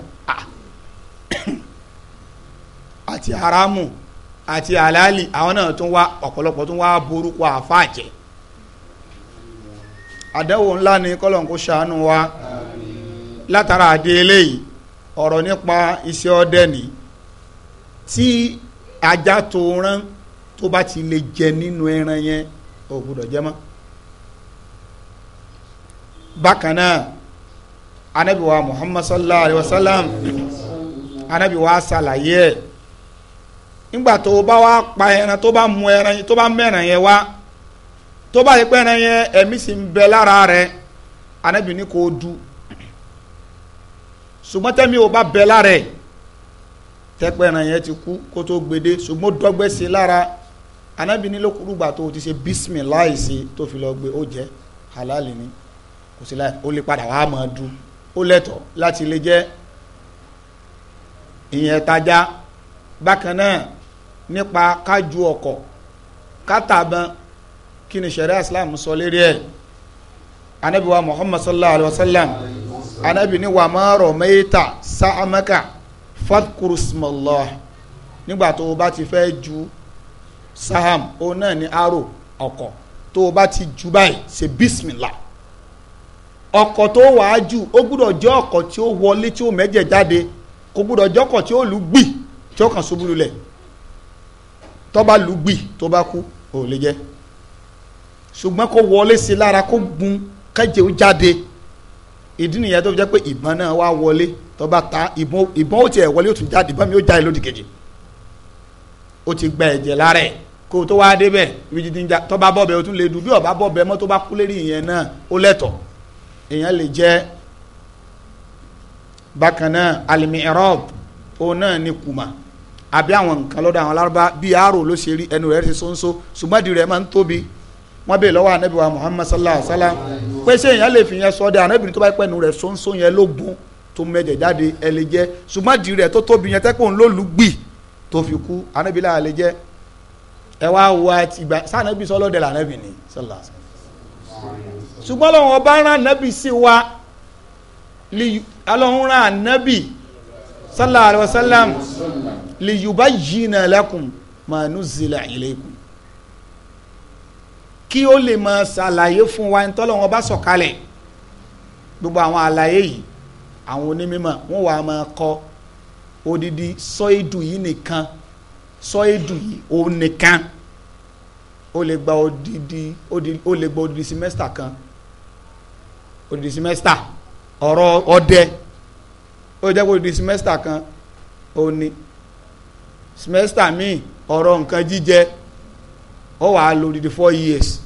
àti haramu àti alali àwọn náà tún wá ọ̀pọ̀lọpọ̀ tún wá borúkọ àfáà jẹ àdẹ́wò ńlá ni kọ́lọ̀ ń kó sàánú wa. látara àdé eléyìí ọ̀rọ̀ nípa iṣẹ́ ọdẹ ni tí ajá tó rán tó bá ti lè jẹ nínú ẹran yẹn ò gbọdọ̀ jẹ mọ́ bákan náà anabi muhammad sallallahu alayhi wa sallam ṣàlàyé ẹ̀ nígbà tó bá wá pa ẹran tó bá mú ẹran tó bá yẹn wá tó bá yẹ ṣùgbọ́n tẹ́mi ò bá bẹ lára ẹ̀ tẹ́pẹ̀ràn yẹn ti kú kó tó gbede ṣùgbọ́n dọ́gbẹ́ sí lára anábì ní lókùrùgbà tó ti ṣe bísímìláì sí tó fi lọ gbé ó jẹ́ halali ni kò sí láì ó lè padà wàá máa du ó lẹ́tọ̀ọ́ láti lè jẹ́ ìyẹn tajá bákan náà nípa kájú ọkọ̀ kátàbọn kí ni sẹ̀rẹ́ islam sọ lérí ẹ̀ anábì wa muhammad sallallahu alayhi wa sallam anabi ni wà má rọ̀ mẹ́ta sàmẹ́ka fadkurusmallah nígbà tó o bá ti fẹ́ ju saham òun náà ni arrow ọkọ̀ tó o bá ti ju báyìí ṣe bismillah ọkọ̀ tó wàá jù ó gbúdọ̀ jẹ́ ọkọ̀ tí ó wọlé tí ó mẹ́jẹ̀ jáde kò gbúdọ̀ jẹ́ ọkọ̀ tí ó lù gbì tí ó kàn ṣubú tó bá lù gbì tó bá kú ò lè jẹ́ ṣùgbọ́n kó wọlé sí lára kó gun kẹ́jẹ́ ó jáde ìdí nìyẹn tó fi jẹ́ pé ìbọn náà wá wọlé tó bá ta ìbọn ìbọn ó tiẹ̀ wọlé ó tún jáde ìbọn mi ó jáde lódì kejì ó ti gba ẹ̀jẹ̀ lára ẹ̀ kó tó wá débẹ̀ ibi jíjí níjà tó bá o tún lè dùn bí ó bá bọ̀bẹ̀ mọ́ tó bá kú lérí ìyẹn náà ó lẹ́tọ̀ èèyàn lè jẹ́ bákan náà alimi ẹ̀rọ́b òun náà ni kùmà àbí àwọn nǹkan lọ́dọ̀ àwọn alárúbá bíi àárò ló ṣe rí ẹnu rẹ̀ ti ṣóńṣó ṣùgbọ́n ìdí rẹ̀ máa ń tóbi wọ́n bèè lọ́wọ́ anabi wa muhammad sallallahu alaihi wa sallam pé ṣé èèyàn lè fi yẹn sọ ọ́ dẹ anabi ní tó bá pẹ́ nu rẹ̀ ṣóńṣó yẹn ló gun tó mẹ́jẹ̀ jáde ẹ lè jẹ́ ṣùgbọ́n di rẹ̀ tó tóbi yẹn tẹ́pọ̀ ń lólu gbì tó fi kú anabi láà lè jẹ́ ẹ wá wá ìgbà sànàbì sọlọ́dẹ̀ lànàbì ni sallallahu alaihi wa sallam ṣùgbọ́n lọ́wọ́ ọba rán anabi sí wa alọ́hún rán anabi sallallahu alaihi wa sallam liyubayyina lakum ma nuzila ilaykum kí ó lè máa ṣàlàyé fún wa ní tọ́lọ́wọ́n bá sọ̀kalẹ̀ gbogbo àwọn àlàyé yìí àwọn onímọ̀ wọn wà máa kọ odidi sọ́ìdù yìí nìkan sọ́ìdù yìí òun nìkan ó lè gba odidi ó lè gba odidi simẹ́sítà kan odidi semester ọ̀rọ̀ ọdẹ ó lè jẹ́ odidi simẹ́sítà kan òun ni simẹ́sítà míì ọ̀rọ̀ nǹkan jíjẹ ó wàá lò dídí four years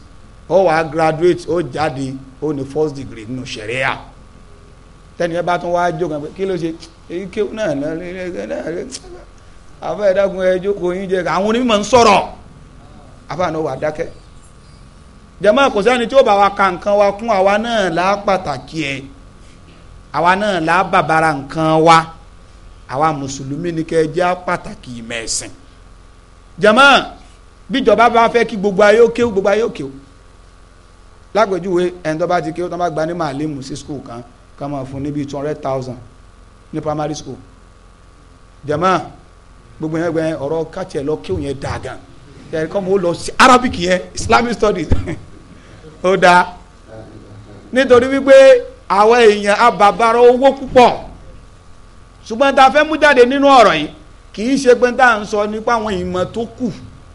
ó wàá graduate ó jáde ó ní first degree nínú sẹ̀ríà tẹ́nìyẹn bá tún wáá jó kan pé kí ló ṣe ike náà àfẹ́ ìdákun ẹ jókòó yín jẹ àwọn onímọ̀ ń sọ̀rọ̀ àfẹ́ àná wà dákẹ́ jẹ́mọ́ kò sẹ́ni tí ó bá wa ka nǹkan wa kún àwa náà lá pàtàkì ẹ̀ àwa náà lá bàbára nǹkan wa àwa mùsùlùmí ni kẹ́ ẹ jẹ́ pàtàkì ìmẹ̀sìn jẹ́mọ́ bíjọba bá fẹ́ kí gbogbo ayé ó kéwú gbogbo ayé ó kéwú lápèjúwe ẹni tó bá ti kéwú tó bá gba ní màálímù sí skul kan ká máa fún níbi two hundred thousand ní primary school jama gbogbo yẹn gbẹ ọ̀rọ̀ kàtsẹ lọ kéwú yẹn dáa gan yẹn kọ́ mo lọ sí arabic yẹn islamic studies ó dáa nítorí wípé àwọn èèyàn abàbàrà owó púpọ̀ ṣùgbọ́n tá a fẹ́ mú jáde nínú ọ̀rọ̀ yìí kì í ṣe pé tá à ń sọ nípa àwọn ìmọ̀ tó kù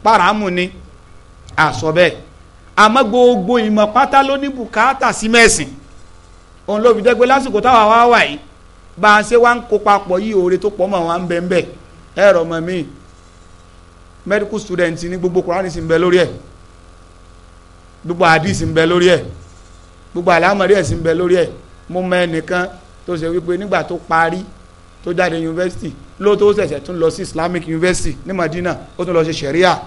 paramu ni àsọ bẹ́ẹ̀ gbogbo ìmọ̀ pátá ló ní bùkátà sí mẹ́sìn òun ló fi jẹ́ lásìkò táwa wá wà yìí bá a ṣe wá ń kó papọ̀ yìí oore tó pọ̀ mọ́ wa ń bẹ ń bẹ ẹ̀rọ ọmọ mi medical student ní gbogbo Quran sì ń bẹ lórí ẹ̀ gbogbo hadith ń bẹ lórí ẹ̀ gbogbo àlámọ̀rí ẹ̀ sì ń bẹ lórí ẹ̀ mo mọ ẹnìkan tó ṣe wípé nígbà tó parí tó jáde yunifásitì lóòótọ́ ó ṣẹ̀ṣẹ̀ tún lọ sí islamic university ní madina ó tún lọ ṣe sharia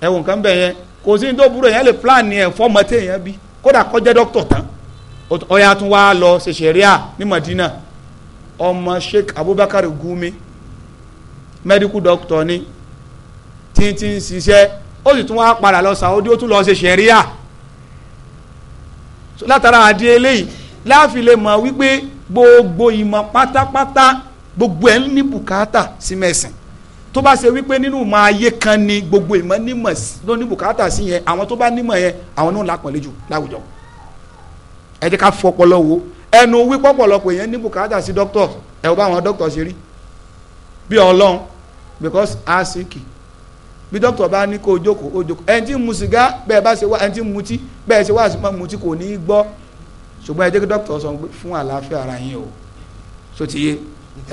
ẹ̀wọ̀n kan bẹ̀ yẹn kò sí tó burú yẹn lè plan yẹn fọ́mọ tẹ̀ yẹn bí kódà kó jẹ́ tán tún wá lọ ní madina ọmọ abubakar gumi medical doctor ni tí tí ń ṣiṣẹ́ ó sì tún wá padà lọ ó tún lọ látara láàfin lè mọ̀ wípé gbogbo ìmọ̀ pátápátá gbogbo ẹ̀ ń ní bùkátà sí mẹ́sìn tó bá ṣe wípé nínú ìmọ̀ ayé kan ni gbogbo ìmọ̀ nímọ̀ ló ní bùkátà sí yẹn àwọn tó bá nímọ̀ yẹn àwọn náà lápọ̀lẹ́ jù láwùjọ ẹ jẹ́ ká fọpọlọ wo ẹnu wípé ọ̀pọ̀lọpọ̀ yẹn ní bùkátà sí dókítọ̀ ẹ̀ wọ́n bá àwọn dókítọ̀ ṣe rí bí ọlọ́run because a sick bí dókítà bá ní kó o jókòó o jókòó ẹni tí ń mu sìgá bẹ́ẹ̀ bá ṣe wá ẹni tí ń mutí bẹ́ẹ̀ ṣe wá mutí kò ní í gbọ́ ṣùgbọ́n ẹ jẹ́ kí dókítà sọ pé fún àlàáfíà ara yín o so ti yé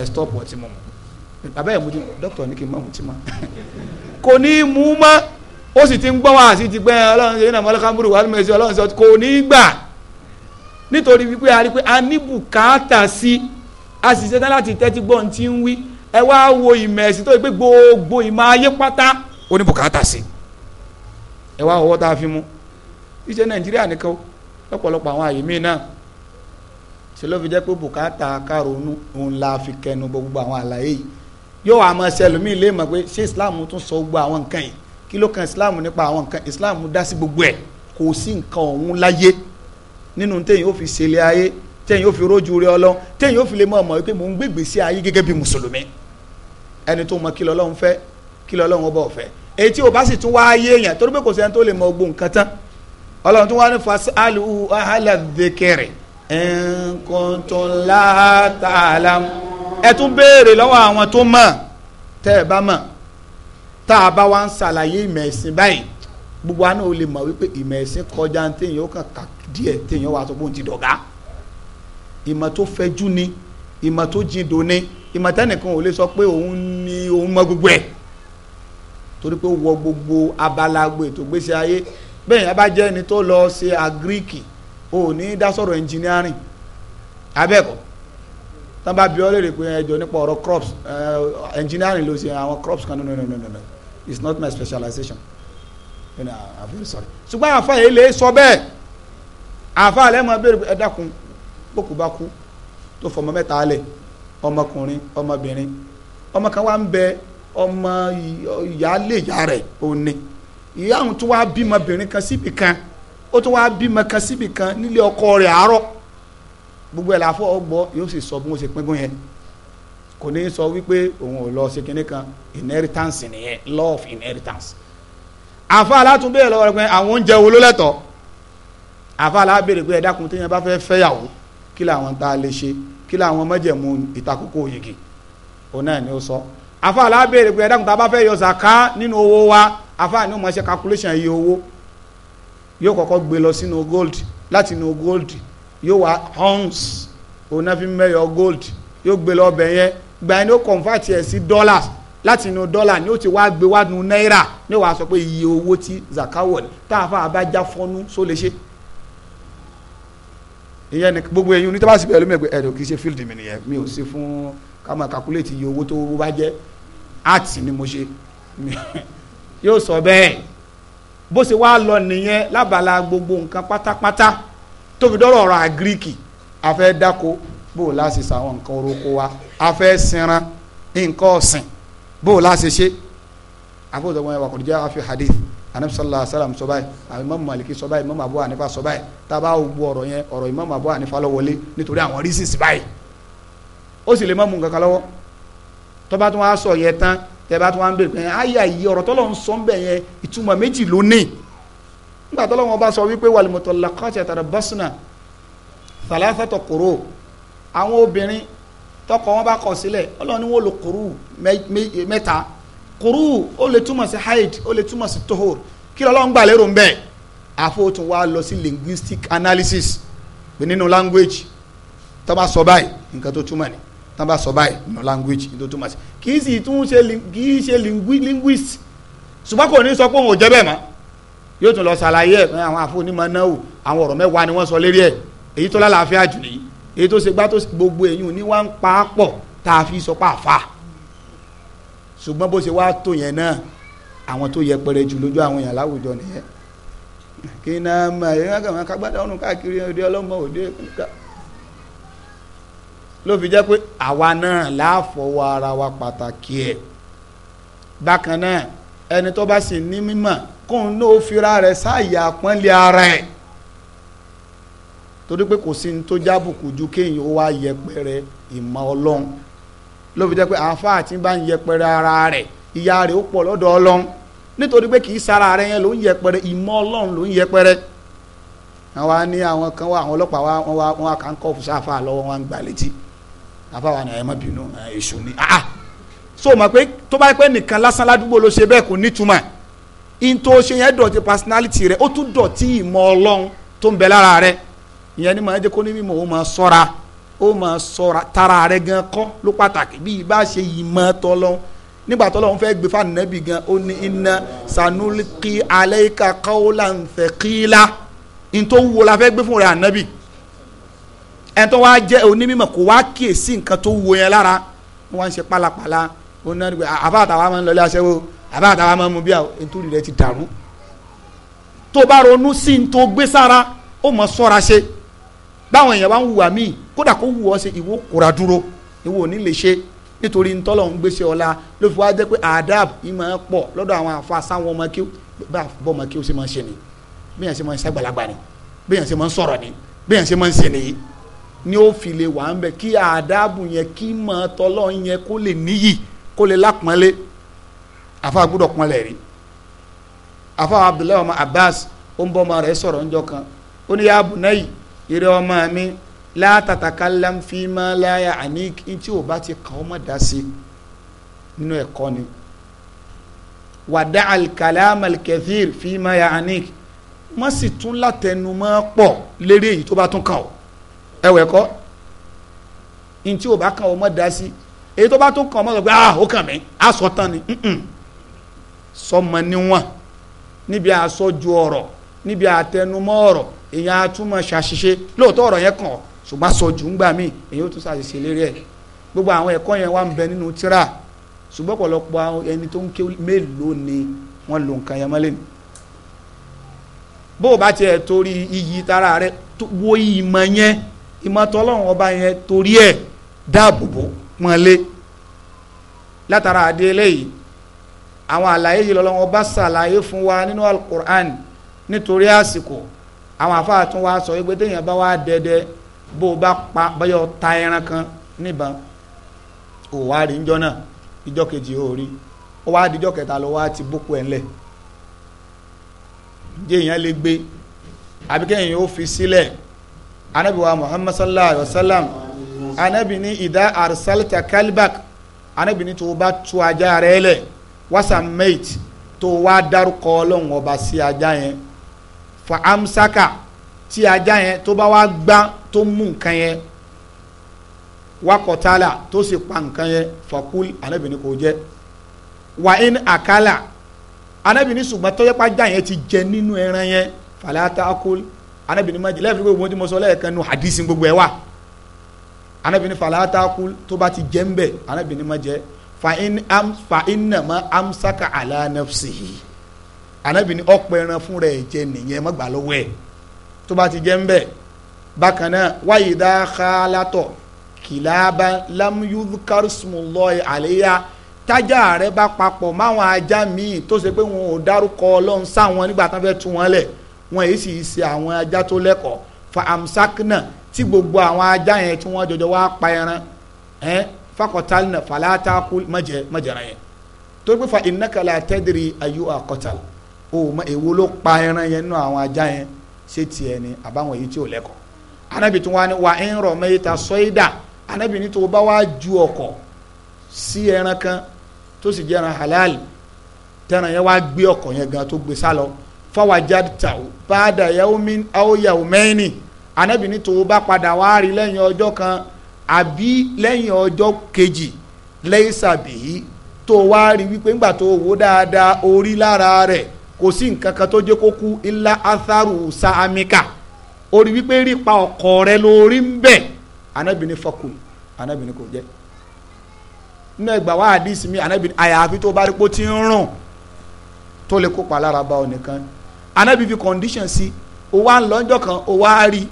ẹ stop ọtí mọ̀ bàbá ẹ̀ mú ti dókítà ní kí n má mú ti má kò ní í mú mọ́ ó sì ti ń gbọ́n wá àti ti gbẹ́ ọlọ́run ṣe ní àmọ́ ọlọ́kàmúrù wà lómọ ẹ̀sìn ọlọ́run ṣe kò ní gbà nítorí wípé a rí pé a ní bùkátà sí a sì ṣetán láti tẹ́tí gbọ́n ti ń wí ẹ wá wo ìmọ̀ ẹ̀sìn tó yẹ pé gbogbo ìmọ̀ ayé pátá ó ní bùkátà sí ẹ wá ọwọ́ tá a fi mú iṣẹ́ Nàìjíríà nìkan lọ́pọ̀lọpọ̀ àwọn àyè míì náà ṣe ló fi jẹ́ pé bùkátà kárònú òun la fi kẹnu gbogbo àwọn àlàyé yìí yóò wá máa ṣẹlẹ̀ mí lè mọ̀ pé ṣé islam tún sọ gbogbo àwọn nǹkan yìí kí ló kan islam nípa àwọn nǹkan islam dá sí gbogbo ẹ̀ kò sí nǹkan ọ̀hún láyé nínú téyìn ó fi ṣẹlẹ̀ ayé téyìn ó fi rójú rẹ ọlọ́ téyìn ó fi lè mọ̀ mọ̀ wípé mò ń gbé ìgbésí ayé gẹ́gẹ́ bí mùsùlùmí ẹni tó mọ kí lọ́lọ́run fẹ́ kí lọ́lọ́run ọba ọ̀fẹ́ èyí tí ò bá sì tún wáyé èèyàn torí pé kò sẹ́ni tó lè mọ gbogbo nǹkan tán ọlọ́run tó wá ní fasalu ahala dhikri in kuntum la ta'lam ẹ tún béèrè lọ́wọ́ àwọn tó mọ̀ tẹ́ ẹ bá mọ̀ tá a bá wá ń ṣàlàyé ìmọ̀ ẹ̀sìn báyìí gbogbo àná ò lè mọ̀ wípé ìmọ̀ ẹ̀sìn kọjá téèyàn ó kàn kà díẹ̀ téèyàn wà tó bó ń ti dọ̀gá ìmọ̀ tó fẹ̀jú ni ìmọ̀ tó jìndò ni ìmọ̀ tẹ́nìkan ò lè sọ pé òun ni òun mọ̀ gbogbo ẹ̀ torí pé ó wọ gbogbo abala gbogbo ètò ìgbésí ayé bẹ́ẹ̀ yẹn bá jẹ́ ẹni tó lọ ṣe agiriki o ò ní dá sọ̀rọ̀ engineering abẹ́ẹ̀kọ́ tán bá bi ọ́ léèrè pé ẹjọ́ nípa ọ̀rọ̀ crops engineering ló ṣe àwọn crops kan no no no no no it's not my specialization you know i'm very sorry ṣùgbọ́n àfa yìí lè sọ bẹ́ẹ̀ àfa àlẹ́ mọ́ bẹ́ẹ̀ ẹ dákun bókù bá kú tó fọmọ mẹ́ta alẹ̀ ọmọkùnrin ọmọbìnrin ọmọ kan wá ń bẹ ọmọ ìyá lè yá rẹ̀ òun ni ìyá àwọn tó wáá bímọ obìnrin kan síbì kan ó tó wáá bímọ kan síbì kan nílé ọkọ rẹ̀ àárọ̀ gbogbo ẹ̀ láfọ ọgbọ yóò sì sọ bí wọ́n ṣe pín yẹn kò ní sọ wípé òun ò lọ ṣe kinní kan inheritance nìyẹn law of inheritance àfa alátúndé ẹ̀ lọ́wọ́ rẹ̀ pé àwọn oúnjẹ wo ló lẹ́tọ̀ọ́ àfa alábẹ̀rẹ̀ pé ẹ̀dákun téèyàn bá fẹ́ fẹ́yàwó kí làwọn tá a lè ṣe kí làwọn mọ́jẹ̀mú ìtakókò yìgì òun náà ni ó sọ àfa alábẹ̀rẹ̀ pé ẹ̀dákun tá bá fẹ́ yọ sàká nínú owó wa àfáà ni ṣe calculation iye owó yóò kọ́kọ́ gbé lọ sínú gold láti inú gold yóò wá ounce òun náà fi mẹ́yọ gold yóò gbé lọ ọbẹ̀ yẹn gbà yẹn ó convert ẹ̀ sí dollars láti inú dọ́là ni ó ti wá gbé wá náírà ni wàá sọ pé iye owó tí zakawọ̀ ni tá a fa abájá fọ́nú só lè ṣe ìyẹn ni gbogbo ẹ̀yin onítọ́ bá sì bẹ̀rẹ̀ lómi ẹ̀gbẹ́ ẹ̀rọ kì ṣe field mi nìyẹn mi ò sí fún ká calculate iye owó tó bá jẹ́ art ni mo ṣe yóò sọ bẹ́ẹ̀ bó ṣe wá lọ nìyẹn lábala gbogbo nǹkan pátápátá tóbi dọ́rọ̀ ọ̀rọ̀ àgíríkì afẹ́ dáko bó o la ṣe sàwọn nǹkan oroko wa afẹ́ sinran nǹkan ọ̀sìn bó o la ṣe ṣe àbúrò sọgbọn yẹn wà kò ní jẹ́ àfi hadith anabi sallallahu alayhi wa sallam sọ báyìí àwọn imam maliki sọ báyìí imam abu hanifa sọ báyìí taba gbọ́ ọ̀rọ̀ yẹn ọ̀rọ̀ imam abu hanifa ló wọlé nítorí àwọn reasons báyìí ó sì lè má mú nǹkan kan lọ́wọ́ tọ́ba tó wá sọ yẹn tán tẹ́bá tí wọ́n á bèrè pé àyà yìí ọ̀rọ̀ tọ́lọ̀ ń sọ bẹ́ẹ̀ yẹn ìtumọ̀ méjì ló ní nígbà tọ́lọ̀ wọn bá sọ wípé wàlùmọ̀tò làkàtì àtàrà bọ́sùnà tàlàfẹ́tọ̀ kòró àwọn obìnrin tọkọ wọn bá kọ sílẹ̀ ọlọ́run ni wọ́n lò kòrú mẹ́ta kòrú ó lè túmọ̀ sí haid ó lè túmọ̀ sí tohor kí lọ́lọ́run gbà lérò ń àfọwọ́tún wa lọ sí linguistic analysis pé nínú language tó bá sọ báyìí nǹkan tó túmọ̀ ni tán bá sọ báyìí nù language ní tó túmọ̀ sí kì í sì tún ṣe kì í ṣe linguist ṣùgbọ́n kò ní sọ pé òun ò jẹ́ bẹ́ẹ̀ mọ́ yóò tún lọ ṣàlàyé ẹ̀ àwọn àfọ̀nímọ̀ náà wò àwọn ọ̀rọ̀ mẹ́wàá ni wọ́n sọ lérí ẹ̀ èyí tó lálàáfíà jù nìyí èyí tó ṣe gbá tó gbogbo èyí ní wá ń pa á pọ̀ tá a fi sọ pé àfa ṣùgbọ́n bó ṣe wá tó yẹn náà àwọn tó yẹ pẹrẹ jù lójú àwọn èèyàn láwùjọ nìyẹn kí n náà mọ èyí wọn kàn wọn kágbádá ọrùn káàkiri òde ọlọmọ ló fi jẹ́ pé àwa náà láàfọwọ́ ara wa pàtàkì ẹ̀ bákan náà ẹni tó bá sì ní mímọ̀ kóun náà fira rẹ̀ sáàyè àpọ́nlé ara ẹ̀ torí pé kò sí ní tó jábùkù ju kéèyàn ó wá yẹpẹrẹ ìmọ̀ ọlọ́run ló fi jẹ́ pé àáfàá tí bá ń yẹpẹrẹ ara rẹ̀ ìyá rẹ̀ ó pọ̀ lọ́dọ̀ ọlọ́run nítorí pé kì sara rẹ̀ yẹn ló ń yẹpẹrẹ ìmọ̀ ọlọ́run ló ń yẹpẹrẹ àwa ní àwọn kan wá àwọn ọlọ́pàá wa wọn wá kà ń kọ́ fún lọ́wọ́ wọn gbà létí àfàwọn ẹ̀ má bínú èṣù ni ah, ah so mọ̀ pé tó bá pẹ́ nìkan lásán ládùúgbò ló ṣe bẹ́ẹ̀ kò nítumọ̀ in ṣe yẹn dọ̀tí personality rẹ ó tún dọ̀tí ìmọ̀ ọlọ́run tó ń bẹ lára rẹ ìyẹn ni màá jẹ́ kó ní mímọ̀ ó máa sọ́ra ó máa sọ́ra tara rẹ gan kọ́ ló pàtàkì bí ibà ṣe ìmọ̀ tọ́lọ́run nígbà tọ́lọ́run fẹ́ gbé fáànù nẹ́bì gan ó ní inna sanulqi alayka qawlan thaqila in tó la fẹ́ gbé fún rẹ ànẹ́bì ẹni tó wá jẹ́ onímọ̀ kò wá kíyèsí nǹkan tó wo yẹn lára wọ́n ṣe pálapàla wọ́n náà nígbà àbá àtàwọn máa ń lọlé aṣẹ́wó àbá àtàwọn máa ń mu bíà nítorí rẹ ti dàrú tó bá ronú sí ní tó gbé sára ó mọ̀ sọ́ra ṣe báwọn èèyàn bá ń hùwà míì kódà kó hùwà ṣe ìwọ kóra dúró ìwọ ò ní lè ṣe nítorí ntọ́lọ̀ ń gbèsè ọ̀la ló fi wá jẹ́ pé adab ìmọ̀ ẹ̀ pọ̀ lọ́dọ̀ àwọn àfa sáwọn ọmọ kí ó bá bọ́ ọmọ kí ó ṣe máa ṣe ni bí yẹn ṣe máa ń ṣàgbàlagbà ni bí yẹn ṣe máa ń sọ̀rọ̀ ni bí yẹn ṣe máa ń ṣe nìyí ni ó fi lè wà ń bẹ kí àdábù yẹn kí mọ tọlọ yẹn kó lè níyì kó lè lápọnlé àfa gbọ́dọ̀ pọnlẹ rí àfa abdullahi ọmọ abbas ó ń bọ ọmọ rẹ sọ̀rọ̀ ńjọ́ kan ó ní ya bunayi eré ọmọ mi látàtàkàlám fíìmà láyà àní tí ò bá ti kàn ọ́ mọ̀ dá sí nínú ẹ̀kọ́ ni wàdà alkàlámà alkẹfìr fíìmà yà àní wọ́n sì tún látẹnumọ́ pọ̀ lérí èyí tó bá tún kàn ọ́ ẹwẹ kọ ntí o bá kàn o mọ da sí èyí tó bá tún kàn o mọ sọ pé ah ó kàn mí aṣọ tán ni sọmọ níwọn níbi àsọjú ọ̀rọ̀ níbi àtẹnumọ́ ọ̀rọ̀ èyàn àtúmọ̀ ṣàṣìṣe lóòótọ́ ọ̀rọ̀ yẹn kàn ọ ṣùgbọ́n àsọjú ń gbà mí èyí ó tún ṣàṣìṣe lérí ẹ gbogbo àwọn ẹ̀kọ́ yẹn wà ń bẹ nínú tíra ṣùgbọ́n ọ̀pọ̀lọpọ̀ ẹni tó ń ké mélòó ni wọ́n lò nǹkan yẹn mọ́lẹ́ni bó o bá tiẹ̀ torí iyì tara rẹ wo ìmọ̀ yẹn ìmọ̀tọ́ ọlọ́run ọba yẹn torí ẹ̀ dáàbò bò pọ́nlé látara àdé eléyìí àwọn àlàyé yìí lọ́lọ́run ọba ṣàlàyé fún wa nínú alukur'an nítorí àsìkò àwọn àfáà tún wa sọ wípé téèyàn bá wá dẹdẹ bó o bá pa ta ẹran kan níbọn ò wá rí náà kejì ò rí ó wá ti bókú ẹ̀ ńlẹ̀ jẹ́ èèyàn lè gbé anabi wa muhammad sallallahu alayhi wa sallam anabi ni ìdá arsalta kalbak anabi ni tó o bá tu ajá rẹ lẹ wasamait tó o wá dárúkọ ọlọ́run ọba sí ajá yẹn fa amsaka tí ajá yẹn tó bá wá gbá tó mú nǹkan yẹn wakọtala tó sì pa nǹkan yẹn fakul anabi ni kò jẹ wa in akala anabi ni ṣùgbọ́n tó yẹ pa ajá yẹn ti jẹ nínú ẹran yẹn falata akul anabini ma jìlẹ fi gbogbo tí mo sọ lẹ́ẹ̀kan nu hadisi gbogbo ẹ wa anabini falata kú tó bá ti jẹ ń bẹ anabini ma jẹ fa in am fa in na ma am saka ala nafsihi anabini ọpọ ẹran fún rẹ jẹ nìyẹn má gbà lọ́wọ́ ẹ tó bá ti jẹ ń bẹ bákan náà wáyé dá xaalatọ kìláàbà lamuyukarusumulọ àléyà tájà rẹ bá papọ̀ máwọn ajá míì tó ṣe pé wọn ò dárúkọ ọlọ́run sáwọn nígbà tán fẹ́ tú wọn lẹ̀ wọn èyí sì ṣe àwọn ajá tó lẹ́kọ̀ọ́ fa amsakna tí gbogbo àwọn ajá yẹn tí wọ́n jọjọ wá pa ẹran ẹ́n fakọtalina falata kú mọ̀jẹ̀ mọ̀jẹ̀rẹ̀ yẹn tó gbé fa ìnákàlà tẹ́dìrì ayú àkọ́tàl o mọ èwo ló pa ẹran yẹn nínú àwọn ajá yẹn ṣé tiẹ̀ ni àbáwọn èyí tí ò lẹ́kọ̀ọ́ anabi tí wọ́n wá ń rọ̀ mẹ́yìí ta sọ́ídà anabi ní tó bá wá ju ọkọ̀ sí ẹran kan tó sì jẹ́ ẹran halal tẹ́ran yẹn wá gbé ọkọ̀ yẹn gan tó gbé sálọ fawajadtahu ba'da yawmin aw yawmayni anabi ní tó bá padà wá rí lẹ́yìn ọjọ́ kan àbí lẹ́yìn ọjọ́ kejì laysa bihi tó wá rí wípé ńgbà tó wò dáadáa orí lára rẹ̀ kò sí nǹkan kan tó jẹ́ kó kú illa atharu sa'amika orí wípé rí pa ọkọ rẹ lórí ń bẹ̀ anabi ní fakul anabi ní kò jẹ́ nínú ẹgbàá wa àdìsí mi anabi ní àyàfi tó bá rí pé ó ti ń rùn tó lè kópa lára bá ọ nìkan anabi fi condition si o wá ń lọ́jọ́ kan o wá rí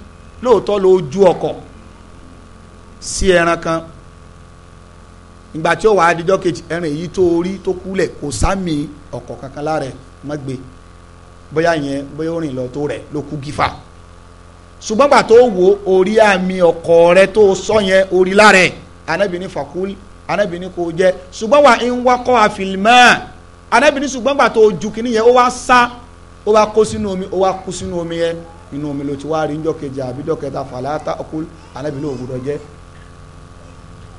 lóòótọ́ lo ojú ọkọ̀ sí ẹran kan ìgbà tí ó wà á dijọ́ kejì ẹran èyí tó rí tó kúlẹ̀ kò sámi ọkọ̀ kankan lára ẹ̀ má gbé bóyá yẹn bóyá ó rìn lọ tó rẹ̀ ló kú gífà ṣùgbọ́n gbà tó wo orí àmì ọkọ̀ rẹ tó sọ yẹn orí lára ẹ̀ anabi fakul anabi kò jẹ ṣùgbọ́n wà ń wakọ̀ àfìlímọ́ anabi ṣùgbọ́n gbà tó ju kìnìyẹn ó wá sá ó wá kó sínú omi ó wá kú sínú omi yẹn inú omi ló ti wá rí njọ́ kejì àbí njọ́ kẹta ọkú ànábì ló gbọ́dọ̀ jẹ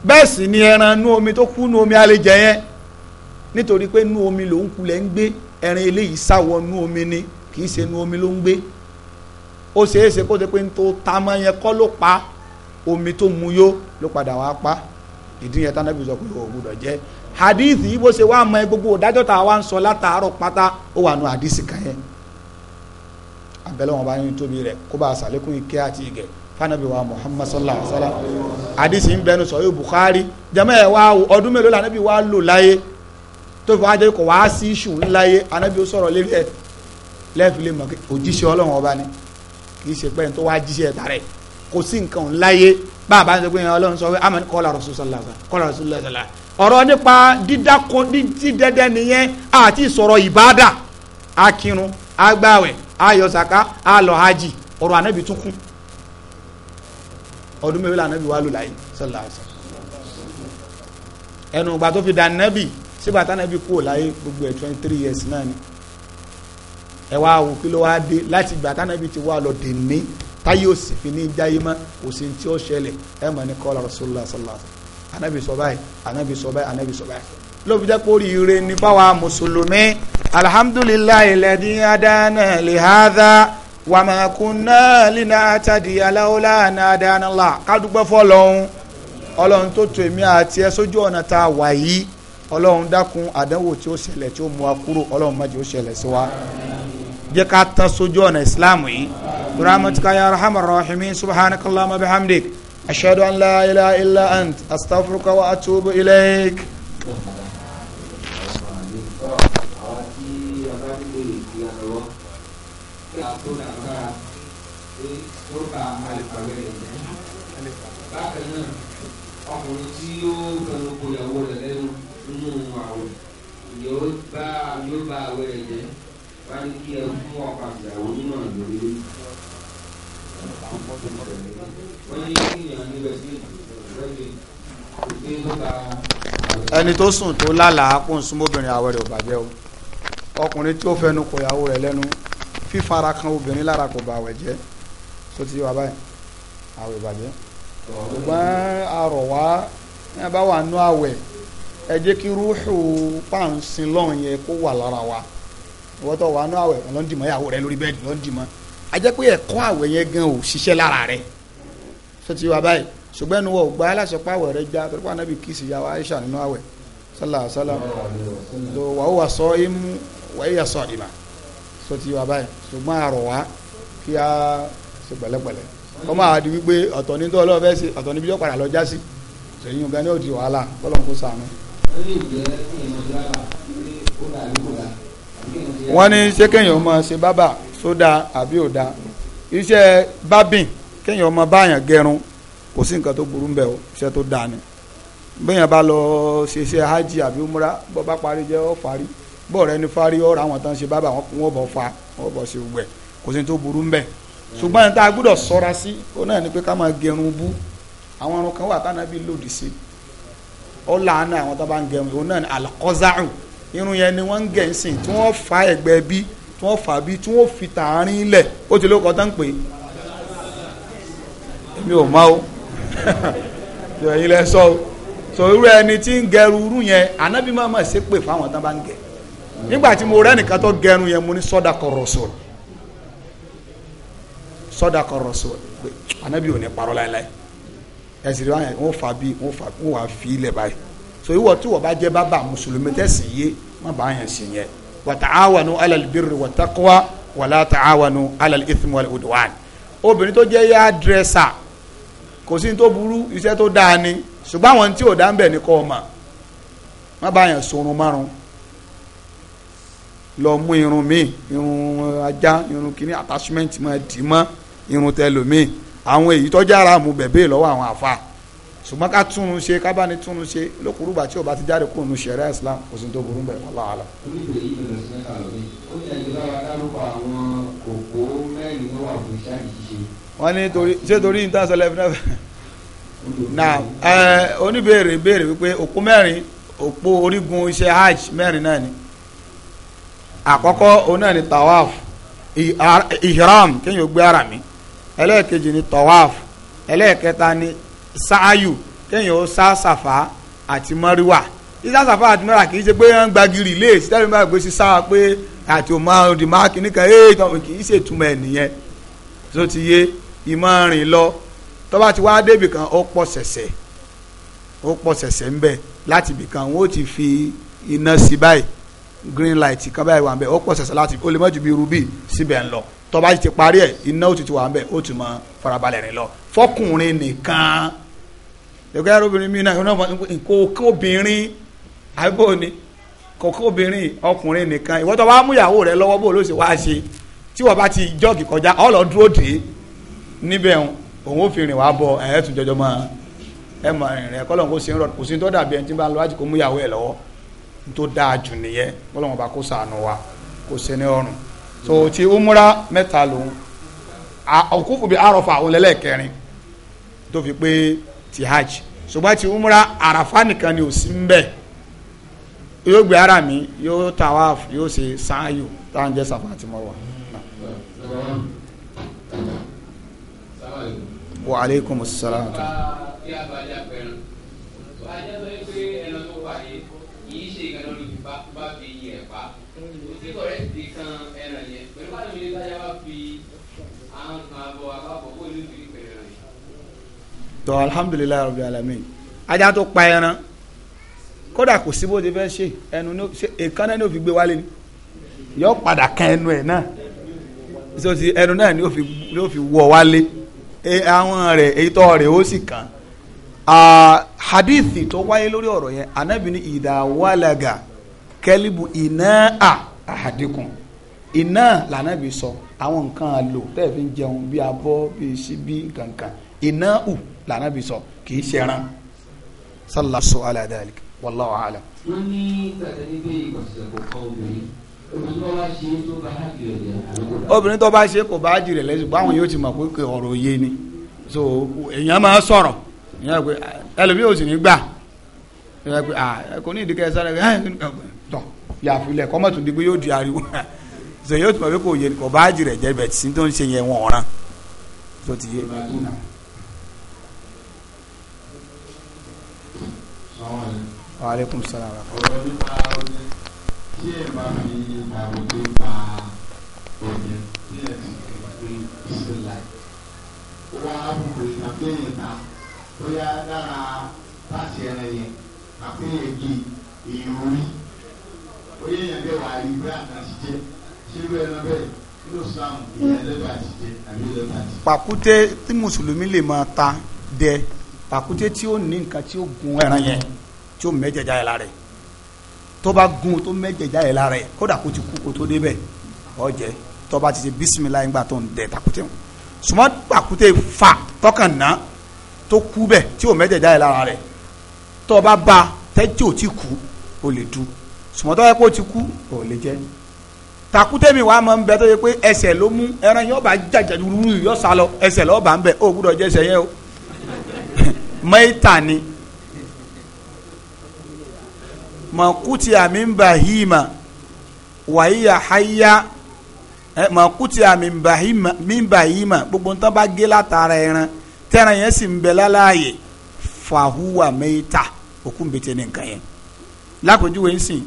bẹ́ẹ̀ sì ni ẹran inú omi tó kú inú omi a lè jẹ yẹn nítorí pé inú omi ló ń kulẹ̀ ń gbé ẹran eléyìí sáwọ inú omi ni kì í ṣe inú omi ló ń gbé ó ṣeé ṣe kó ṣe pé tó ta mọ́ yẹn kọ́ ló pa omi tó mu yó ló padà wá pa ìdí yẹn tánàbí sọ pé ó gbọ́dọ̀ jẹ hadith yìí bó ṣe wá mọ gbogbo ìdájọ́ tá ń sọ látàárọ̀ pátá ó wà nù hadith kan yẹn abẹ́lẹ́ wọn bá yín tóbi rẹ̀ kó bá a sàlékún ike àti ìgẹ̀ fanabi wa muhammad sallallahu alaihi wa sallam hadisi ń bẹnu sọ yóò bukhari jama ẹ wa ọdún mélòó la anabi wa lò láyé tó fi wá wá sí iṣu ńláyé anabi ó sọ̀rọ̀ lérí ẹ̀ lẹ́ẹ̀fìlẹ̀ mọ̀ kí òjíṣẹ́ ọlọ́run ọba ni kì í ṣe pẹ́yìn tó wá jíṣẹ́ ẹ̀ta rẹ̀ kò sí nǹkan ńláyé bàbá ń sọ pé ọlọ́run sọ pé amani kọ́lá rasulullah kọ́lá rasulullah ọ̀rọ̀ nípa dídákọ dídẹ́dẹ́ nìyẹn àti ìsọ̀rọ̀ ìbáàdà akírun agbáwẹ̀ ayọ saka alọ hajj ọ̀rọ̀ anabi tún kún ọdún mẹ́wàá la anabi wà lò láyé sọlá ẹnu ìgbà tó fi dà sígbà tá kú láyé gbogbo ẹ twenty three years náà ni ẹ wá wò kí ló wá dé láti ìgbà tá anabi ti wà lọ dè táyé òsì fi ní jáyé mọ òsì tí ó ṣẹlẹ̀ ẹ mọ ní kọlá rasulillah sọlá anabi sọ báyìí anabi sọ báyìí anabi sọ báyìí ló fi jẹ́ pé orí ire ní fáwa mùsùlùmí alhamdulilayi lẹ́dí adana lihada wàmàkúnná lina tàdí aláwòlá nàdánilá kádùgbẹ́ fọlọ́hún ọlọ́run tó tó èmi àti ẹ sójú ọ̀nà tá a wà yìí ọlọ́run dákun àdánwò tí ó ṣẹlẹ̀ tí ó mú wa kúrò ọlọ́run má jẹ́ ó ṣẹlẹ̀ sí wa jẹ́ ká tán sójú ọ̀nà ìsìláàmù yìí rahmatika ya rahman rahimin subhanakallahumma bihamdik ashhadu an la ilaha illa ant astaghfiruka wa atubu ilayk. tó dà lára pé ó bá a máa lè pàwẹ́ rẹ̀ jẹ́. bákan náà ọkùnrin tí yóò fẹnu ko ìyàwó rẹ̀ lẹ́nu nínú àwẹ̀ yóò bá yóò bá àwẹ̀ rẹ̀ jẹ́ wá ní kí ẹ fún ọkọ àtìyàwó nínú àgbèrè lórí. wọ́n ní kí ìyàn níbẹ̀ sí ìgbẹ́jẹ̀ pé ló bá ẹni tó sùn tó lálàá kó ń súnmọ́bìnrin àwẹ̀ rẹ̀ ò o ọkùnrin tí ó fẹnu kò ìyàwó rẹ̀ lẹ́nu fífara kan obìnrin lára kò bá àwẹ̀ jẹ́ so ti wà báyìí àwẹ̀ bàjẹ́ ṣùgbọ́n arọ̀ wá ní a bá wà nú àwẹ̀ ẹ jẹ́ kí rúùhù pàǹsìn lọ́hùn yẹn kó wà lára wa ìwọ́n tó wà nú àwẹ̀ lọ́n dìmọ̀ ìyàwó rẹ lórí bẹ́ẹ̀dì lọ́n dìmọ̀ a jẹ́ pé ẹ̀kọ́ àwẹ̀ yẹn gan ò ṣiṣẹ́ lára rẹ so ti wà báyìí ṣùgbọ́n ẹnu wọ̀ gbá aláṣọ rẹ já torí pé anábì kì yà wá Aisha nínú àwẹ̀ sallallahu alaihi wasallam wàá wà sọ imu wàá yà sọ ìmà tó ti wà báyìí ṣùgbọ́n àrọ̀ wá kí a ṣe pẹ̀lẹ́pẹ̀lẹ́ kọ́ máa di wípé ọ̀tọ̀ ní tó ọlọ́ọ̀ fẹ́ ṣe ọ̀tọ̀ níbi yóò padà lọ já sí ṣèyí nǹkan ní òdì wàhálà kọ́lọ́n kó sànú. wọ́n ní ṣé kéèyàn mọ̀ ṣe bábà sódà àbí òdà iṣẹ́ bábìn kéèyàn mọ̀ báyàn gẹrun kò sí nǹkan tó burú ńbẹ̀ o iṣẹ́ tó dáa ni bẹ́ẹ̀ yẹn bá lọ ṣe iṣẹ́ hajj àbí umra bọ́ bá parí jẹ́ ọ́ parí bọ́ọ̀rẹ́ ní fárí ọ̀rọ̀ àwọn tán ṣe bábà wọn bọ̀ fa wọn bọ̀ ṣe gbẹ kò sí tó burú mbẹ ṣùgbọ́n ẹni tá a gbọ́dọ̀ sọ́ra sí ó náà ni pé ká máa gẹrun bú àwọn irun kan wà tánà bí lòdì sí ó làánà àwọn tá a bá ń gẹrun òun náà ni alakọ́záàrù irun yẹn ni wọ́n ń gẹ̀ ń sìn tí wọ́n fa ẹ̀gbẹ́ bí tí wọ́n fà bí tí wọ́n fi tààrin lẹ̀ ó ti lóko tán pé èmi ò mọ̀ o ẹ̀yin lẹ sọ o sọ irú ẹni tí ń gẹrun irú yẹn ànábì máa ma ṣépè fáwọn tán bá ń gẹ̀ nígbà tí mo rẹ́nìkan tó gẹrun yẹn mo ní sọ́dà kan rọ̀sọ̀ sọ́dà kan rọ̀sọ̀ pé anabi ò ní parọ́ láéláé ẹ̀sìn wọn yẹn wọ́n fà bí wọ́n wà fi ilẹ̀ báyìí so ìwọ tí wọ́n bá jẹ́ bàbá mùsùlùmí tẹ̀sí yé wọ́n bá yẹn sìn yẹn wa ta'awanu alal birri wa taqwa wa la ta'awanu alal ithmi wal udwan obìnrin tó jẹ́ yá dírẹ́sà kò sí tó burú iṣẹ́ tó dáa ni ṣùgbọ́n àwọn tí ò dá ń bẹ̀ ní kọ́ ọ mà wọ́n bá yẹn sorun márùn-ún lọ mú irun míì irun ajá irun kìíní attachment máa dì mọ́ irun tẹlòmíì àwọn èyí tọ́jú ara mu bẹ̀bẹ̀ lọ́wọ́ àwọn àfa ṣùgbọ́n ká túnun ṣe ká bá ní túnun ṣe lókùrúgbà tí o bá ti jáde kúrò ní sẹ̀rẹ̀ islam kò sí tó burú bẹ̀ wallahu alam. wọ́n ní torí ṣé torí ní tán sọlẹ́ fúnẹ́fẹ́ na oníbèrè béèrè wípé òpó mẹ́rin òpó orígun iṣẹ́ hajj mẹ́rin náà ni àkọ́kọ́ òun náà ni tawaf ihram kéèyàn gbé ara mi ẹlẹ́ẹ̀kejì ni tawaf ẹlẹ́ẹ̀kẹta ni sáàyù kéèyàn ó sá sàfà àti mọ́ríwà sísá sàfà àti mọ́ríwà kì í ṣe pé wọ́n ń gba gírì lé sítẹ́rì máa gbé sísá pé àti òmò àrùndì máa kì í nìkan ẹ̀ tán kì í ṣètumọ̀ ẹ̀ nìyẹn tó ti yé ìmọ̀ rìn lọ tó ti wá débì kan ó pọ̀ sẹ̀sẹ̀ ó pọ̀ sẹ̀sẹ̀ ń láti ibì kan wọ́n ó ti fi iná sí báyìí green light kan báyìí wà ń bẹ ó pọ̀ sẹ̀sẹ̀ láti ó lè má ju bí rubí síbẹ̀ ń lọ tó ti parí ẹ̀ iná ó ti ti wà ń ó ti mọ farabalẹ̀ rìn lọ fọkùnrin nìkan ẹgbẹ́ arúbìnrin mi náà kó obìnrin àbíbò ni kókó obìnrin ọkùnrin nìkan ìwọ́n tó bá mú ìyàwó rẹ lọ́wọ́ bó ló ṣe wá ṣe tí wọ́n bá ti jọ́ọ̀gì kọjá ọ lọ dúró dé níbẹ̀ òun ò fi rìn wá bọ ẹ̀ ẹ̀ tún jọjọ́ mọ́ ẹ̀ mọ̀ rìn rẹ̀ kọ́lọ́n kó ṣe ń rọ̀ nto dáa jù nìyẹn bọ́lọ́wọ́n bá kó sànù wa kó ṣe ọrùn so ti umra mẹ́ta lòun òkúfù bíi arọ̀fà òun lẹ́lẹ́kẹrin tó fi pé ti hajj ṣùgbọ́n ti umra àràfà nìkan ni ò sí ń bẹ̀ yóò gbé ara mi yóò tawaf yóò ṣe sáyò táwọn jẹ́ sàfà àti mọ́wà. wa aleykum salaam. kì í ṣe ìgbàlọ́ ní ìfipá tó bá fi iye ẹ̀ pa òtí kọ̀rẹ́ ti kan ẹran yẹn pẹ̀lú bá lóye láyà wá fi àwọn kan abọ́ abábọ̀ kó ní ìfiri pẹ̀lú ẹran yẹn. tọ́ alhamdulilayi rabbil alamin ajá tó pa ẹran kódà kò sí bó fẹ́ ṣe ẹnu ní èèkan náà ni ó gbé wálé ni yóò padà kan ẹnu ẹ̀ náà ẹnu náà ni ó fi wálé e, àwọn rẹ̀ ètò rẹ̀ ó sì kàn án hadithi tó wáyé lórí ọ̀rọ̀ yẹn anabi ní ìdáwálaga kẹ́líbù iná à àhàdínkùn iná lànàbì sọ àwọn nǹkan àlò tẹ́ẹ̀ fi ń jẹun bí abọ́ bí síbí kankan iná ù lànàbì sọ kì í ṣẹran sallasu ala dalik wallahu alam. wọ́n ní gbàgbé pé ìgbọ̀nsẹ̀ kò kọ́ obìnrin obìnrin tó bá ṣe kò bá jìrẹ̀ lẹ́sùn báwọn yóò ti mọ̀ pé ọ̀rọ̀ òye ni so èèyàn máa sọ̀rọ̀ ìyẹn pé ẹlòmíì ò sì ní gbà ìyẹn pé kò ní ìdíkẹ́ sáré ẹ̀ tọ̀ yàfilẹ̀ kọ́mọ̀tò dìgbò yóò di ariwo ṣe yóò tún bá kó yẹ kó báàjì rẹ̀ jẹ́ bẹ̀ tí tó ń ṣe yẹn wọ̀n ọ̀ràn tó ti yé aleykum salaam wa bóyá lára láti ẹran yẹn àpé èdè èèyàn orí bóyá èèyàn bẹ́ẹ̀ wà á rí bẹ́ẹ̀ àtàtì jẹ́ nínú Islam èèyàn lẹ́bàá àti àbí lẹ́bàá àti. pàkúté tí mùsùlùmí lè máa ta dẹ pàkúté tí ó ní nǹkan tí ó gun ẹran yẹn tí ó mẹ́jẹ̀já yẹn lára yẹn tó bá gun tó mẹ́jẹ̀já yẹn lára yẹn kódà kó ti kú kó tó débẹ̀ ó tó bá ti ṣe bísímìlá gbà tó ń dẹ pàkúté wọn sùmọ́ pàkúté fa tọkàn tó kú bẹ̀ tí ò mẹ́jẹ̀ jáde lára rẹ̀ tó o bá ba tẹ́tí ò ti kú o lè du sùmọ́tọ́ yẹ kó o ti kú o lè jẹ́ takutẹ́mi wa máa ń bẹ tó yẹ pé ẹsẹ̀ ló mú ẹran yóò bá jàjà rúru yóò sá lọ ẹsẹ̀ lọ́ọ́ bá ń bẹ ó gbúdọ̀ jẹ́ ẹsẹ̀ yẹn o mẹ́ta ni mọ̀kútì àmì ń bà hímà wàyíyà háyà mọ̀kútì àmì ń bà hímà gbogbo ń tán bá gé látara ẹran tẹ́ran yẹn sì ń bẹ láláàyè fàhùwà mẹ́ta òkú bètè ní nǹkan yẹn lápèjúwe ń sìn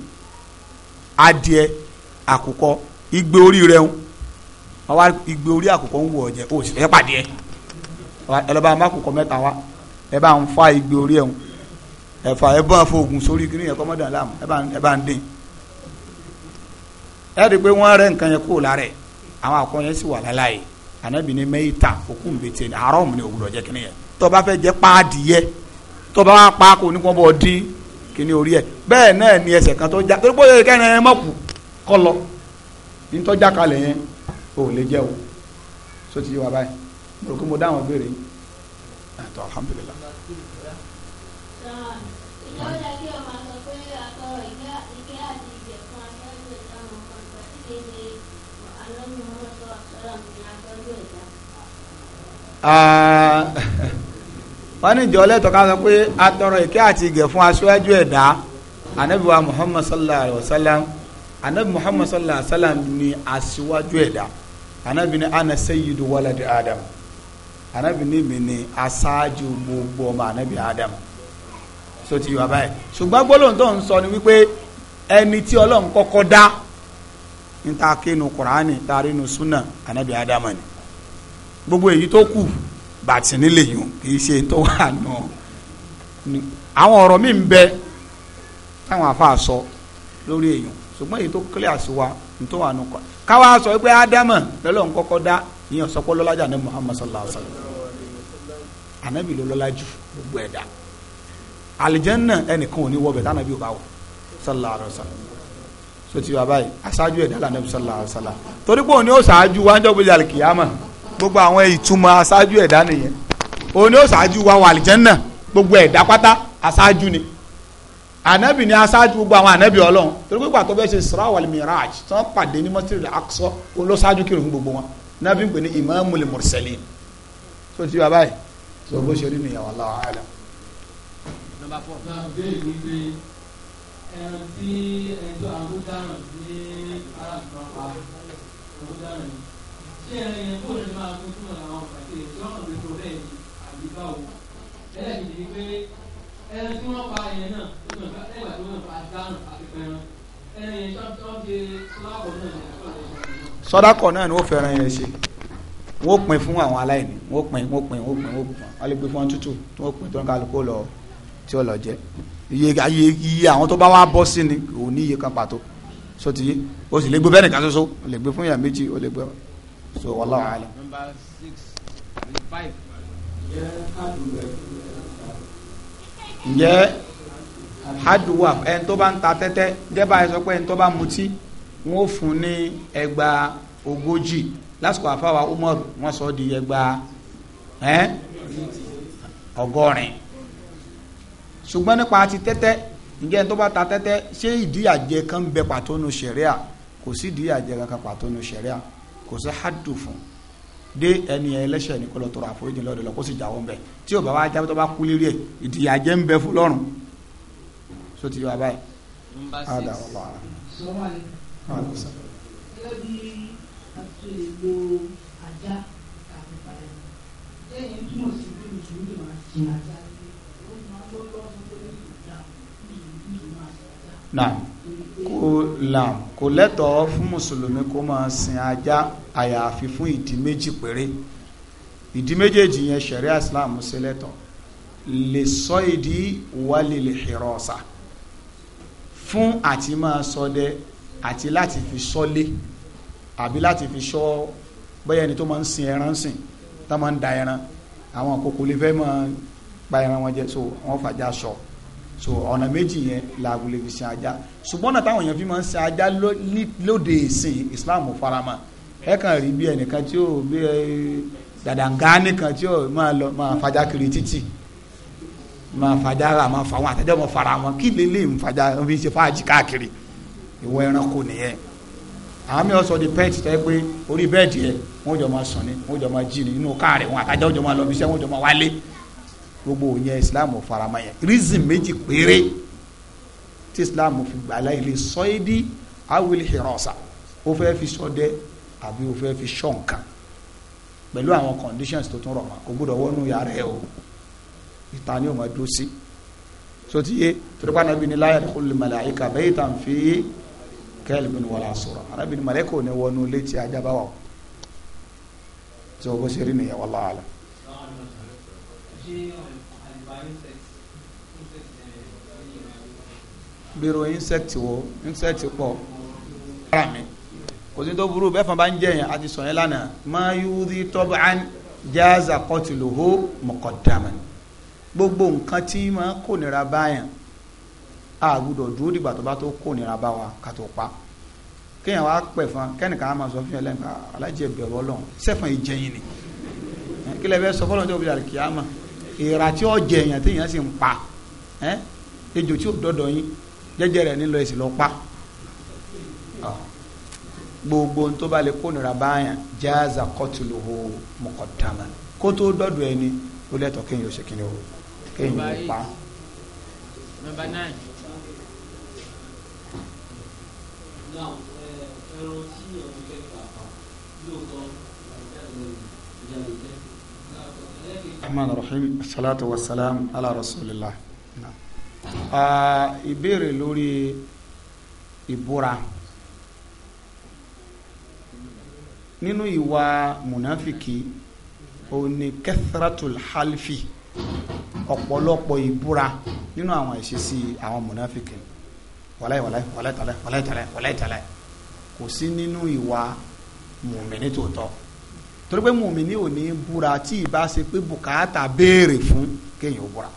adìẹ àkùkọ igbe orí rẹ ń wá igbe orí àkùkọ ń ọ o sì fẹ́ pàdé ẹ ẹ lọ́ba amákùkọ mẹ́ta wá ẹ bá ń igbe orí ẹ ń ẹ fa ẹ bá fògùn sórí kí ni láàmú ẹ bá ń dín ẹ rí i pé wọ́n rẹ nǹkan yẹn kúrò lára ẹ anabi ni mẹ́yìtà òkú ń bẹ̀tẹ̀ ní haram ni òwúrọ̀ jẹ́ kínní yẹn tó bá fẹ́ jẹ́ páàdì yẹ tó bá wá pa kò ní kó bọ́ dín kínní orí ẹ̀ bẹ́ẹ̀ náà ni ẹsẹ̀ kan tó já torí bóyá kẹ́rin ẹ mọ̀kù kọ́ lọ ní tó já kalẹ̀ yẹn ò lè jẹ́ o so ti wà báyìí mo rò pé mo dáhùn béèrè yìí alhamdulilayi. Ah, wọ́n ní ìjọ lẹ́tọ̀ọ́ ká sọ pé atọrọ ìkẹ́ àti ìgẹ̀ fún aṣáájú ẹ̀dá anabi wa muhammad sallallahu alaihi wa sallam anabi muhammad sallallahu alaihi wa sallam ni aṣáájú ẹ̀dá anabi ni ana sayyidu waladi adam anabi ni mi ni aṣáájú gbogbo ọmọ anabi adam so ti wà báyìí ṣùgbọ́n gbólóhùn tó ń sọ ni wípé ẹni tí ọlọ́run kọ́kọ́ dá níta kínú kùránì tá a rí nu súnà anabi adam ni gbogbo èyí tó kù bàtì nílé yìí kì í ṣe tó wà náà àwọn ọ̀rọ̀ mi ń bẹ táwọn afa sọ lórí èyàn ṣùgbọ́n èyí tó kílẹ̀ àṣìwà nítorí àánú kọ káwa sọ pé ádámà lọ́lọ́run kọ́kọ́ dá ìyẹn sọ pé lọ́lájà ní Muhammad sallallahu alayhi wa sallam ànábì ló lọ́lá jù gbogbo ẹ̀dá àlìjẹ́nà ẹnìkan ò ní wọ́bẹ̀ tánàbí ò bá wọ̀ sallallahu alayhi wa sallam sotí bàbá yìí aṣáájú ẹ̀dá lànà sallallahu alayhi wa sallam torí pé òun ni ó ṣáájú wájú ọ̀gbẹ́jà gbogbo àwọn ìtumọ̀ aṣáájú ẹ̀dá nìyẹn òun ni wa wà àlìjẹ́nà gbogbo ẹ̀dá pátá aṣáájú ni ànábì ni aṣáájú gbogbo àwọn ànábì ọlọ́run torí pé pàtó bẹ́ẹ̀ ṣe Isra wal Miraj tí wọ́n pàdé ní mọ́tìrì àkọ́sọ́ olóṣáájú kírun gbogbo wọn nábì ń pè ní Imamul Mursalin tó ti wá báyìí sọ bó ṣe rí nìyẹn wallahu a'lam. nọ́mbà ṣé ẹni yẹn kó lè máa tó túmọ̀ àwọn pàṣẹ tí wọ́n lè tó bẹ́ẹ̀ ni àbí báwo ẹlẹ́yìn ni pé ẹni tí wọ́n pa ẹyẹ náà tó nà ká ẹgbà tó nà pa dáhùn àpẹpẹ rán ẹni yẹn tó ń ṣe sọ́dákọ̀ náà ni sọ́dákọ̀ náà ni ó fẹ́ràn yẹn ṣe wọ́n pín fún àwọn aláìní wọ́n pín wọ́n pín wọ́n pín wọ́n pín wọ́n lè pín fún tútù tí wọ́n pín tó ń kálukú lọ tí ó lọ jẹ iye iye iye àwọn tó bá wá bọ́ sí ni òun ní iye kan pàtó sọ ti yé o sì lè gbé bẹ́ẹ̀ nìkan ṣoṣo o lè gbé fún yàrá méjì o lè gbé so wallahu alam. number six and five. ǹjẹ́ haduwa ẹni tó bá ń ta tẹ́tẹ́ dẹ́ba ẹ sọ pé ẹni tó bá mutí wọ́n ó fún ní ẹgbàá ogójì lásìkò àfáwà Umar wọ́n sọ di ẹgbàá ọgọ́rin ṣùgbọ́n nípa ti tẹ́tẹ́ ǹjẹ́ ẹni tó bá ta tẹ́tẹ́ ṣé ìdíyàjẹ kan bẹ pàtó nu ṣẹ̀ríà kò sí ìdíyàjẹ kankan pàtó nu ṣẹ̀ríà kò sí hadu fún de ẹni ẹlẹ́ṣẹ̀ ní kọlọ tọrọ àforíjì lọ́dọ̀ lọ kó sì jáwọ́ bẹ́ẹ̀ tí ò bá wá jábọ́ tó bá kú lérí ẹ̀ ìdìyà jẹ́ ń bẹ fún lọ́rùn so ti yọ abáyé. ada ọlọ ara. gẹ́gẹ́ Kulam là kò lẹ́tọ̀ọ́ fún mùsùlùmí kó máa sin ajá àyàfi fún ìdí méjì péré ìdí méjèèjì yẹn ṣẹ̀ríà Islam ṣe lẹ́tọ̀ọ́ lè sọ ìdí wálé lè hìrọ̀ ọ̀sà fún àti máa ṣọdẹ àti láti fi ṣọ́lé àbí láti fi ṣọ́ bẹ́ẹ̀ ẹni tó máa ń sin ẹran sìn tó máa ń da ẹran àwọn àkókò fẹ́ máa pa ẹran wọn jẹ so wọ́n fàjà ṣọ́ọ́ so ọ̀nà méjì yẹn làgùlẹ̀ fi sin ajá ṣùgbọ́n náà táwọn èèyàn fi máa ń sin ajá lóde ìsìn Islam farama ẹ kàn rí bí ẹnìkan tí ó bí dàdàǹgá nìkan tí ó máa lọ máa fàjà kiri títì máa fàjà rà máa fà wọn àtẹjọ́ máa fara wọn kí lélẹ̀ ń fàjà ń fi ṣe fàájì káàkiri ìwọ ẹranko nìyẹn àwọn mi sọ di pẹ́ẹ́tì tẹ́ pé orí bẹ́ẹ̀dì yẹn wọ́n jọ máa sùn ni wọ́n jọ máa jí ni inú káàrẹ̀ wọn àtàjà jọ máa lọ bí iṣẹ́ wọ́n jọ máa wálé gbogbo òyìn islam ò faramọ́ yẹn reason méjì péré tí islam fi gbà láyé lè sọ é di awil hirasa ó fẹ́ fi ṣọdẹ àbí ó fẹ́ fi ṣọ́ nǹkan pẹ̀lú àwọn conditions tó tún rọ̀ mọ́ kò gbọ́dọ̀ wọnú yàrá ẹ o ìta ni ó máa dúró sí sotí yé torípa nàbí ni la yadkhulul malaika baytan fi kalbin wala sura àrẹ́bí ni màláìka ò ní wọnú létí ajá o tí o bó ṣe nìyẹn wallahu alam biro insect wo insect pọ̀ ara mi kò sí tó burú bẹ́ẹ̀ fún bá ń jẹ́ yẹn àti sọ̀yìn lánàá máa yúdi tọ́bán jáza kọtìlóhó mọ̀kọ́dàmán gbogbo nǹkan tí máa kó nira báyàn a gbúdọ̀ dúró dìgbà tó bá tó kó nira bá wa ká tó pa kéèyàn wá pẹ̀ fún kẹ́nìkan á máa sọ fún ẹlẹ́yìn ká ah, alájẹ bẹ̀rù ọlọ́run sẹ́fọ̀n ìjẹyìn ni kílẹ̀ bẹ́ẹ̀ sọ fọlọ́n tó fi àlùkìyàmà èèrà tí ó jẹ èèyàn tí èèyàn sì ń pa ẹ ejò tí ó dọdọ yín jẹjẹ rẹ nílò èsì lọ pa gbogbo ohun tó bá lè kó nira báyàn jáàzà kọtùlùhù mọkọtàmà kó tó dọdọ ẹni ó lẹtọ kéèyàn ó ṣe kíni o kéèyàn ó pa. Number nine. Eh, rahman rahim salatu wa salam ala rasulillah ìbéèrè lórí ìbúra nínú ìwà mùnáfìkì òun ni kẹsàrátùl hálfì ọ̀pọ̀lọpọ̀ ìbúra nínú àwọn ìṣesí àwọn mùnáfìkì wàláì wàláì wàláì tàláì wàláì tàláì wàláì tàláì kò sí nínú ìwà mùmíní tòótọ́ torí pé mùmíní ò ní búra tí ìbá ṣe pé bùkátà béèrè fún kéèyàn ó búra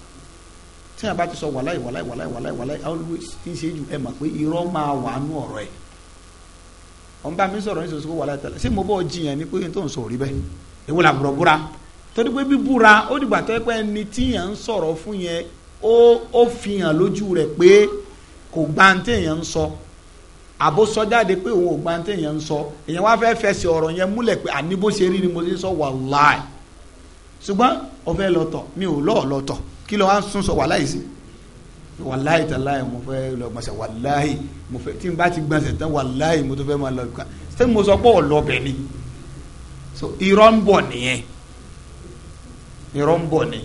tí yàrá bá ti sọ wàláì wàláì wàláì wàláì wàláì always ti ṣe jù ẹ mà pé irọ́ máa wà nú ọ̀rọ̀ ẹ̀ ọ̀n bá mi sọ̀rọ̀ nítorí sọ́kò wàláì tẹ̀lé ṣé mo bọ́ jiyàn ni pé tó ń sọ òrí bẹ́ẹ̀ èwo là búrọ̀ búra torí pé bíbúra ó dìgbà tó yẹ pé ẹni tí yàn ń sọ̀rọ̀ fún yẹn ó ó fi hàn lójú rẹ̀ pé kò gbá ní téèyàn ń sọ àbó sọ jáde pé òun ò gba ní téèyàn ń sọ èèyàn wá fẹ́ẹ́ fẹsẹ̀ ọ̀rọ̀ yẹn múlẹ̀ pé àní bó ṣe rí ni mo ṣe sọ wàláì ṣùgbọ́n ọ̀fẹ́ lọ́tọ̀ mi ò lọ́ọ̀ lọ́tọ̀ kí ló wá ń sún sọ wàláì sí wàláì tàláì mo fẹ́ lọ gbọ̀nsẹ̀ wàláì mo fẹ́ tí n bá ti gbọ̀nsẹ̀ tán wàláì mo tó fẹ́ máa lọ bí ṣé mo sọ pé ọ̀lọ́bẹ̀ ni so irọ́ ń bọ̀ nìyẹn irọ́ ń bọ̀ ni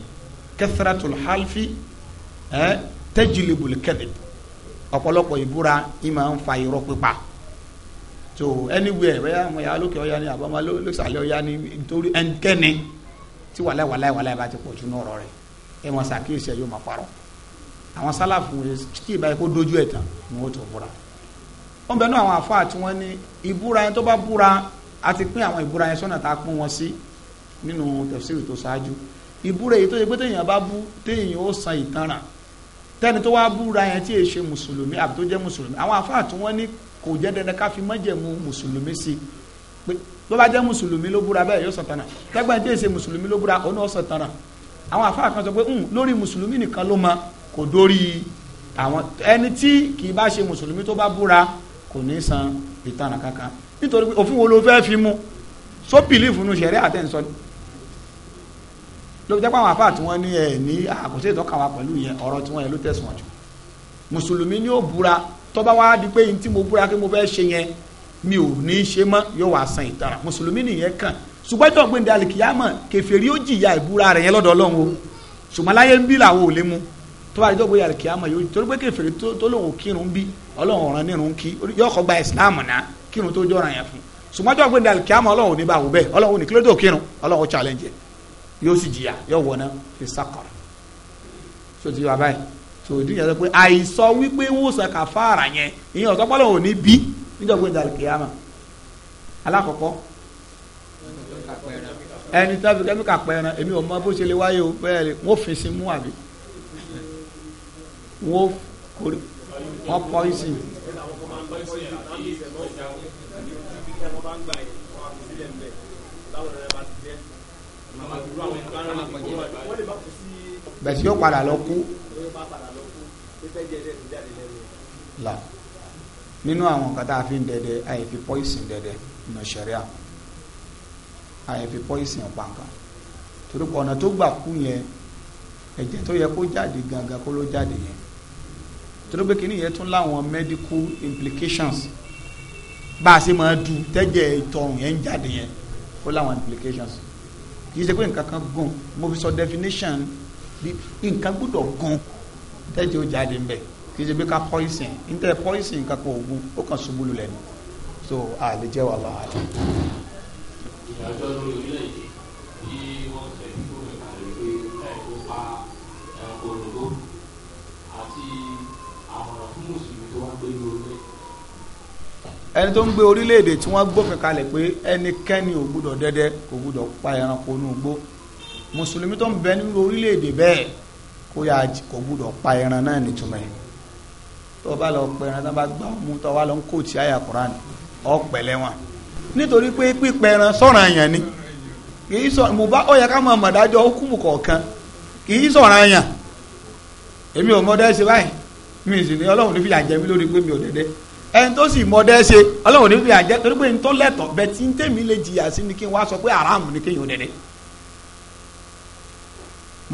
kathratul halfi ẹ́ tajlibul kadhib ọ̀pọ̀lọpọ̀ ìbúra ìmọ̀ ń fa irọ́ pípa so anywhere bẹ́ẹ̀ àwọn ìyá lókè ọ̀yá ni àbámọ́ lóṣàlẹ̀ ọ̀yá ni nítorí ẹnikẹ́ni tí wàláì wàláì wàláì bá ti pọ̀ jù náà rọ̀ rẹ̀ ẹ mọ̀ sàkíyèsí ẹ yóò máa parọ́ àwọn sálàfù kí ìbáyé kó dojú ẹ̀ tán ni wọ́n tó búra wọ́n bẹ̀rù àwọn àfáà tí wọ́n ní ìbúra yẹn tó bá búra a ti pín àwọn ìbúra yẹn sọ́nà tá a pín wọn sí nínú tẹ̀síìrì tó ṣáájú ìbúra èyí tó yẹ pé téèyàn bá bú téèyàn ó san ìtanràn tẹ́ni tó wá búra yẹn tí èé ṣe mùsùlùmí àbí tó jẹ́ mùsùlùmí àwọn àfáà tí wọ́n ní kò jẹ́ dandan ká fi májẹ̀mú mùsùlùmí sí i pé tó bá jẹ́ mùsùlùmí ló búra bẹ́ẹ̀ yóò sọ̀tànà tẹ́gbọ́n tí èé ṣe mùsùlùmí ló búra òun náà sọ̀tànà àwọn àfáà kan sọ pé hmm, lórí mùsùlùmí nìkan ló mọ kò dórí àwọn ẹni tí kì í bá ṣe mùsùlùmí tó bá búra kò ní san ìtanà kankan nítorí pé òfin wo ló fẹ́ fi mú só bìlífù nu ṣẹ̀rẹ́ àtẹ̀sọ́ni ló fi jẹ́ pé àwọn àfáà tí wọ́n ní ẹ̀ ní àkọsí ìtọ́ka wa pẹ̀lú yẹn ọ̀rọ̀ tí wọ́n yẹn ló tẹ̀sán jù mùsùlùmí ni ó búra tó bá wá di pé n tí mo búra pé mo fẹ́ ṣe yẹn mi ò ní í ṣe mọ́ yóò wá san ìtara mùsùlùmí nìyẹn kàn ṣùgbọ́n ìjọ gbẹ̀ndẹ̀ alìkìyàmọ̀ kẹfẹ́rí ó jìyà ìbúra rẹ̀ yẹn lọ́dọ̀ ọlọ́run o ṣùgbọ́n láyé ń bí làwọn ò lè mu tó bá ìjọ gbẹ̀ndẹ̀ alìkìyàmọ̀ yóò torí pé kẹfẹ́rí tó lòun kírun bí ọlọ́run ọ̀ràn nírun kí yóò kọ́ gba ìsìláàmù náà kírun tó jọra yẹn fún ṣùgbọ́n ìjọ gbẹ̀ndẹ̀ alìkìyàmọ̀ ọlọ́run ò ní bá wò bẹ́ẹ̀ ọlọ́run ò ní kílódé òkírun ọlọ́run challenge yóò sì jìyà yóò wọná fi sàkọrọ so ti wà báyìí so ìdí yẹn sọ pé àìsọ wípé wòsàn kàfàrà yẹn ìyẹn ọ̀tọ́ pọ́lọ́ ò ní bí níjọ́ gbé dàlù kìyàmà alákọ̀ọ́kọ́ ẹni tó fi kẹ́míkà pẹ̀ran èmi ò mọ bó ṣe lè wáyé o bẹ́ẹ̀ wọ́n fi sí mú àbí wọ́n kórè wọ́n pọ́ ìsìn. bẹ̀sí yóò padà lọ kú la nínú àwọn kata àfi dẹdẹ àyèfi poison dẹdẹ nà sẹríà àyèfi poison pàǹkà torí pé ọ̀nà tó gbà kú yẹn ẹ̀jẹ̀ tó yẹ kó jáde gangan kó ló jáde yẹn torí pé kíní yẹn tún láwọn medical implications bá a ṣe máa du tẹ́jẹ̀ ìtọ̀hún yẹn ń jáde yẹn ó láwọn implications kì í ṣe pé nǹkan kan gùn mo fi sọ definition nǹkan gbúdọ̀ gùn tẹ́jọ́ jáde ń bẹ̀ kì í ṣe pé ká poison ń tẹ́ poison nǹkan kan ògùn ó kàn ṣubú lulẹ̀ ni so a lè jẹ́ wàhálà. ìyàtọ̀ lórí orílẹ̀-èdè tí wọ́n ti ẹni tó ń gbé orílẹ̀-èdè tí wọ́n gbófin kalẹ̀ pé ẹnikẹ́ni ò gbúdọ̀ dẹ́dẹ́ kò gbúdọ̀ pa ẹranko inú igbó mùsùlùmí tó ń bẹ nínú orílẹ̀-èdè bẹ́ẹ̀ kó yà kò gbúdọ̀ pa ẹran náà nítumẹ̀ tó o bá lọ pẹ ẹran tó bá gbà mú tó o bá lọ ń kó tí àyà koran ọ pẹ̀lẹ́ nítorí pé pípẹ ẹran sọ̀rọ̀ àyàn ni kì í sọ mo bá ọ yẹ ká máa mọ̀ dájọ́ kọ̀ọ̀kan kì í sọ̀rọ̀ àyàn èmi ò mọ dẹ́sẹ̀ báyìí mi ì sì ní ọlọ́run ní fìyà jẹ mí lórí pé mi ò dẹ́dẹ́ ẹni tó sì mọdẹ ṣe ọlọ́run ní fi àjẹ torí pé ntọ́ lẹ́tọ̀ bẹ́ẹ̀ tí ń tẹ̀mí lè jìyà sí ni kí n wá sọ pé aráàmù ni kéèyàn dẹ̀dẹ̀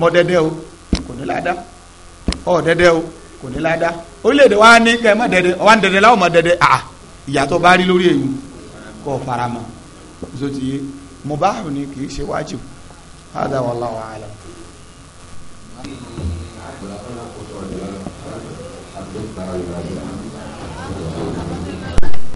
mọdẹdẹ o kò ní ládàá ọ̀dẹdẹ o kò ní ládàá orílẹ̀-èdè wa ní kẹ́ ẹ má dẹ̀dẹ̀ ọ̀wá ń dẹ̀dẹ̀ láwọn mọ̀ dẹ̀dẹ̀ à ìyàtọ̀ bá rí lórí èyí kò fara mọ́ so ti mo bá rùn ni kì í ṣe wájú hádà wallahu a'lam. Thank you.